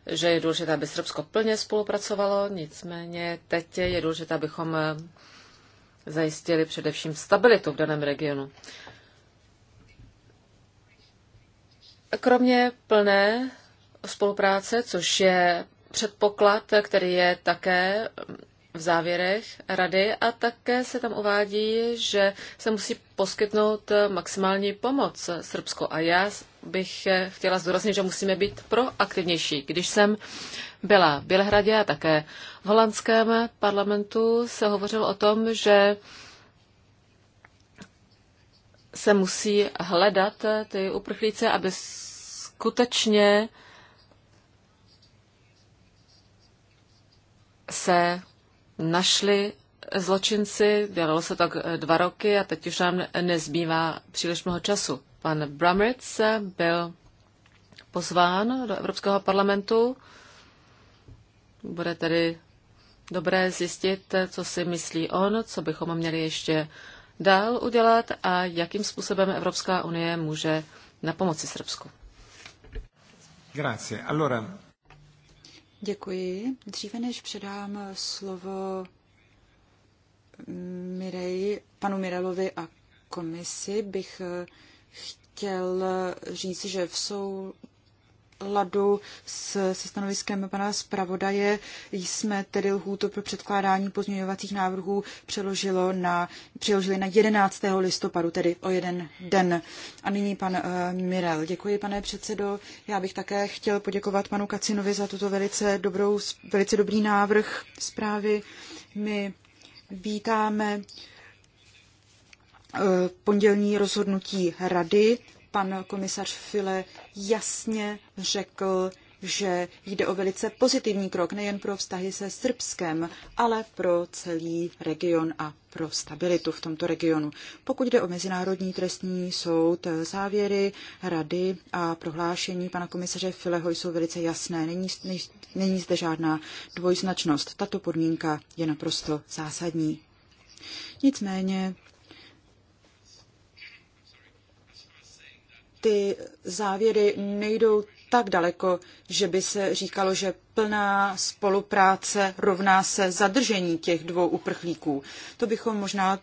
že je důležité, aby Srbsko plně spolupracovalo, nicméně teď je důležité, abychom eh, zajistili především stabilitu v daném regionu. Kromě plné spolupráce, což je předpoklad, který je také v závěrech rady a také se tam uvádí, že se musí poskytnout maximální pomoc Srbsko. A já bych chtěla zdůraznit, že musíme být proaktivnější. Když jsem byla v Bělehradě a také v holandském parlamentu, se hovořilo o tom, že se musí hledat eh, ty uprchlíce, aby skutečně se našli zločinci, dělalo se tak eh, dva roky a teď už nám nezbývá příliš mnoho času. Pan Bramritz eh, byl pozván do Evropského parlamentu. Bude tedy dobré zjistit, co si myslí on, co bychom měli ještě dál udělat a jakým způsobem Evropská unie může na pomoci Srbsku. Grazie. Allora... Děkuji. Dříve než předám slovo Mirej, panu Mirelovi a komisi, bych chtěl říct, že v sou souladu s, se stanoviskem pana zpravodaje jsme tedy lhůtu pro předkládání pozměňovacích návrhů přeložilo na, přeložili na 11. listopadu, tedy o jeden den. A nyní pan uh, Mirel. Děkuji, pane předsedo. Já bych také chtěl poděkovat panu Kacinovi za tuto velice, dobrou, velice dobrý návrh zprávy. My vítáme eh, pondělní rozhodnutí rady. Pan komisař File jasně řekl, že jde o velice pozitivní krok nejen pro vztahy se Srbskem, ale pro celý region a pro stabilitu v tomto regionu. Pokud jde o Mezinárodní trestní soud, závěry, rady a prohlášení pana komisaře Fileho jsou velice jasné. Není, ne, není zde žádná dvojznačnost. Tato podmínka je naprosto zásadní. Nicméně ty závěry nejdou tak daleko, že by se říkalo, že plná spolupráce rovná se zadržení těch dvou uprchlíků. To bychom možná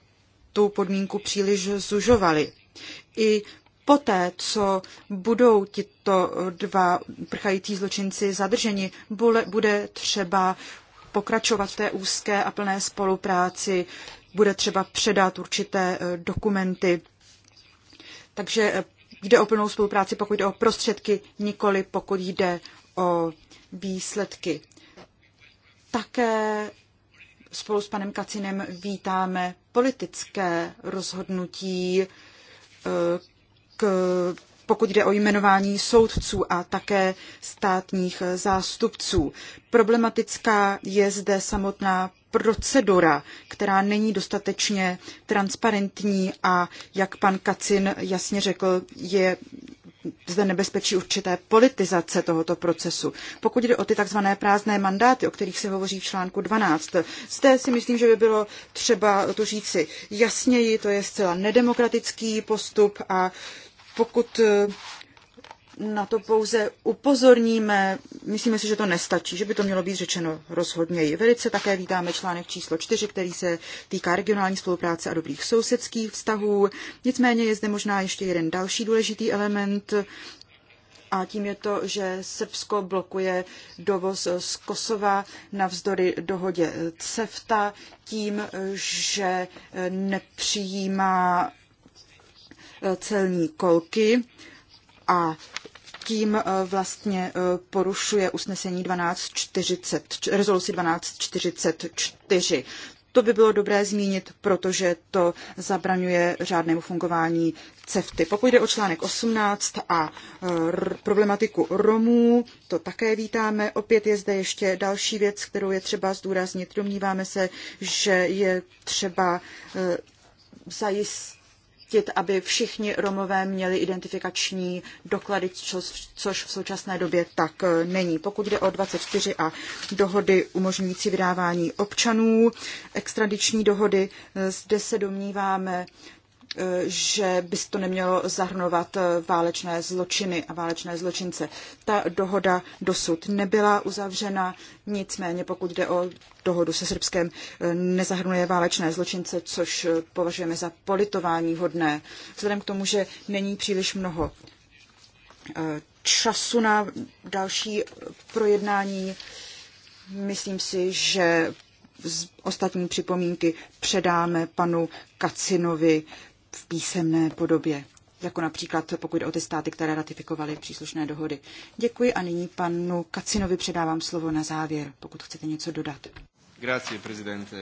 tu podmínku příliš zužovali. I poté, co budou tito dva prchající zločinci zadrženi, bude třeba pokračovat v té úzké a plné spolupráci, bude třeba předat určité eh, dokumenty. Takže eh, jde o plnou spolupráci, pokud jde o prostředky, nikoli pokud jde o výsledky. Také spolu s panem Kacinem vítáme politické rozhodnutí eh, k pokud jde o jmenování soudců a také státních zástupců. Problematická je zde samotná procedura, která není dostatečně transparentní a jak pan Kacin jasně řekl, je zde nebezpečí určité politizace tohoto procesu. Pokud jde o ty tzv. prázdné mandáty, o kterých se hovoří v článku 12, zde si myslím, že by bylo třeba to říci jasněji, to je zcela nedemokratický postup a pokud na to pouze upozorníme. Myslíme si, že to nestačí, že by to mělo být řečeno rozhodněji. Velice také vítáme článek číslo 4, který se týká regionální spolupráce a dobrých sousedských vztahů. Nicméně je zde možná ještě jeden další důležitý element, a tím je to, že Srbsko blokuje dovoz z Kosova navzdory dohodě CEFTA tím, že nepřijímá celní kolky a tím eh, vlastně eh, porušuje usnesení 1240, rezoluci 1244. To by bylo dobré zmínit, protože to zabraňuje řádnému fungování CEFTY. Pokud jde o článek 18 a eh, problematiku Romů, to také vítáme. Opět je zde ještě další věc, kterou je třeba zdůraznit. Domníváme se, že je třeba zajistit zajistit, aby všichni Romové měli identifikační doklady, což v současné době tak eh, není. Pokud jde o 24 a dohody umožňující vydávání občanů, extradiční dohody, eh, zde se domníváme, že by to nemělo zahrnovat eh, válečné zločiny a válečné zločince. Ta dohoda dosud nebyla uzavřena, nicméně pokud jde o dohodu se Srbskem, eh, nezahrnuje válečné zločince, což eh, považujeme za politování hodné. Vzhledem k tomu, že není příliš mnoho času na další projednání, myslím si, že ostatní připomínky předáme panu Kacinovi v písemné podobě, jako například pokud jde o ty státy, které ratifikovaly příslušné dohody. Děkuji a nyní panu Kacinovi předávám slovo na závěr, pokud chcete něco dodat. Grazie, prezidente.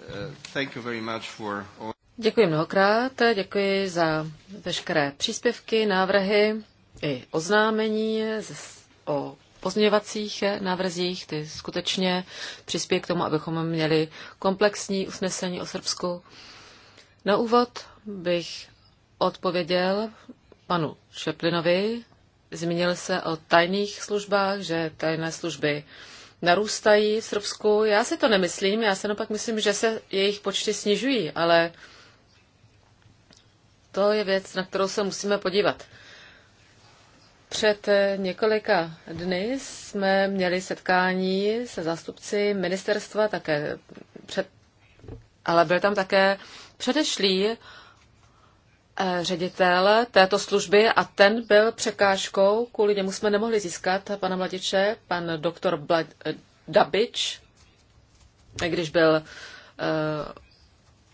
Eh, thank you very much for all... Děkuji mnohokrát, děkuji za veškeré příspěvky, návrhy i oznámení o pozměňovacích návrzích. Ty skutečně přispějí k tomu, abychom měli komplexní usnesení o Srbsku. Na úvod bych odpověděl panu Šeplinovi. Zmínil se o tajných službách, že tajné služby narůstají v Srbsku. Já si to nemyslím, já se naopak myslím, že se jejich počty snižují, ale to je věc, na kterou se musíme podívat. Před několika dny jsme měli setkání se zástupci ministerstva, také před, ale byl tam také předešlý Eh, ředitel této služby a ten byl překážkou, kvůli němu jsme nemohli získat pana Mladiče, pan doktor Bla- eh, Dabič, když byl uh,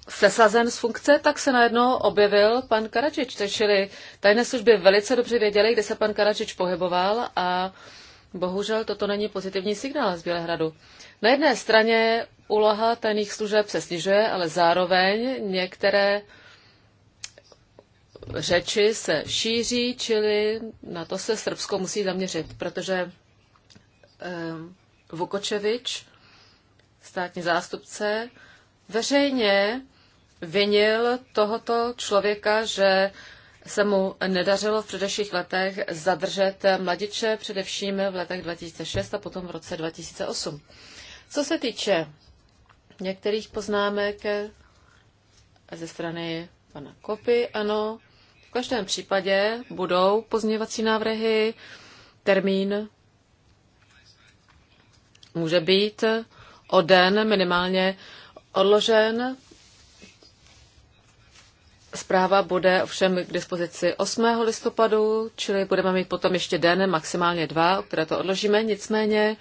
sesazen z funkce, tak se najednou objevil pan Karadžič. Čili tajné služby velice dobře věděly, kde se pan Karadžič pohyboval a bohužel toto není pozitivní signál z Bělehradu. Na jedné straně úloha tajných služeb se snižuje, ale zároveň některé uh, řeči se šíří, čili na to se Srbsko musí zaměřit, protože ehm, Vukočevič, státní zástupce, veřejně vinil tohoto člověka, že se mu nedařilo v předešlých letech zadržet mladiče, především v letech 2006 a potom v roce 2008. Co se týče některých poznámek ze strany pana Kopy, ano, v každém případě budou pozměňovací návrhy. Termín může být o den minimálně odložen. Zpráva bude ovšem k dispozici 8. listopadu, čili budeme mít potom ještě den, maximálně dva, o které to odložíme. Nicméně,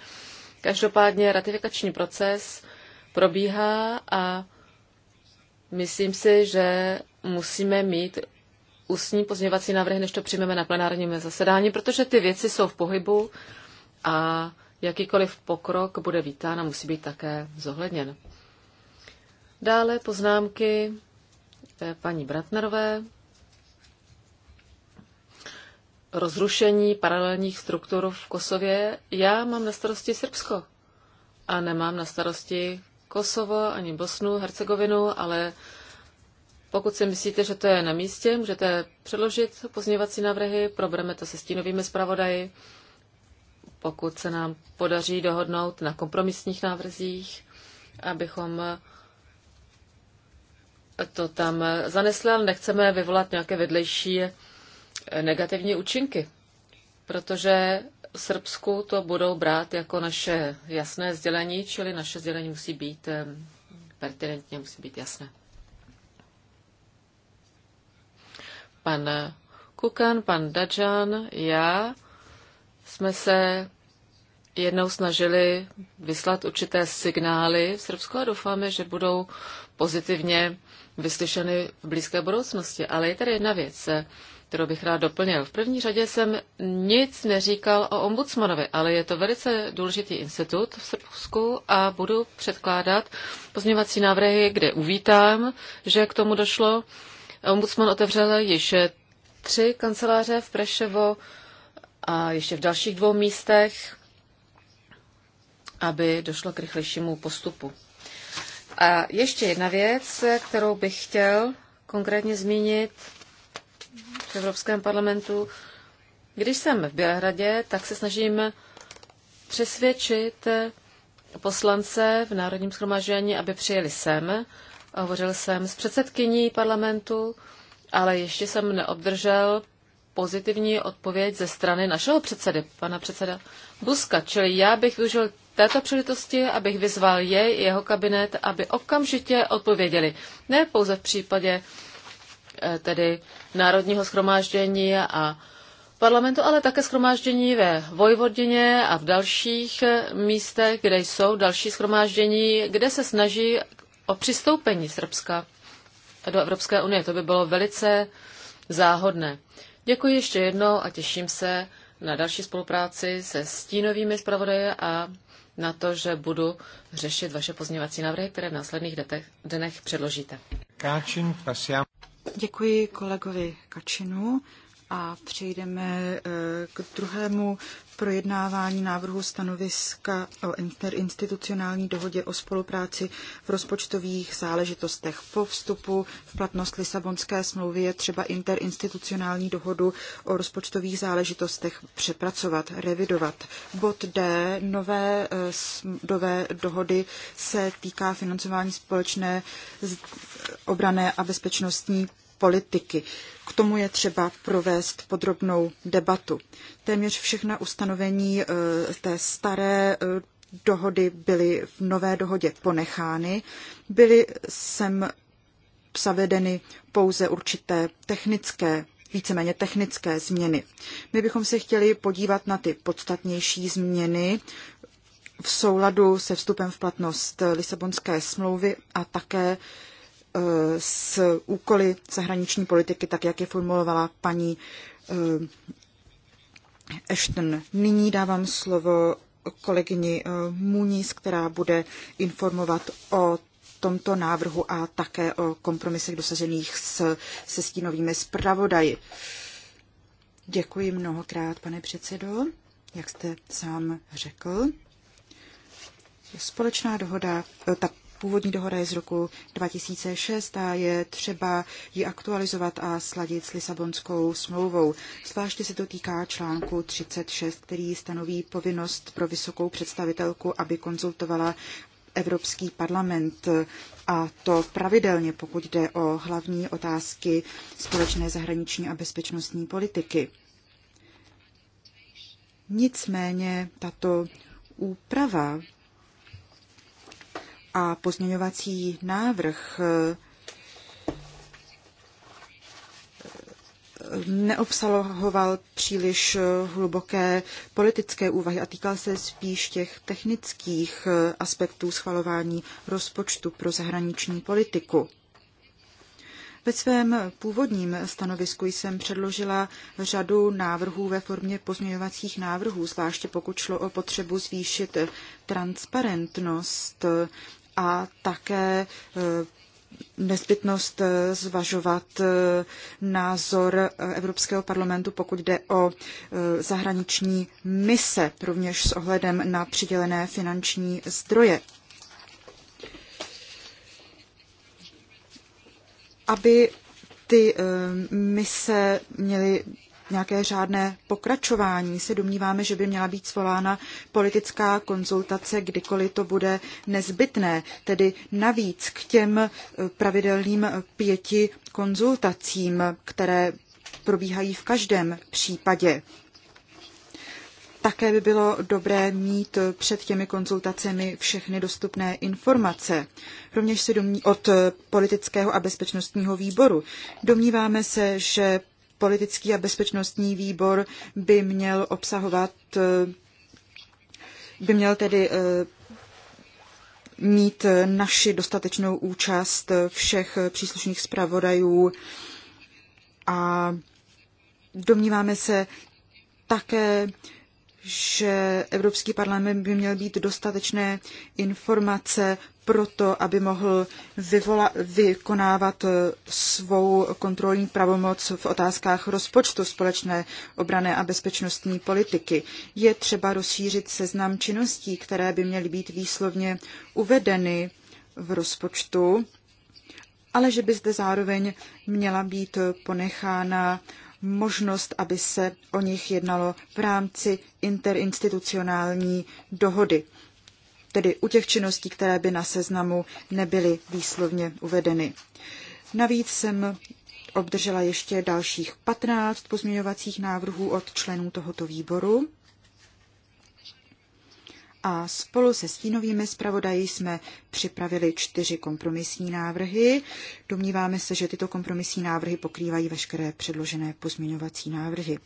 každopádně ratifikační proces probíhá a myslím si, že musíme mít ústní pozměvací návrhy, než to přijmeme na plenárním zasedání, protože ty věci jsou v pohybu a jakýkoliv pokrok bude vítán a musí být také zohledněn. Dále poznámky eh, paní Bratnerové. Rozrušení paralelních struktur v Kosově. Já mám na starosti Srbsko a nemám na starosti Kosovo ani Bosnu, Hercegovinu, ale pokud si myslíte, že to je na místě, můžete předložit pozměňovací návrhy, probereme to se stínovými zpravodaji. Pokud se nám podaří dohodnout na kompromisních návrzích, abychom to tam zanesli, ale nechceme vyvolat nějaké vedlejší negativní účinky, protože v Srbsku to budou brát jako naše jasné sdělení, čili naše sdělení musí být eh, pertinentně, musí být jasné. Pan Kukan, pan Dajan, já jsme se jednou snažili vyslat určité signály v Srbsku a doufáme, že budou pozitivně vyslyšeny v blízké budoucnosti. Ale je tady jedna věc, kterou bych rád doplnil. V první řadě jsem nic neříkal o ombudsmanovi, ale je to velice důležitý institut v Srbsku a budu předkládat pozměvací návrhy, kde uvítám, že k tomu došlo. Ombudsman otevřel již tři kanceláře v Preševo a ještě v dalších dvou místech, aby došlo k rychlejšímu postupu. A ještě jedna věc, kterou bych chtěl konkrétně zmínit v Evropském parlamentu. Když jsem v Bělehradě, tak se snažím přesvědčit poslance v Národním schromažení, aby přijeli sem, Hovořil jsem s předsedkyní parlamentu, ale ještě jsem neobdržel pozitivní odpověď ze strany našeho předsedy, pana předseda Buska. Čili já bych využil této příležitosti, abych vyzval jej, jeho kabinet, aby okamžitě odpověděli. Ne pouze v případě eh, tedy Národního schromáždění a parlamentu, ale také schromáždění ve Vojvodině a v dalších eh, místech, kde jsou další schromáždění, kde se snaží o přistoupení Srbska do Evropské unie. To by bylo velice záhodné. Děkuji ještě jednou a těším se na další spolupráci se stínovými zpravodaje a na to, že budu řešit vaše pozměňovací návrhy, které v následných detech, dnech předložíte. Káčin, Děkuji kolegovi Kačinu a přejdeme eh, k druhému projednávání návrhu stanoviska o interinstitucionální dohodě o spolupráci v rozpočtových záležitostech. Po vstupu v platnost Lisabonské smlouvy je třeba interinstitucionální dohodu o rozpočtových záležitostech přepracovat, revidovat. Bod D nové, nové eh, dohody se týká financování společné obrané a bezpečnostní politiky. K tomu je třeba provést podrobnou debatu. Téměř všechna ustanovení eh, té staré eh, dohody byly v nové dohodě ponechány. Byly sem zavedeny pouze určité technické víceméně technické změny. My bychom se chtěli podívat na ty podstatnější změny v souladu se vstupem v platnost Lisabonské smlouvy a také s úkoly zahraniční politiky, tak jak je formulovala paní eh, Ashton. Nyní dávám slovo kolegyni eh, Muniz, která bude informovat o tomto návrhu a také o kompromisech dosažených s, se stínovými zpravodaji. Děkuji mnohokrát, pane předsedo, jak jste sám řekl. Společná dohoda, eh, Původní dohoda je z roku 2006 a je třeba ji aktualizovat a sladit s Lisabonskou smlouvou. Zvláště se to týká článku 36, který stanoví povinnost pro vysokou představitelku, aby konzultovala Evropský parlament a to pravidelně, pokud jde o hlavní otázky společné zahraniční a bezpečnostní politiky. Nicméně tato úprava a pozměňovací návrh eh, neobsahoval příliš eh, hluboké politické úvahy a týkal se spíš těch technických eh, aspektů schvalování rozpočtu pro zahraniční politiku. Ve svém původním stanovisku jsem předložila řadu návrhů ve formě pozměňovacích návrhů, zvláště pokud šlo o potřebu zvýšit transparentnost a také eh, nezbytnost eh, zvažovat eh, názor Evropského parlamentu, pokud jde o zahraniční mise, rovněž s ohledem na přidělené finanční zdroje. Aby ty mise měly nějaké řádné pokračování, se domníváme, že by měla být svolána politická konzultace, kdykoliv to bude nezbytné, tedy navíc k těm eh, pravidelným eh, pěti konzultacím, které probíhají v každém případě. Také by bylo dobré mít eh, před těmi konzultacemi všechny dostupné informace, rovněž se domní od politického a bezpečnostního výboru. Domníváme se, že politický a bezpečnostní výbor by měl obsahovat, eh, by měl tedy eh, mít naši dostatečnou účast všech příslušných zpravodajů a domníváme se také, že Evropský parlament by měl být dostatečné informace proto, aby mohl vyvola, vykonávat eh, svou kontrolní pravomoc v otázkách rozpočtu společné obrané a bezpečnostní politiky. Je třeba rozšířit seznam činností, které by měly být výslovně uvedeny v rozpočtu, ale že by zde zároveň měla být ponechána možnost, aby se o nich jednalo v rámci interinstitucionální dohody tedy u těch činností, které by na seznamu nebyly výslovně uvedeny. Navíc jsem obdržela ještě dalších 15 pozměňovacích návrhů od členů tohoto výboru. A spolu se stínovými zpravodaji jsme připravili čtyři kompromisní návrhy. Domníváme se, že tyto kompromisní návrhy pokrývají veškeré předložené pozměňovací návrhy.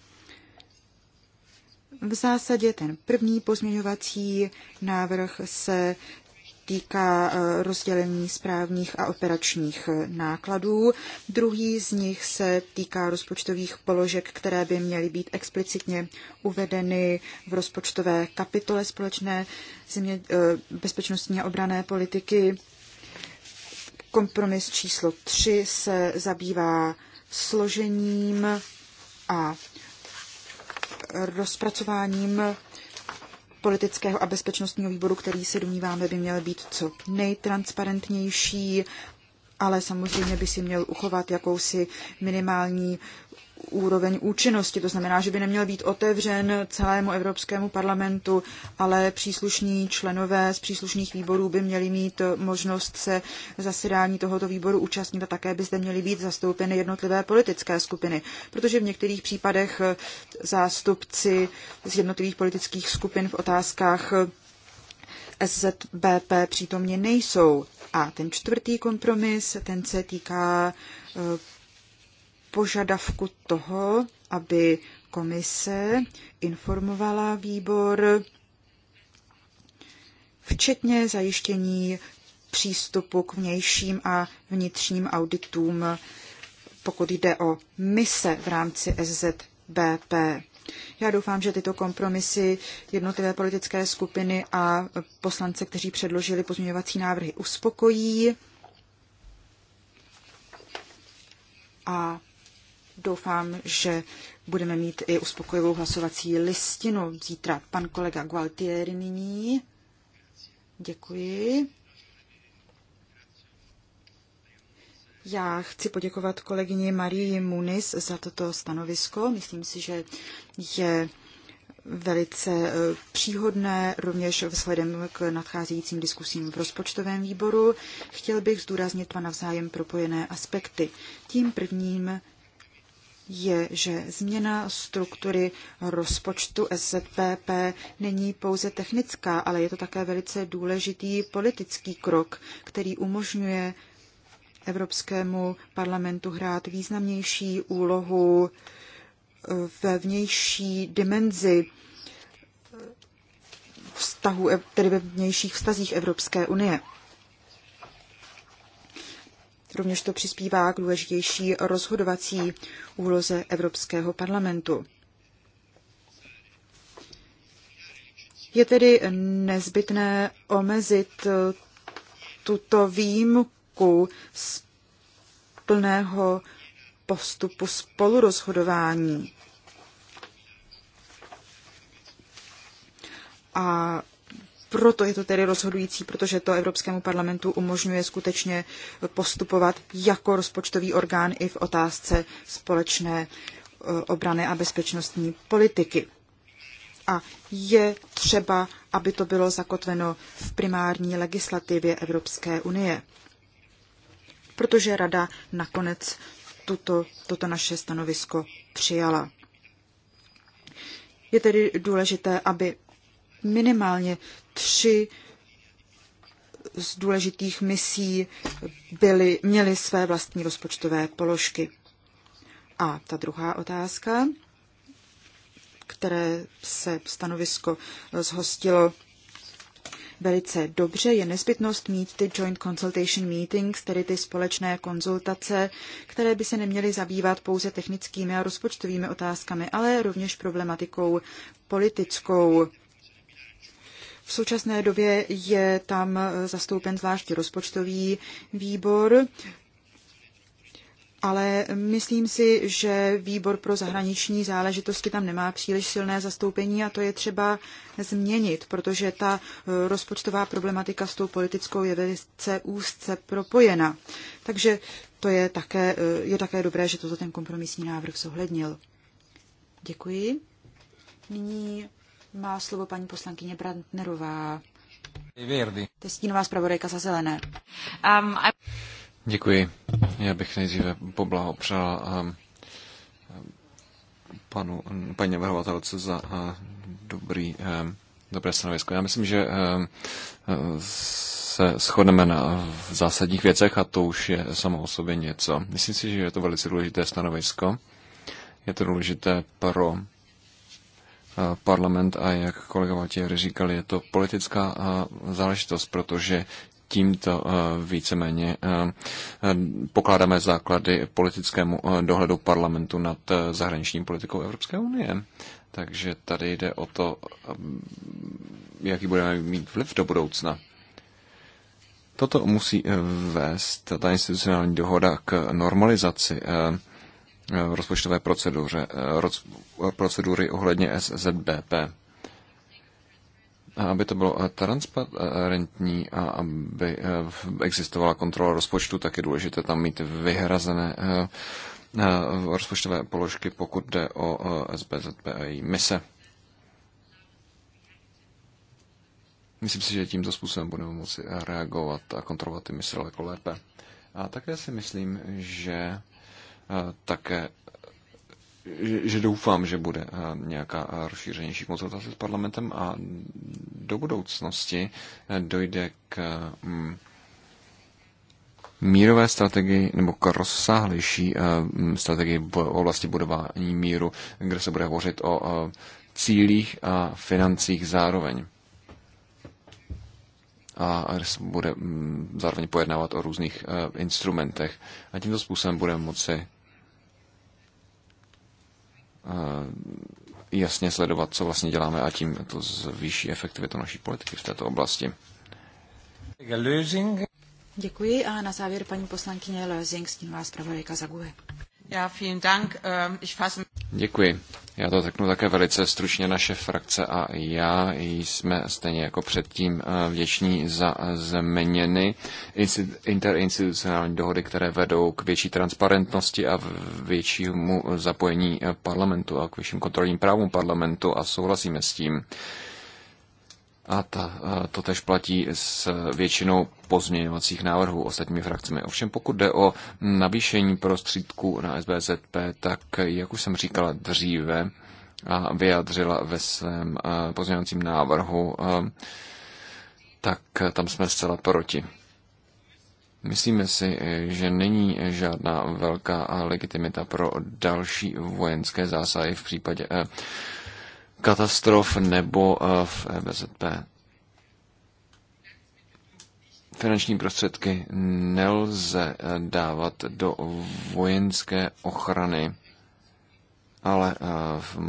V zásadě ten první pozměňovací návrh se týká eh, rozdělení správních a operačních eh, nákladů. Druhý z nich se týká rozpočtových položek, které by měly být explicitně uvedeny v rozpočtové kapitole společné země, eh, bezpečnostní a obrané politiky. Kompromis číslo 3 se zabývá složením a rozpracováním politického a bezpečnostního výboru, který se domníváme by měl být co nejtransparentnější, ale samozřejmě by si měl uchovat jakousi minimální úroveň účinnosti. To znamená, že by neměl být otevřen celému Evropskému parlamentu, ale příslušní členové z příslušných výborů by měli mít možnost se zasedání tohoto výboru účastnit a také by zde měly být zastoupeny jednotlivé politické skupiny, protože v některých případech zástupci z jednotlivých politických skupin v otázkách SZBP přítomně nejsou. A ten čtvrtý kompromis, ten se týká eh, požadavku toho, aby komise informovala výbor, včetně zajištění přístupu k vnějším a vnitřním auditům, pokud jde o mise v rámci SZBP. Já doufám, že tyto kompromisy jednotlivé politické skupiny a poslance, kteří předložili pozměňovací návrhy, uspokojí. A doufám, že budeme mít i uspokojivou hlasovací listinu zítra. Pan kolega Gualtieri nyní. Děkuji. Já chci poděkovat kolegyni Marii Muniz za toto stanovisko. Myslím si, že je velice eh, příhodné rovněž vzhledem k nadcházejícím diskusím v rozpočtovém výboru. Chtěl bych zdůraznit dva navzájem propojené aspekty. Tím prvním je, že změna struktury rozpočtu SZPP není pouze technická, ale je to také velice důležitý politický krok, který umožňuje Evropskému parlamentu hrát významnější úlohu ve vnější dimenzi vztahu, tedy ve vnějších vztazích Evropské unie. Rovněž to přispívá k důležitější rozhodovací úloze Evropského parlamentu. Je tedy nezbytné omezit eh, tuto výjimku z plného postupu spolurozhodování. A proto je to tedy rozhodující, protože to Evropskému parlamentu umožňuje skutečně postupovat jako rozpočtový orgán i v otázce společné e, obrany a bezpečnostní politiky. A je třeba, aby to bylo zakotveno v primární legislativě Evropské unie, protože Rada nakonec tuto, toto naše stanovisko přijala. Je tedy důležité, aby minimálně tři z důležitých misí byly, měly své vlastní rozpočtové položky. A ta druhá otázka, které se stanovisko zhostilo velice dobře, je nezbytnost mít ty joint consultation meetings, tedy ty společné konzultace, které by se neměly zabývat pouze technickými a rozpočtovými otázkami, ale rovněž problematikou politickou v současné době je tam zastoupen zvláště rozpočtový výbor, ale myslím si, že výbor pro zahraniční záležitosti tam nemá příliš silné zastoupení a to je třeba změnit, protože ta rozpočtová problematika s tou politickou je velice úzce propojena. Takže to je také, je také dobré, že toto ten kompromisní návrh zohlednil. Děkuji. Nyní má slovo paní poslankyně Brandnerová. Verdi. To je stínová zpravodajka za zelené. Um, I... Děkuji. Já bych nejdříve poblahopřál um, panu, paní navrhovatelce za uh, dobrý, um, dobré stanovisko. Já myslím, že um, se shodneme na v zásadních věcech a to už je samo o sobě něco. Myslím si, že je to velice důležité stanovisko. Je to důležité pro parlament a jak kolega Matěj říkal, je to politická záležitost, protože tímto víceméně pokládáme základy politickému dohledu parlamentu nad zahraniční politikou Evropské unie. Takže tady jde o to, jaký budeme mít vliv do budoucna. Toto musí e, vést ta institucionální dohoda k normalizaci e, Eh, rozpočtové proceduře, eh, procedury ohledně SZBP. A aby to bylo eh, transparentní a aby existovala kontrola rozpočtu, tak je důležité tam mít vyhrazené rozpočtové položky, pokud jde o SBZP a její mise. Myslím si, že tímto způsobem budeme moci reagovat a kontrolovat ty mise daleko lépe. A také si myslím, že také že doufám, že bude nějaká rozšířenější konzultace s parlamentem a do budoucnosti e, dojde k mm, mírové strategii nebo k rozsáhlejší e, mm, strategii v oblasti budování míru, kde se bude hovořit o e, cílích a financích zároveň. A kde se bude mm, zároveň pojednávat o různých instrumentech. A tímto způsobem budeme moci Eh, jasně sledovat, co vlastně děláme a tím to zvýší efektivitu naší politiky v této oblasti. Děkuji a na závěr paní poslankyně Lösing, s tím vás pravdu Já vielen Dank. Eh, Děkuji. Já to řeknu také velice stručně. Naše frakce a já jsme stejně jako předtím eh, vděční za změněny interinstitucionální dohody, které vedou k větší transparentnosti a většímu zapojení eh, parlamentu a k vyšším kontrolním právům parlamentu a souhlasíme s tím. A ta, to tež platí s většinou pozměňovacích návrhů ostatními frakcemi. Ovšem pokud jde o navýšení prostředků na SBZP, tak jak už jsem říkala dříve a vyjadřila ve svém pozměňovacím návrhu, tak tam jsme zcela proti. Myslíme si, že není žádná velká legitimita pro další vojenské zásahy v případě katastrof nebo eh, v EBZP. Finanční prostředky nelze eh, dávat do vojenské ochrany, ale eh,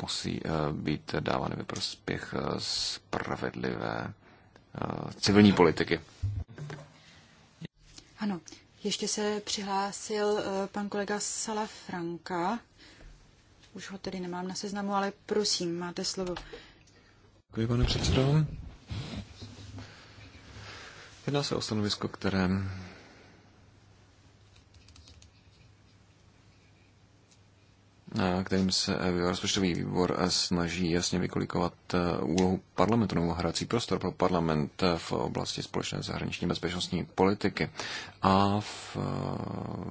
musí být dávány ve prospěch spravedlivé civilní politiky. Ano, ještě se přihlásil pan kolega Salafranka. Už ho tedy nemám na seznamu, ale prosím, máte slovo. Děkuji, pane předsedo. Jedná se o stanovisko, které kterým se eh, rozpočtový výbor eh, snaží jasně vykolikovat eh, úlohu parlamentu nebo hrací prostor pro parlament v oblasti společné zahraniční bezpečnostní politiky a v,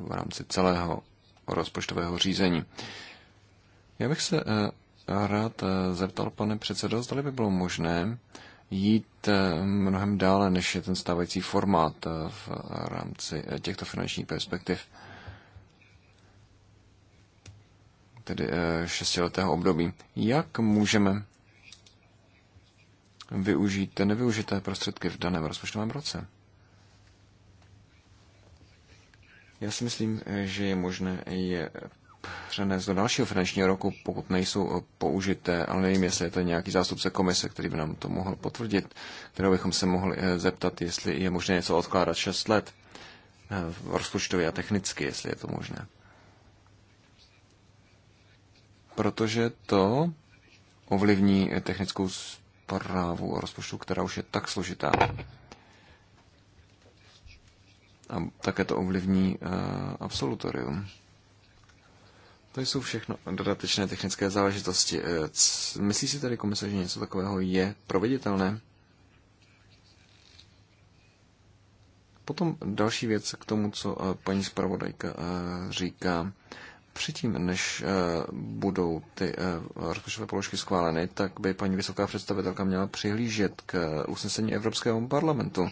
v rámci celého rozpočtového řízení. Já bych se eh, rád eh, zeptal, pane předsedo, zda by bylo možné jít eh, mnohem dále, než je ten stávající formát v rámci těchto finančních perspektiv. Tedy šestiletého období. Jak můžeme využít nevyužité prostředky v daném rozpočtovém roce? Já si myslím, že je možné je přenést do dalšího finančního roku, pokud nejsou eh, použité, ale nevím, jestli je to nějaký zástupce komise, který by nám to mohl potvrdit, kterého bychom se mohli eh, zeptat, jestli je možné něco odkládat 6 let eh, rozpočtově a technicky, jestli je to možné. Protože to ovlivní technickou zprávu o rozpočtu, která už je tak složitá. A také to ovlivní uh, absolutorium. To jsou všechno dodatečné technické záležitosti. Eh, myslí si tady komise, že něco takového je proveditelné? Potom další věc k tomu, co eh, paní zpravodajka eh, říká. Předtím, než budou ty rozpočtové položky schváleny, tak by paní vysoká představitelka měla přihlížet k usnesení Evropského parlamentu.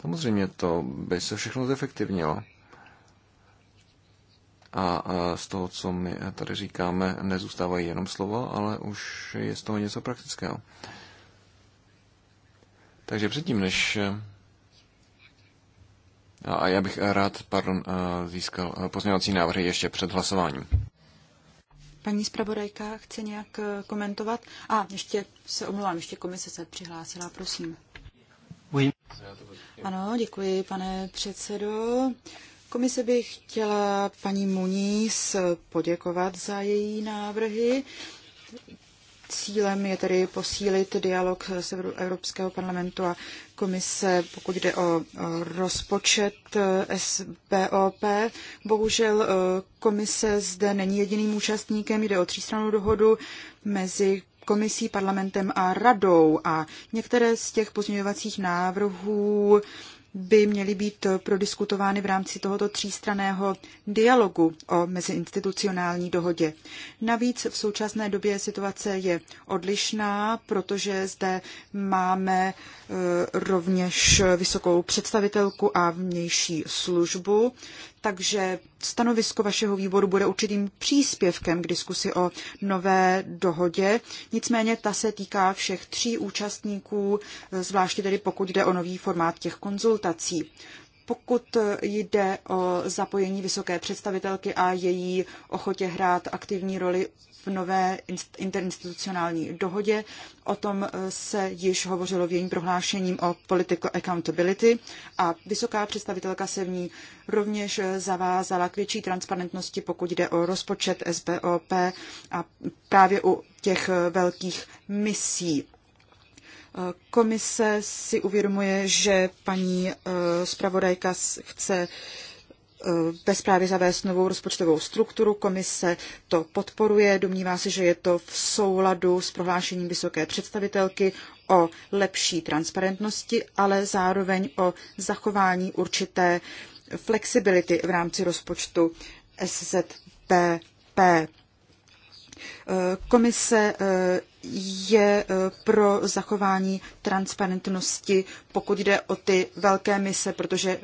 Samozřejmě to by se všechno zefektivnilo. A z toho, co my tady říkáme, nezůstávají jenom slova, ale už je z toho něco praktického. Takže předtím, než a já bych rád, pardon, získal pozměňovací návrhy ještě před hlasováním. Paní zpravodajka chce nějak e, komentovat? A ještě se omlouvám, ještě komise se přihlásila, prosím. Ano, děkuji, pane předsedo. Komise bych chtěla paní Muniz poděkovat za její návrhy. Cílem je tedy posílit dialog s Evropského parlamentu a komise, pokud jde o rozpočet eh, SBOP. Bohužel eh, komise zde není jediným účastníkem, jde o třístranou dohodu mezi komisí, parlamentem a radou a některé z těch pozměňovacích návrhů by měly být eh, prodiskutovány v rámci tohoto třístraného dialogu o meziinstitucionální dohodě. Navíc v současné době situace je odlišná, protože zde máme eh, rovněž vysokou představitelku a vnější službu, takže stanovisko vašeho výboru bude určitým příspěvkem k diskusi o nové dohodě. Nicméně ta se týká všech tří účastníků, zvláště tedy pokud jde o nový formát těch konzultací. Pokud jde o zapojení vysoké představitelky a její ochotě hrát aktivní roli v nové interinstitucionální dohodě. O tom eh, se již hovořilo v jejím prohlášením o political accountability a vysoká představitelka se v ní rovněž eh, zavázala k větší transparentnosti, pokud jde o rozpočet SBOP a právě u těch eh, velkých misí. Komise si uvědomuje, že paní zpravodajka chce Eh, ve zprávě zavést novou rozpočtovou strukturu. Komise to podporuje, domnívá se, že je to v souladu s prohlášením vysoké představitelky o lepší transparentnosti, ale zároveň o zachování určité flexibility v rámci rozpočtu SZPP. Eh, komise eh, je pro zachování transparentnosti, pokud jde o ty velké mise, protože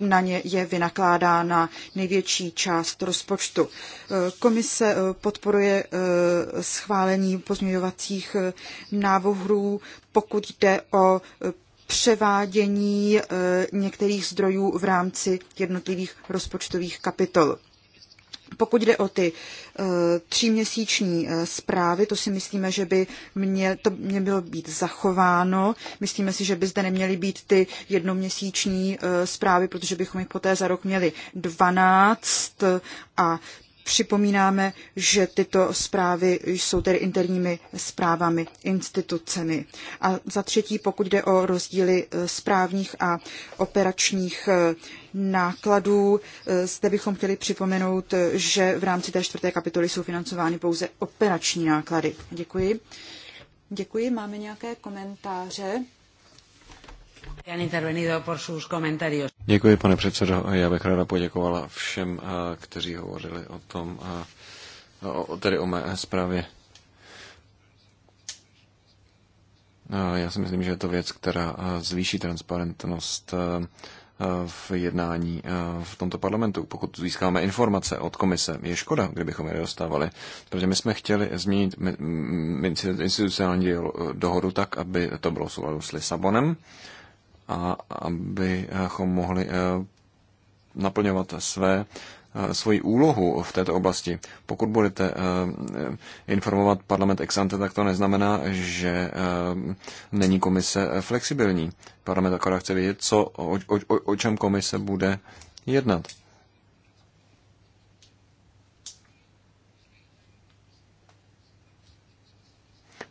na ně je vynakládána největší část rozpočtu. Eh, komise eh, podporuje eh, schválení pozměňovacích návrhů, pokud jde o převádění některých zdrojů v rámci jednotlivých rozpočtových kapitol. Pokud jde o ty eh, tříměsíční eh, zprávy, to si myslíme, že by mě, to mě bylo být zachováno. Myslíme si, že by zde neměly být ty jednoměsíční eh, zprávy, protože bychom jich poté za rok měli 12 a Připomínáme, že tyto zprávy jsou tedy interními zprávami institucemi. A za třetí, pokud jde o rozdíly e, správních a operačních e, nákladů, e, zde bychom chtěli připomenout, že v rámci té čtvrté kapitoly jsou financovány pouze operační náklady. Děkuji. Děkuji. Máme nějaké komentáře? Děkuji, pane předsedo. Já bych ráda poděkovala všem, eh, kteří hovořili o tom, eh, tedy o mé zprávě. Eh, já si myslím, že je to věc, která zvýší transparentnost v jednání v tomto parlamentu. Pokud získáme informace od komise, je škoda, kdybychom je dostávali, protože my jsme chtěli změnit institucionální dohodu tak, aby to bylo souladu s Lisabonem a abychom mohli eh, naplňovat své eh, svoji úlohu v této oblasti. Pokud budete eh, informovat parlament ex ante, tak to neznamená, že není komise flexibilní. Parlament akorát chce vědět, co, o, o, o čem komise bude jednat.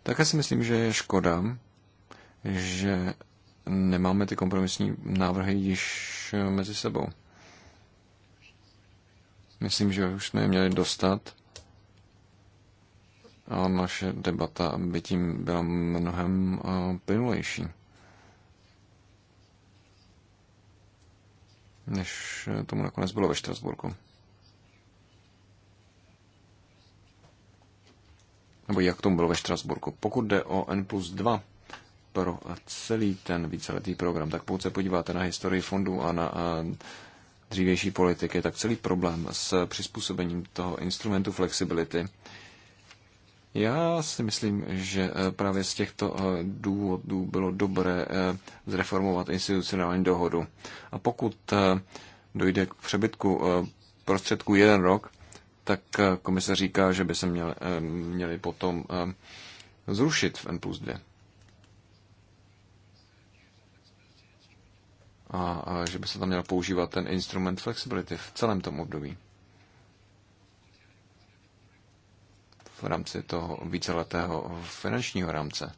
Také si myslím, že je škoda, že nemáme ty kompromisní návrhy již eh, mezi sebou. Myslím, že už jsme je měli dostat, ale naše debata by tím byla mnohem eh, plynulejší. než eh, tomu nakonec bylo ve Štrasburku. Nebo jak tomu bylo ve Štrasburku. Pokud jde o N plus 2, pro celý ten víceletý program, tak pokud se podíváte na historii fondů a na dřívější politiky, tak celý problém s přizpůsobením toho instrumentu flexibility já si myslím, že e, právě z těchto e, důvodů bylo dobré e, zreformovat institucionální dohodu. A pokud dojde k přebytku prostředků jeden rok, tak komise říká, že by se měli, měli potom zrušit v N plus 2. a, a že by se tam měl používat ten instrument flexibility v celém tom období. V rámci toho víceletého finančního rámce.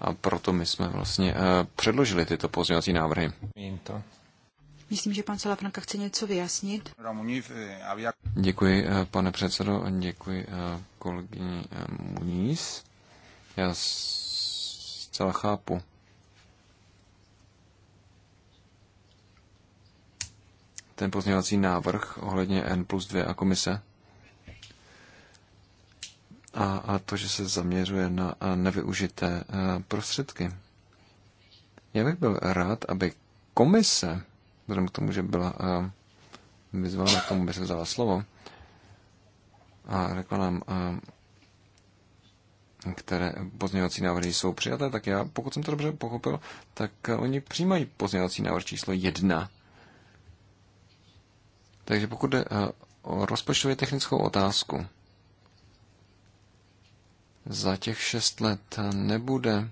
A proto my jsme vlastně uh, předložili tyto pozměňovací návrhy. Myslím, že pan Salafranka chce něco vyjasnit. Děkuji, eh, pane předsedo, děkuji eh, kolegyni Muniz. Já zcela chápu ten pozměňovací návrh ohledně N plus 2 a komise? A, a to, že se zaměřuje na nevyužité prostředky. Já bych byl rád, aby komise, vzhledem k tomu, že byla vyzvána k tomu, by se vzala slovo, a řekla nám, které pozměňovací návrhy jsou přijaté, tak já, pokud jsem to dobře pochopil, tak oni přijímají pozměňovací návrh číslo 1. Takže pokud jde eh, o rozpočtově technickou otázku, za těch šest let nebude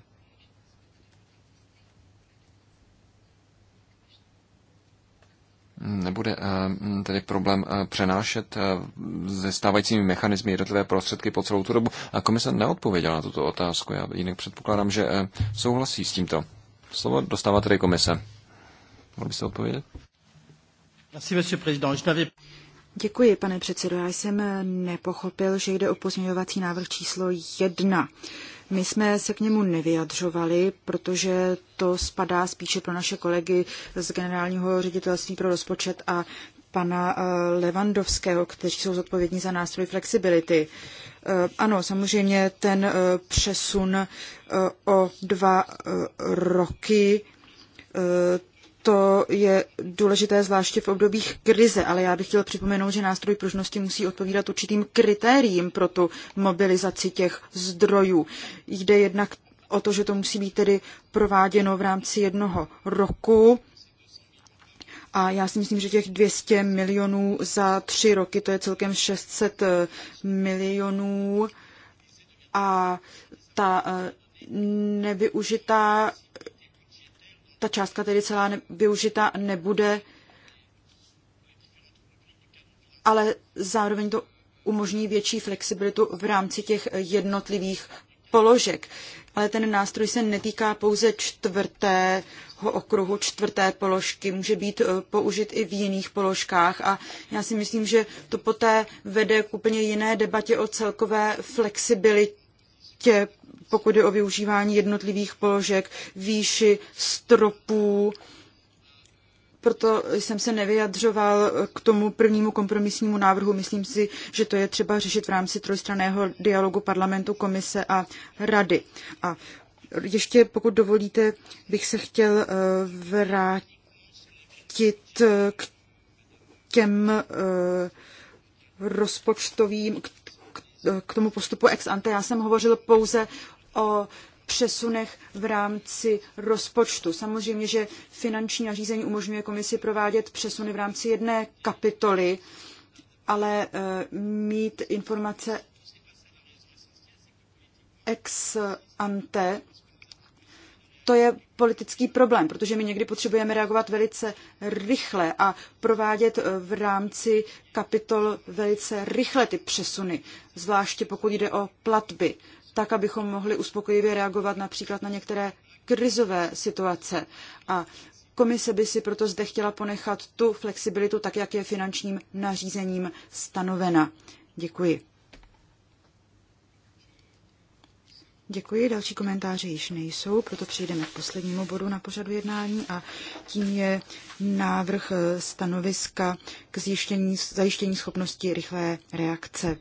nebude eh, tedy problém eh, přenášet ze stávajícími mechanizmy jednotlivé prostředky po celou tu dobu. A komise neodpověděla na tuto otázku. Já jinak předpokládám, že souhlasí s tímto. Slovo dostává tedy komise. Mohl byste odpovědět? Děkuji, pane předsedo. Já jsem nepochopil, že jde o pozměňovací návrh číslo jedna. My jsme se k němu nevyjadřovali, protože to spadá spíše pro naše kolegy z Generálního ředitelství pro rozpočet a pana eh, Levandovského, kteří jsou zodpovědní za nástroj flexibility. Eh, ano, samozřejmě ten eh, přesun o dva roky to je důležité zvláště v obdobích krize, ale já bych chtěl připomenout, že nástroj pružnosti musí odpovídat určitým kritériím pro tu mobilizaci těch zdrojů. Jde jednak o to, že to musí být tedy prováděno v rámci jednoho roku. A já si myslím, že těch 200 milionů za tři roky, to je celkem 600 eh, milionů. A ta eh, nevyužitá ta částka tedy celá ne, využita nebude, ale zároveň to umožní větší flexibilitu v rámci těch jednotlivých položek. Ale ten nástroj se netýká pouze čtvrtého okruhu, čtvrté položky, může být eh, použit i v jiných položkách a já si myslím, že to poté vede k úplně jiné debatě o celkové flexibilitě tě, pokud je o využívání jednotlivých položek, výši stropů, proto jsem se nevyjadřoval k tomu prvnímu kompromisnímu návrhu. Myslím si, že to je třeba řešit v rámci trojstranného dialogu parlamentu, komise a rady. A ještě, pokud dovolíte, bych se chtěl eh, vrátit eh, k těm eh, rozpočtovým, k k tomu postupu ex ante. Já jsem hovořil pouze o přesunech v rámci rozpočtu. Samozřejmě, že finanční nařízení umožňuje komisi provádět přesuny v rámci jedné kapitoly, ale eh, mít informace ex ante to je politický problém, protože my někdy potřebujeme reagovat velice rychle a provádět eh, v rámci kapitol velice rychle ty přesuny, zvláště pokud jde o platby, tak, abychom mohli uspokojivě reagovat například na některé krizové situace. A komise by si proto zde chtěla ponechat tu flexibilitu, tak jak je finančním nařízením stanovena. Děkuji. Děkuji, další komentáře již nejsou, proto přejdeme k poslednímu bodu na pořadu jednání a tím je návrh eh, stanoviska k zjištění, zajištění schopnosti rychlé reakce.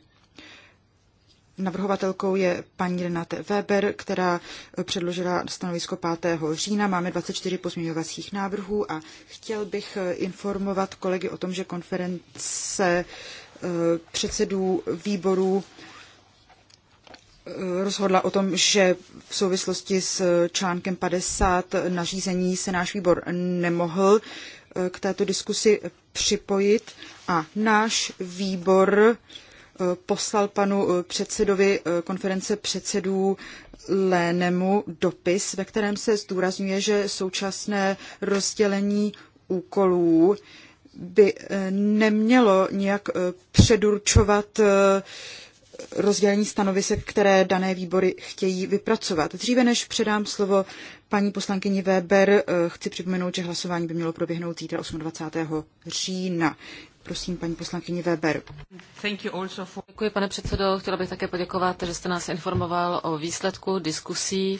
Navrhovatelkou je paní Renate Weber, která eh, předložila stanovisko 5. října. Máme 24 pozměňovacích návrhů a chtěl bych eh, informovat kolegy o tom, že konference předsedů výborů rozhodla o tom, že v souvislosti s článkem 50 nařízení se náš výbor nemohl eh, k této diskusi připojit a náš výbor eh, poslal panu eh, předsedovi konference předsedů Lénemu dopis, ve kterém se zdůrazňuje, že současné rozdělení úkolů by nemělo nějak předurčovat rozdělení stanovisek, které dané výbory chtějí vypracovat. Dříve než předám slovo paní poslankyni Weber, eh, chci připomenout, že hlasování by mělo proběhnout zítra 28. října. Prosím, paní poslankyni Weber. For... Děkuji, pane předsedo. Chtěla bych také poděkovat, že jste nás informoval o výsledku diskusí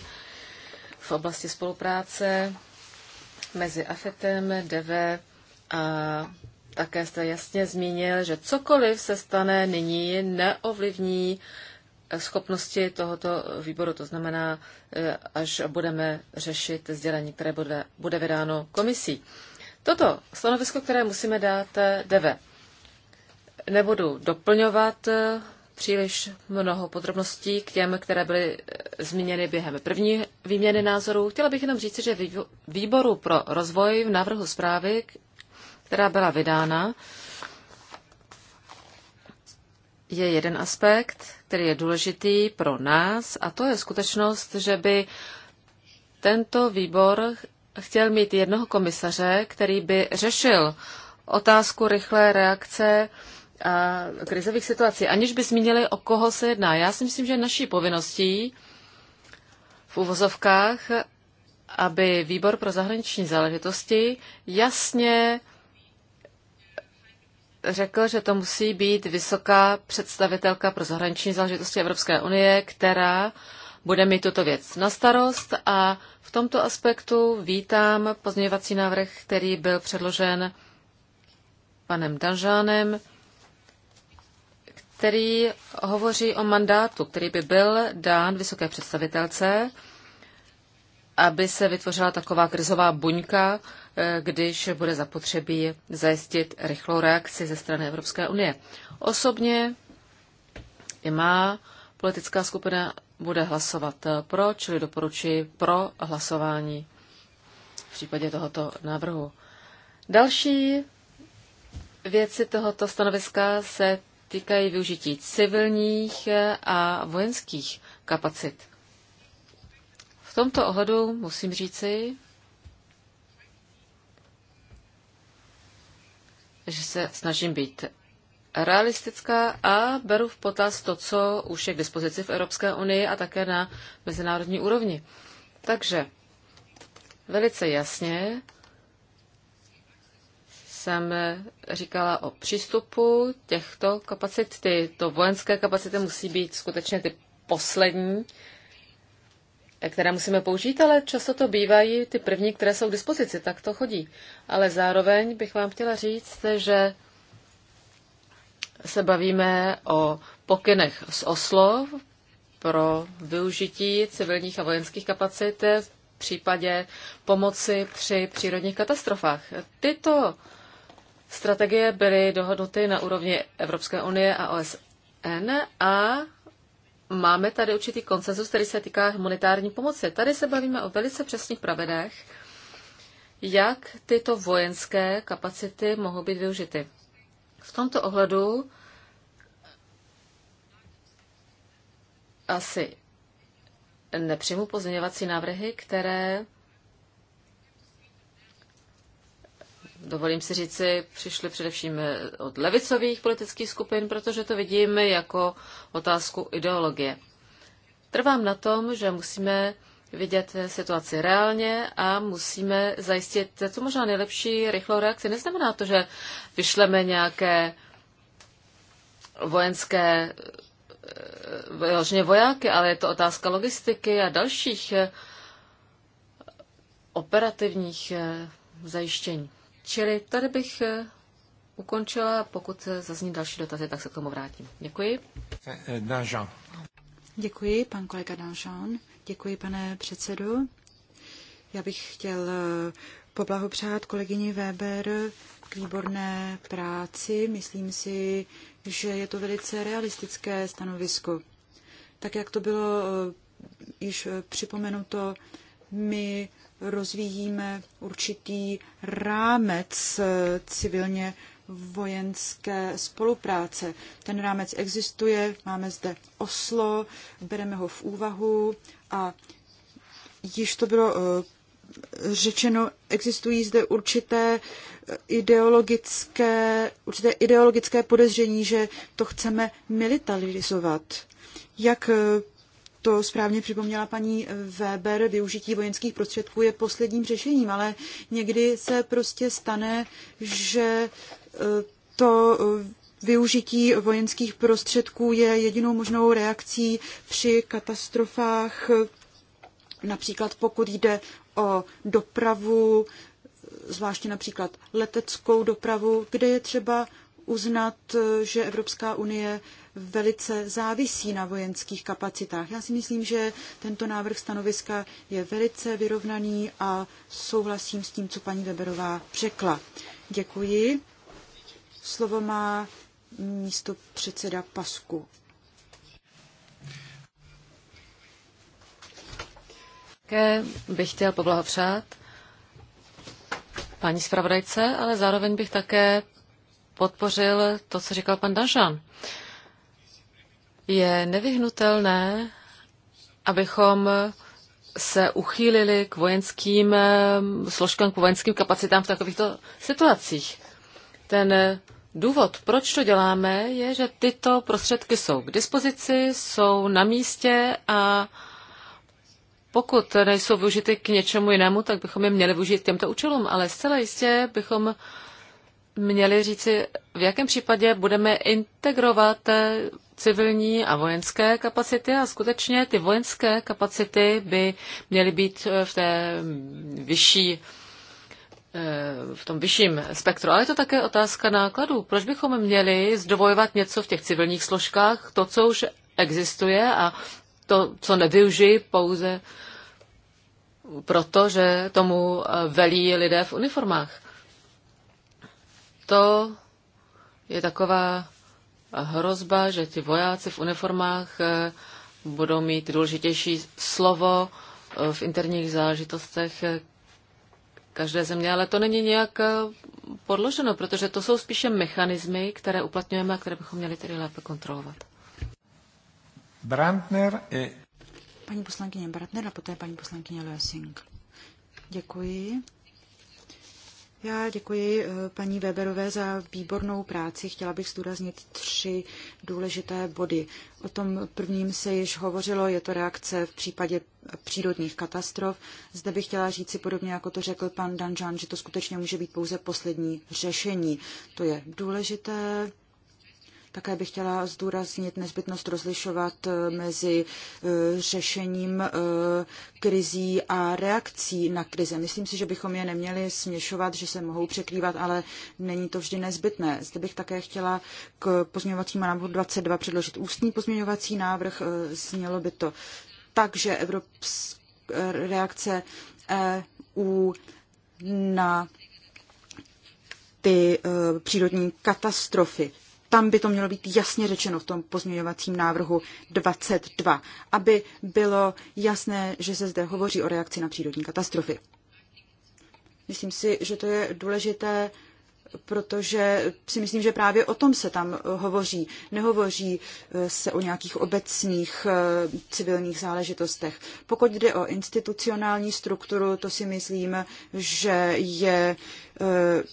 v oblasti spolupráce mezi AFETem, DV a také jste jasně zmínil, že cokoliv se stane nyní, neovlivní schopnosti tohoto výboru, to znamená, e, až budeme řešit sdělení, které bude, bude vydáno komisí. Toto stanovisko, které musíme dát e, DEVE, nebudu doplňovat e, příliš mnoho podrobností k těm, které byly zmíněny během první výměny názorů. Chtěla bych jenom říct, že výboru pro rozvoj v návrhu zprávy, která byla vydána, je jeden aspekt, který je důležitý pro nás, a to je skutečnost, že by tento výbor chtěl mít jednoho komisaře, který by řešil otázku rychlé reakce a krizových situací, aniž by zmínili, o koho se jedná. Já si myslím, že naší povinností v uvozovkách, aby výbor pro zahraniční záležitosti jasně řekl, že to musí být vysoká představitelka pro zahraniční záležitosti Evropské unie, která bude mít tuto věc na starost a v tomto aspektu vítám pozměňovací návrh, který byl předložen panem Danžánem, který hovoří o mandátu, který by byl dán vysoké představitelce, aby se vytvořila taková krizová buňka, když bude zapotřebí zajistit rychlou reakci ze strany Evropské unie. Osobně i má politická skupina bude hlasovat pro, čili doporučuji pro hlasování v případě tohoto návrhu. Další věci tohoto stanoviska se týkají využití civilních a vojenských kapacit. V tomto ohledu musím říci, že se snažím být realistická a beru v potaz to, co už je k dispozici v Evropské unii a také na mezinárodní úrovni. Takže velice jasně jsem říkala o přístupu těchto kapacit. Ty, to vojenské kapacity musí být skutečně ty poslední které musíme použít, ale často to bývají ty první, které jsou k dispozici, tak to chodí. Ale zároveň bych vám chtěla říct, že se bavíme o pokynech z Oslo pro využití civilních a vojenských kapacit v případě pomoci při přírodních katastrofách. Tyto strategie byly dohodnuty na úrovni Evropské unie a OSN a máme tady určitý koncenzus, který se týká humanitární pomoci. Tady se bavíme o velice přesných pravidlech, jak tyto vojenské kapacity mohou být využity. V tomto ohledu asi nepřijmu pozměňovací návrhy, které dovolím si říci, přišly především eh, od levicových politických skupin, protože to vidíme jako otázku ideologie. Trvám na tom, že musíme vidět eh, situaci reálně a musíme zajistit eh, co možná nejlepší rychlou reakci. Neznamená to, že vyšleme nějaké vojenské vyloženě vojáky, ale je to otázka logistiky a dalších operativních zajištění. Čili tady bych eh, ukončila, pokud zazní další dotazy, tak se k tomu vrátím. Děkuji. Danžan. Děkuji, pan kolega Danžan. Děkuji, pane předsedu. Já bych chtěl eh, poblahopřát kolegyni Weber k výborné práci. Myslím si, že je to velice realistické stanovisko. Tak, jak to bylo eh, již připomenuto, my rozvíjíme určitý rámec eh, civilně vojenské spolupráce. Ten rámec existuje, máme zde Oslo, bereme ho v úvahu a již to bylo eh, řečeno, existují zde určité eh, ideologické, určité ideologické podezření, že to chceme militarizovat. Jak to správně připomněla paní Weber, využití vojenských prostředků je posledním řešením, ale někdy se prostě stane, že eh, to eh, využití vojenských prostředků je jedinou možnou reakcí při katastrofách, například pokud jde o dopravu, zvláště například leteckou dopravu, kde je třeba uznat, eh, že Evropská unie velice závisí na vojenských kapacitách. Já si myslím, že tento návrh stanoviska je velice vyrovnaný a souhlasím s tím, co paní Weberová řekla. Děkuji. Slovo má místo předseda Pasku. Také bych chtěl poblahopřát paní zpravodajce, ale zároveň bych také podpořil to, co říkal pan Dažan. Uh, je nevyhnutelné, abychom se uchýlili k vojenským eh, složkám, k vojenským kapacitám v takovýchto situacích. Ten důvod, proč to děláme, je, že tyto prostředky jsou k dispozici, jsou na místě a pokud nejsou využity k něčemu jinému, tak bychom je měli využít k těmto účelům, ale zcela jistě bychom měli říci, v jakém případě budeme integrovat eh, civilní a vojenské kapacity a skutečně ty vojenské kapacity by měly být eh, v té vyšší eh, v tom vyšším spektru. Ale je to také otázka nákladů. Proč bychom měli zdvojovat něco v těch civilních složkách, to, co už existuje a to, co nevyužijí pouze proto, že tomu eh, velí lidé v uniformách. To je taková hrozba, že ti vojáci v uniformách eh, budou mít důležitější slovo eh, v interních záležitostech eh, každé země, ale to není nějak podloženo, protože to jsou spíše mechanismy, které uplatňujeme a které bychom měli tedy lépe kontrolovat. Brandner i... Paní poslankyně Brandner a poté paní poslankyně Lösing. Děkuji. Já děkuji eh, paní Weberové za výbornou práci. Chtěla bych zdůraznit tři důležité body. O tom prvním se již hovořilo, je to reakce v případě přírodních katastrof. Zde bych chtěla říci podobně, jako to řekl pan Danžan, že to skutečně může být pouze poslední řešení. To je důležité také bych chtěla zdůraznit nezbytnost rozlišovat eh, mezi eh, řešením eh, krizí a reakcí na krize. Myslím si, že bychom je neměli směšovat, že se mohou překrývat, ale není to vždy nezbytné. Zde bych také chtěla k pozměňovacímu návrhu 22 předložit ústní pozměňovací návrh. Znělo by to tak, že Evropská reakce EU na ty přírodní katastrofy tam by to mělo být jasně řečeno v tom pozměňovacím návrhu 22, aby bylo jasné, že se zde hovoří o reakci na přírodní katastrofy. Myslím si, že to je důležité, protože si myslím, že právě o tom se tam hovoří. Nehovoří eh, se o nějakých obecných eh, civilních záležitostech. Pokud jde o institucionální strukturu, to si myslím, že je eh,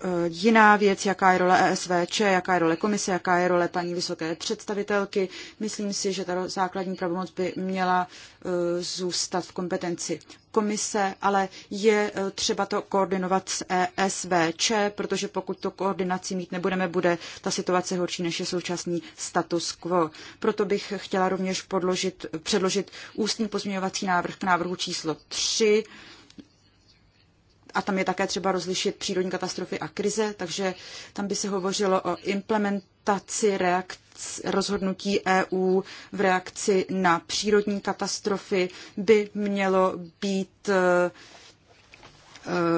Eh, jiná věc, jaká je role ESVČ, jaká je role komise, jaká je role paní vysoké představitelky. Myslím si, že ta základní pravomoc by měla eh, zůstat v kompetenci komise, ale je eh, třeba to koordinovat s ESVČ, protože pokud to koordinaci mít nebudeme, bude ta situace horší než je současný status quo. Proto bych chtěla rovněž podložit, předložit ústní pozměňovací návrh k návrhu číslo 3, a tam je také třeba rozlišit přírodní katastrofy a krize, takže tam by se hovořilo o implementaci reakc, rozhodnutí EU v reakci na přírodní katastrofy by mělo být e, e,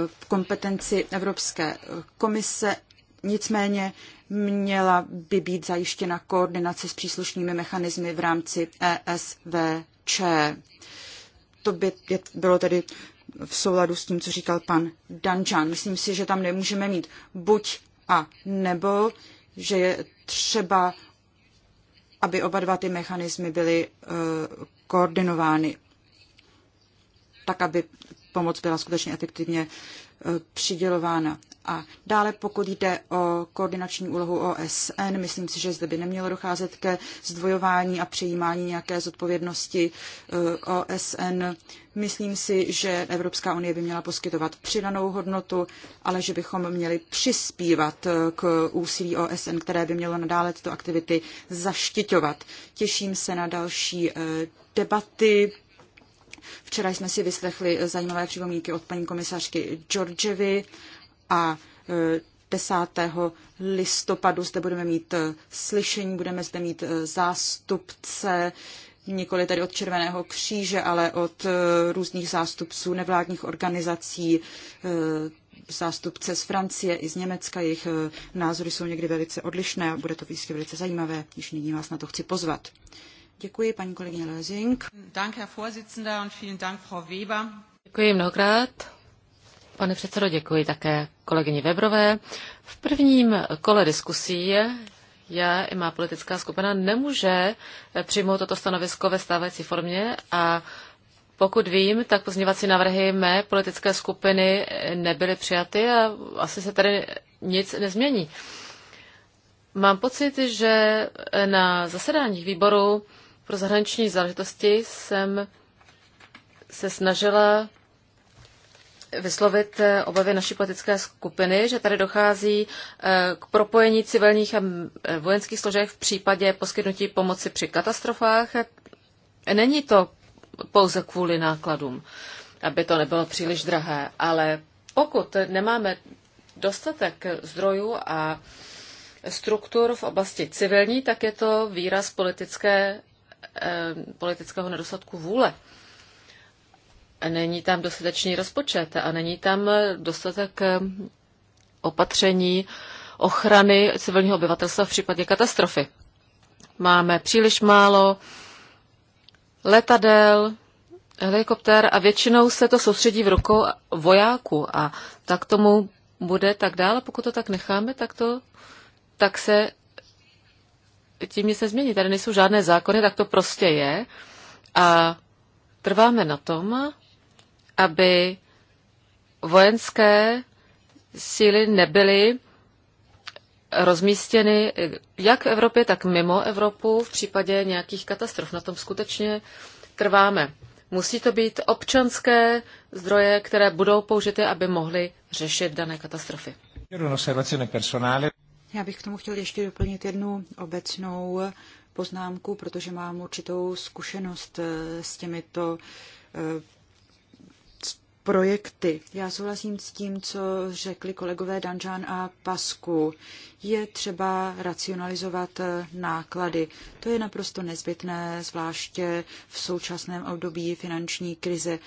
v kompetenci Evropské komise, nicméně měla by být zajištěna koordinace s příslušnými mechanismy v rámci ESVČ. To by bylo tedy v souladu s tím, co říkal pan Danžan. Myslím si, že tam nemůžeme mít buď a nebo, že je třeba, aby oba dva ty mechanismy byly eh, koordinovány tak, aby pomoc byla skutečně efektivně Eh, přidělována. A dále, pokud jde o koordinační úlohu OSN, myslím si, že zde by nemělo docházet ke zdvojování a přejímání nějaké zodpovědnosti eh, OSN. Myslím si, že Evropská unie by měla poskytovat přidanou hodnotu, ale že bychom měli přispívat eh, k úsilí OSN, které by mělo nadále tyto aktivity zaštiťovat. Těším se na další debaty Včera jsme si vyslechli eh, zajímavé připomínky od paní komisařky Georgevy a 10. Eh, listopadu zde budeme mít eh, slyšení, budeme zde mít zástupce nikoli tedy od Červeného kříže, ale od různých zástupců nevládních organizací, zástupce z Francie i z Německa. Jejich názory jsou někdy velice odlišné a bude to výsky velice zajímavé. Již nyní vás na to chci pozvat. Děkuji, paní kolegyně Lezing. Děkuji mnohokrát. Pane předsedo, děkuji také kolegyni Weberové. V prvním kole diskusí já i má politická skupina nemůže přijmout toto stanovisko ve stávající formě a pokud vím, tak pozměvací návrhy mé politické skupiny nebyly přijaty a asi se tady nic nezmění. Mám pocit, že na zasedáních výboru pro zahraniční záležitosti jsem se snažila vyslovit eh, obavy naší politické skupiny, že tady dochází eh, k propojení civilních a eh, vojenských složek v případě poskytnutí pomoci při katastrofách. Není to pouze kvůli nákladům, aby to nebylo příliš drahé, ale pokud nemáme dostatek zdrojů a struktur v oblasti civilní, tak je to výraz politické Eh, politického nedostatku vůle. Není tam dostatečný rozpočet a není tam dostatek eh, opatření ochrany civilního obyvatelstva v případě katastrofy. Máme příliš málo letadel, helikoptér a většinou se to soustředí v rukou vojáků a tak tomu bude tak dále. Pokud to tak necháme, tak, to, tak se tím nic nezmění. Tady nejsou žádné zákony, tak to prostě je. A trváme na tom, aby vojenské síly nebyly rozmístěny jak v Evropě, tak mimo Evropu v případě nějakých katastrof. Na tom skutečně trváme. Musí to být občanské zdroje, které budou použity, aby mohly řešit dané katastrofy. Já bych k tomu chtěl ještě doplnit jednu obecnou poznámku, protože mám určitou zkušenost eh, s těmito eh, projekty. Já souhlasím s tím, co řekli kolegové Danžán a Pasku. Je třeba racionalizovat eh, náklady. To je naprosto nezbytné, zvláště v současném období finanční krize.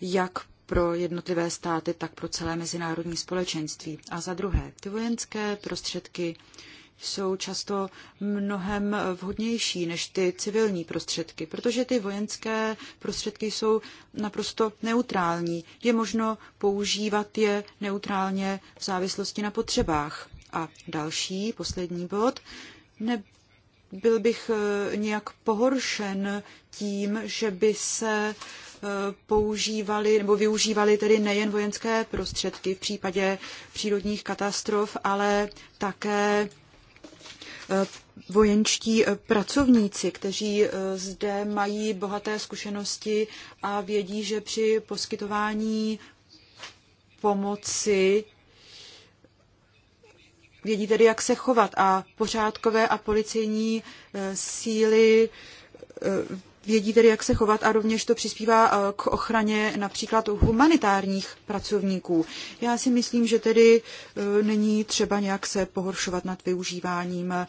Jak pro jednotlivé státy, tak pro celé mezinárodní společenství. A za druhé, ty vojenské prostředky jsou často mnohem vhodnější než ty civilní prostředky, protože ty vojenské prostředky jsou naprosto neutrální. Je možno používat je neutrálně v závislosti na potřebách. A další, poslední bod, ne, byl bych eh, nějak pohoršen tím, že by se Eh, používali nebo využívali tedy nejen vojenské prostředky v případě přírodních katastrof, ale také eh, vojenští eh, pracovníci, kteří zde mají bohaté zkušenosti a vědí, že při poskytování pomoci vědí tedy, jak se chovat. A pořádkové a policejní síly vědí tedy, jak se chovat a rovněž to přispívá eh, k ochraně například humanitárních pracovníků. Já si myslím, že tedy eh, není třeba nějak se pohoršovat nad využíváním eh,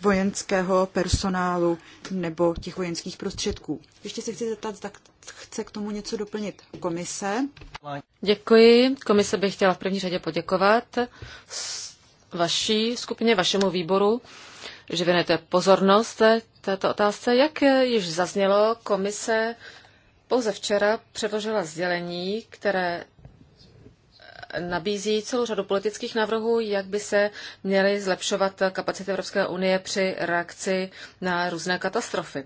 vojenského personálu nebo těch vojenských prostředků. Ještě se chci zeptat, zda chce k tomu něco doplnit komise. Děkuji. Komise bych chtěla v první řadě poděkovat vaší skupině, vašemu výboru, že věnujete pozornost této otázce. Jak již zaznělo, komise pouze včera předložila sdělení, které nabízí celou řadu politických návrhů, jak by se měly zlepšovat kapacity Evropské unie při reakci na různé katastrofy.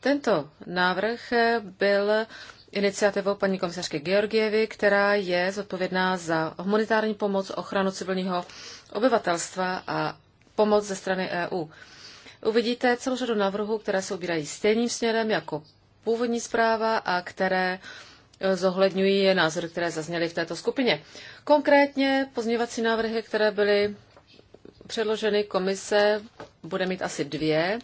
Tento návrh byl iniciativou paní komisařky Georgievy, která je zodpovědná za humanitární pomoc, ochranu civilního obyvatelstva a pomoc ze strany EU uvidíte celou řadu návrhů, které se ubírají stejným směrem jako původní zpráva a které e, zohledňují názory, které zazněly v této skupině. Konkrétně pozměňovací návrhy, které byly předloženy komise, bude mít asi dvě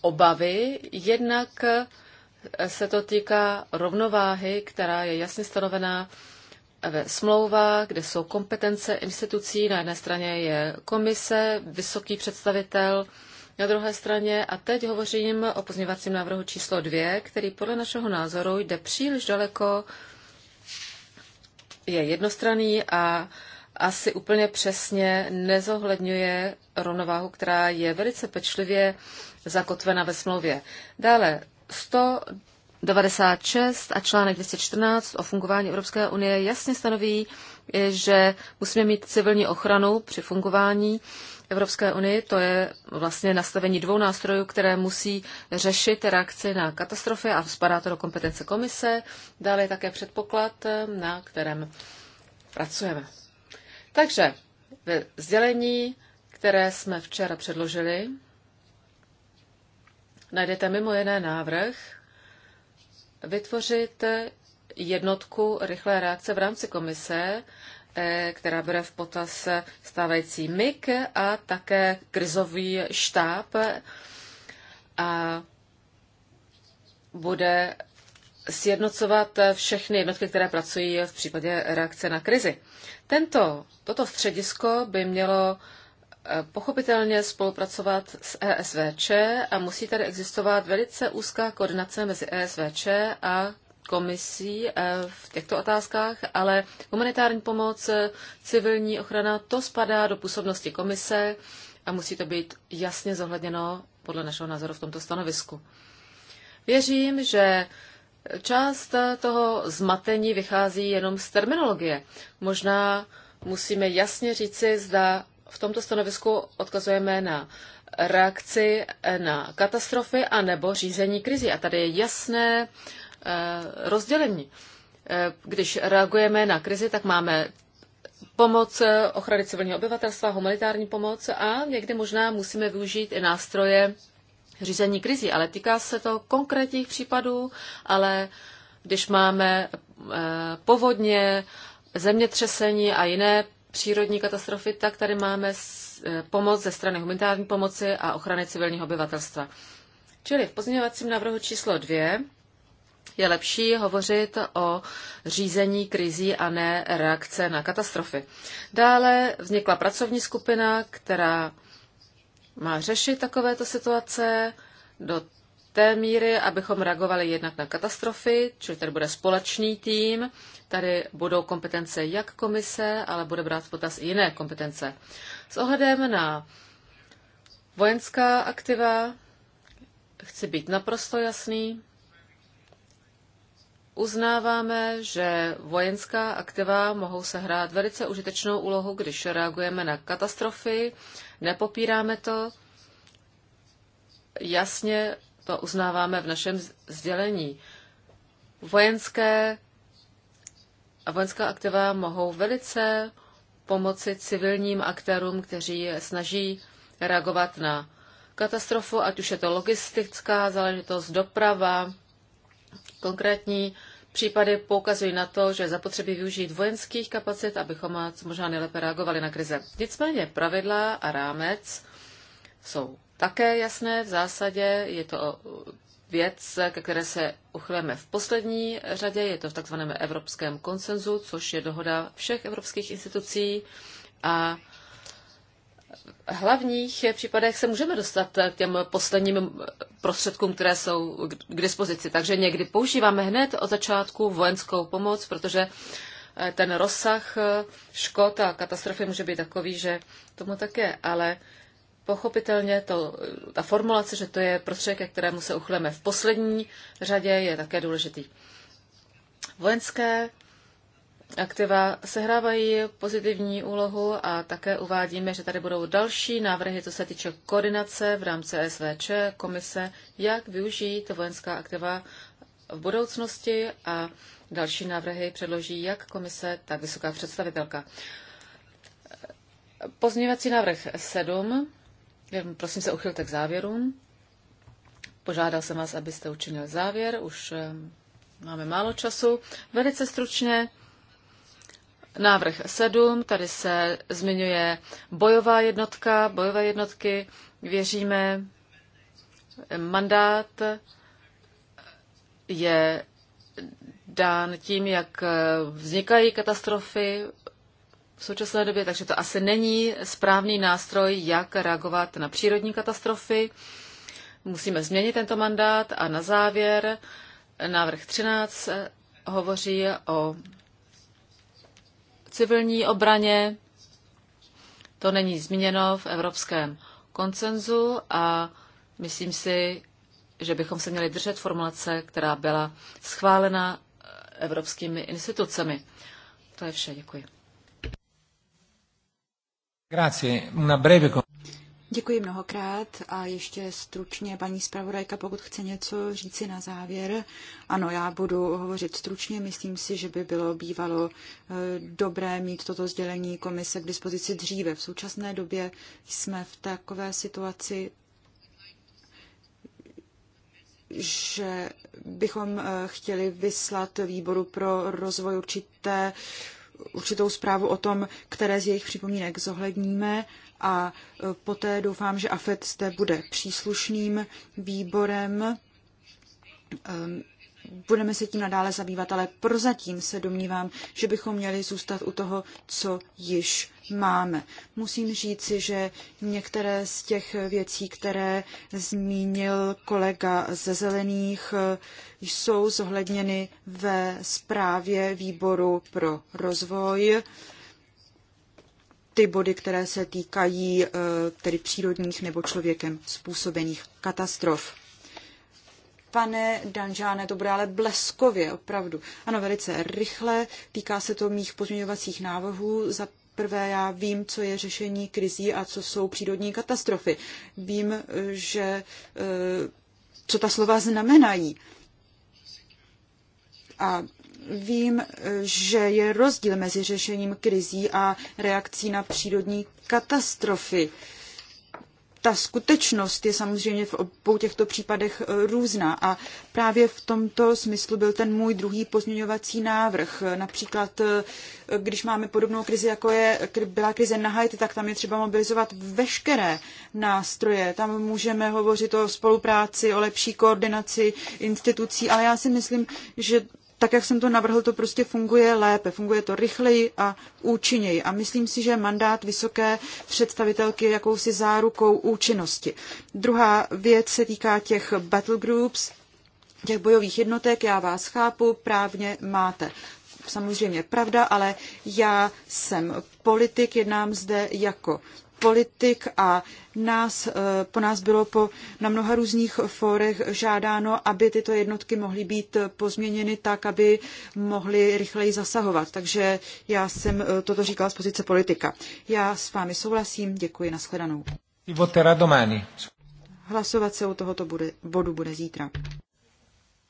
obavy. Jednak e, se to týká rovnováhy, která je jasně stanovená ve smlouvách, kde jsou kompetence institucí. Na jedné straně je komise, vysoký představitel, na druhé straně. A teď hovořím o pozměvacím návrhu číslo 2, který podle našeho názoru jde příliš daleko, je jednostranný a asi úplně přesně nezohledňuje rovnováhu, která je velice pečlivě zakotvena ve smlouvě. Dále 196 a článek 214 o fungování Evropské unie jasně stanoví, že musíme mít civilní ochranu při fungování Evropské unii, to je vlastně nastavení dvou nástrojů, které musí řešit reakci na katastrofy a spadá to do kompetence komise. Dále je také předpoklad, na kterém pracujeme. Takže ve sdělení, které jsme včera předložili, najdete mimo jiné návrh vytvořit jednotku rychlé reakce v rámci komise, E, která bere v potaz stávající MIG a také krizový štáb a bude sjednocovat všechny jednotky, které pracují v případě reakce na krizi. Tento, toto středisko by mělo e, pochopitelně spolupracovat s ESVČ a musí tady existovat velice úzká koordinace mezi ESVČ a komisí eh, v těchto otázkách, ale humanitární pomoc, eh, civilní ochrana, to spadá do působnosti komise a musí to být jasně zohledněno podle našeho názoru v tomto stanovisku. Věřím, že část toho zmatení vychází jenom z terminologie. Možná musíme jasně říci, zda v tomto stanovisku odkazujeme na reakci na katastrofy a nebo řízení krizi. A tady je jasné Eh, rozdělení. Eh, když reagujeme na krizi, tak máme pomoc eh, ochrany civilního obyvatelstva, humanitární pomoc a někdy možná musíme využít i nástroje řízení krizí, ale týká se to konkrétních případů, ale když máme povodně, zemětřesení a jiné přírodní katastrofy, tak tady máme pomoc ze strany humanitární pomoci a ochrany civilního obyvatelstva. Čili v pozměňovacím návrhu číslo 2 je lepší hovořit o řízení krizí a ne reakce na katastrofy. Dále vznikla pracovní skupina, která má řešit takovéto situace do té míry, abychom reagovali jednak na katastrofy, čili tady bude společný tým, tady budou kompetence jak komise, ale bude brát v potaz i jiné kompetence. S ohledem na vojenská aktiva chci být naprosto jasný. Uznáváme, že vojenská aktiva mohou sehrát velice užitečnou úlohu, když reagujeme na katastrofy, nepopíráme to, jasně to uznáváme v našem sdělení. Vojenské a vojenská aktiva mohou velice pomoci civilním aktérům, kteří snaží reagovat na katastrofu, ať už je to logistická záležitost, doprava, konkrétní případy poukazují na to, že zapotřebí využít vojenských kapacit, abychom co možná nejlépe reagovali na krize. Nicméně pravidla a rámec jsou také jasné. V zásadě je to věc, ke které se uchyleme v poslední řadě. Je to v takzvaném evropském konsenzu, což je dohoda všech evropských institucí a hlavních případech se můžeme dostat k těm posledním prostředkům, které jsou k dispozici. Takže někdy používáme hned od začátku vojenskou pomoc, protože eh, ten rozsah eh, škod a katastrofy může být takový, že tomu tak je. Ale pochopitelně to, eh, ta formulace, že to je prostředek, ke kterému se uchleme v poslední řadě, je také důležitý. Vojenské aktiva sehrávají pozitivní úlohu a také uvádíme, že tady budou další návrhy, co se týče koordinace v rámci SVČ, komise, jak využít vojenská aktiva v budoucnosti a další návrhy předloží jak komise, tak vysoká představitelka. Pozměňovací návrh 7. Prosím se uchylte k závěrům. Požádal jsem vás, abyste učinil závěr. Už eh, máme málo času. Velice stručně Návrh 7, tady se zmiňuje bojová jednotka, bojové jednotky, věříme, mandát je dán tím, jak vznikají katastrofy v současné době, takže to asi není správný nástroj, jak reagovat na přírodní katastrofy. Musíme změnit tento mandát a na závěr návrh 13 hovoří o civilní obraně. To není zmíněno v evropském koncenzu a myslím si, že bychom se měli držet formulace, která byla schválena eh, evropskými institucemi. To je vše, děkuji. Grazie. Una breve... Děkuji mnohokrát a ještě stručně, paní zpravodajka, pokud chce něco říci na závěr. Ano, já budu hovořit stručně, myslím si, že by bylo bývalo eh, dobré mít toto sdělení komise k dispozici dříve. V současné době jsme v takové situaci, že bychom eh, chtěli vyslat výboru pro rozvoj určité, určitou zprávu o tom, které z jejich připomínek zohledníme a e, poté doufám, že AFED zde bude příslušným výborem. Ehm, budeme se tím nadále zabývat, ale prozatím se domnívám, že bychom měli zůstat u toho, co již máme. Musím říci, že některé z těch věcí, které zmínil kolega ze Zelených, e, jsou zohledněny ve zprávě výboru pro rozvoj ty body, které se týkají eh, tedy přírodních nebo člověkem způsobených katastrof. Pane Danžáne, to bude ale bleskově, opravdu. Ano, velice rychle. Týká se to mých pozměňovacích návrhů. Za prvé já vím, co je řešení krizí a co jsou přírodní katastrofy. Vím, že eh, co ta slova znamenají. A Vím, že je rozdíl mezi řešením krizí a reakcí na přírodní katastrofy. Ta skutečnost je samozřejmě v obou těchto případech eh, různá a právě v tomto smyslu byl ten můj druhý pozměňovací návrh. Například, eh, když máme podobnou krizi, jako je, byla krize na Haiti, tak tam je třeba mobilizovat veškeré nástroje. Tam můžeme hovořit o spolupráci, o lepší koordinaci institucí, ale já si myslím, že tak, jak jsem to navrhl, to prostě funguje lépe, funguje to rychleji a účinněji. A myslím si, že mandát vysoké představitelky je jakousi zárukou účinnosti. Druhá věc se týká těch battle groups, těch bojových jednotek. Já vás chápu, právně máte samozřejmě pravda, ale já jsem politik, jednám zde jako politik a nás, eh, po nás bylo po, na mnoha různých fórech žádáno, aby tyto jednotky mohly být eh, pozměněny tak, aby mohly rychleji zasahovat. Takže já jsem eh, toto říkala z pozice politika. Já s vámi souhlasím, děkuji, nashledanou. Hlasovat se u tohoto bude, bodu bude zítra.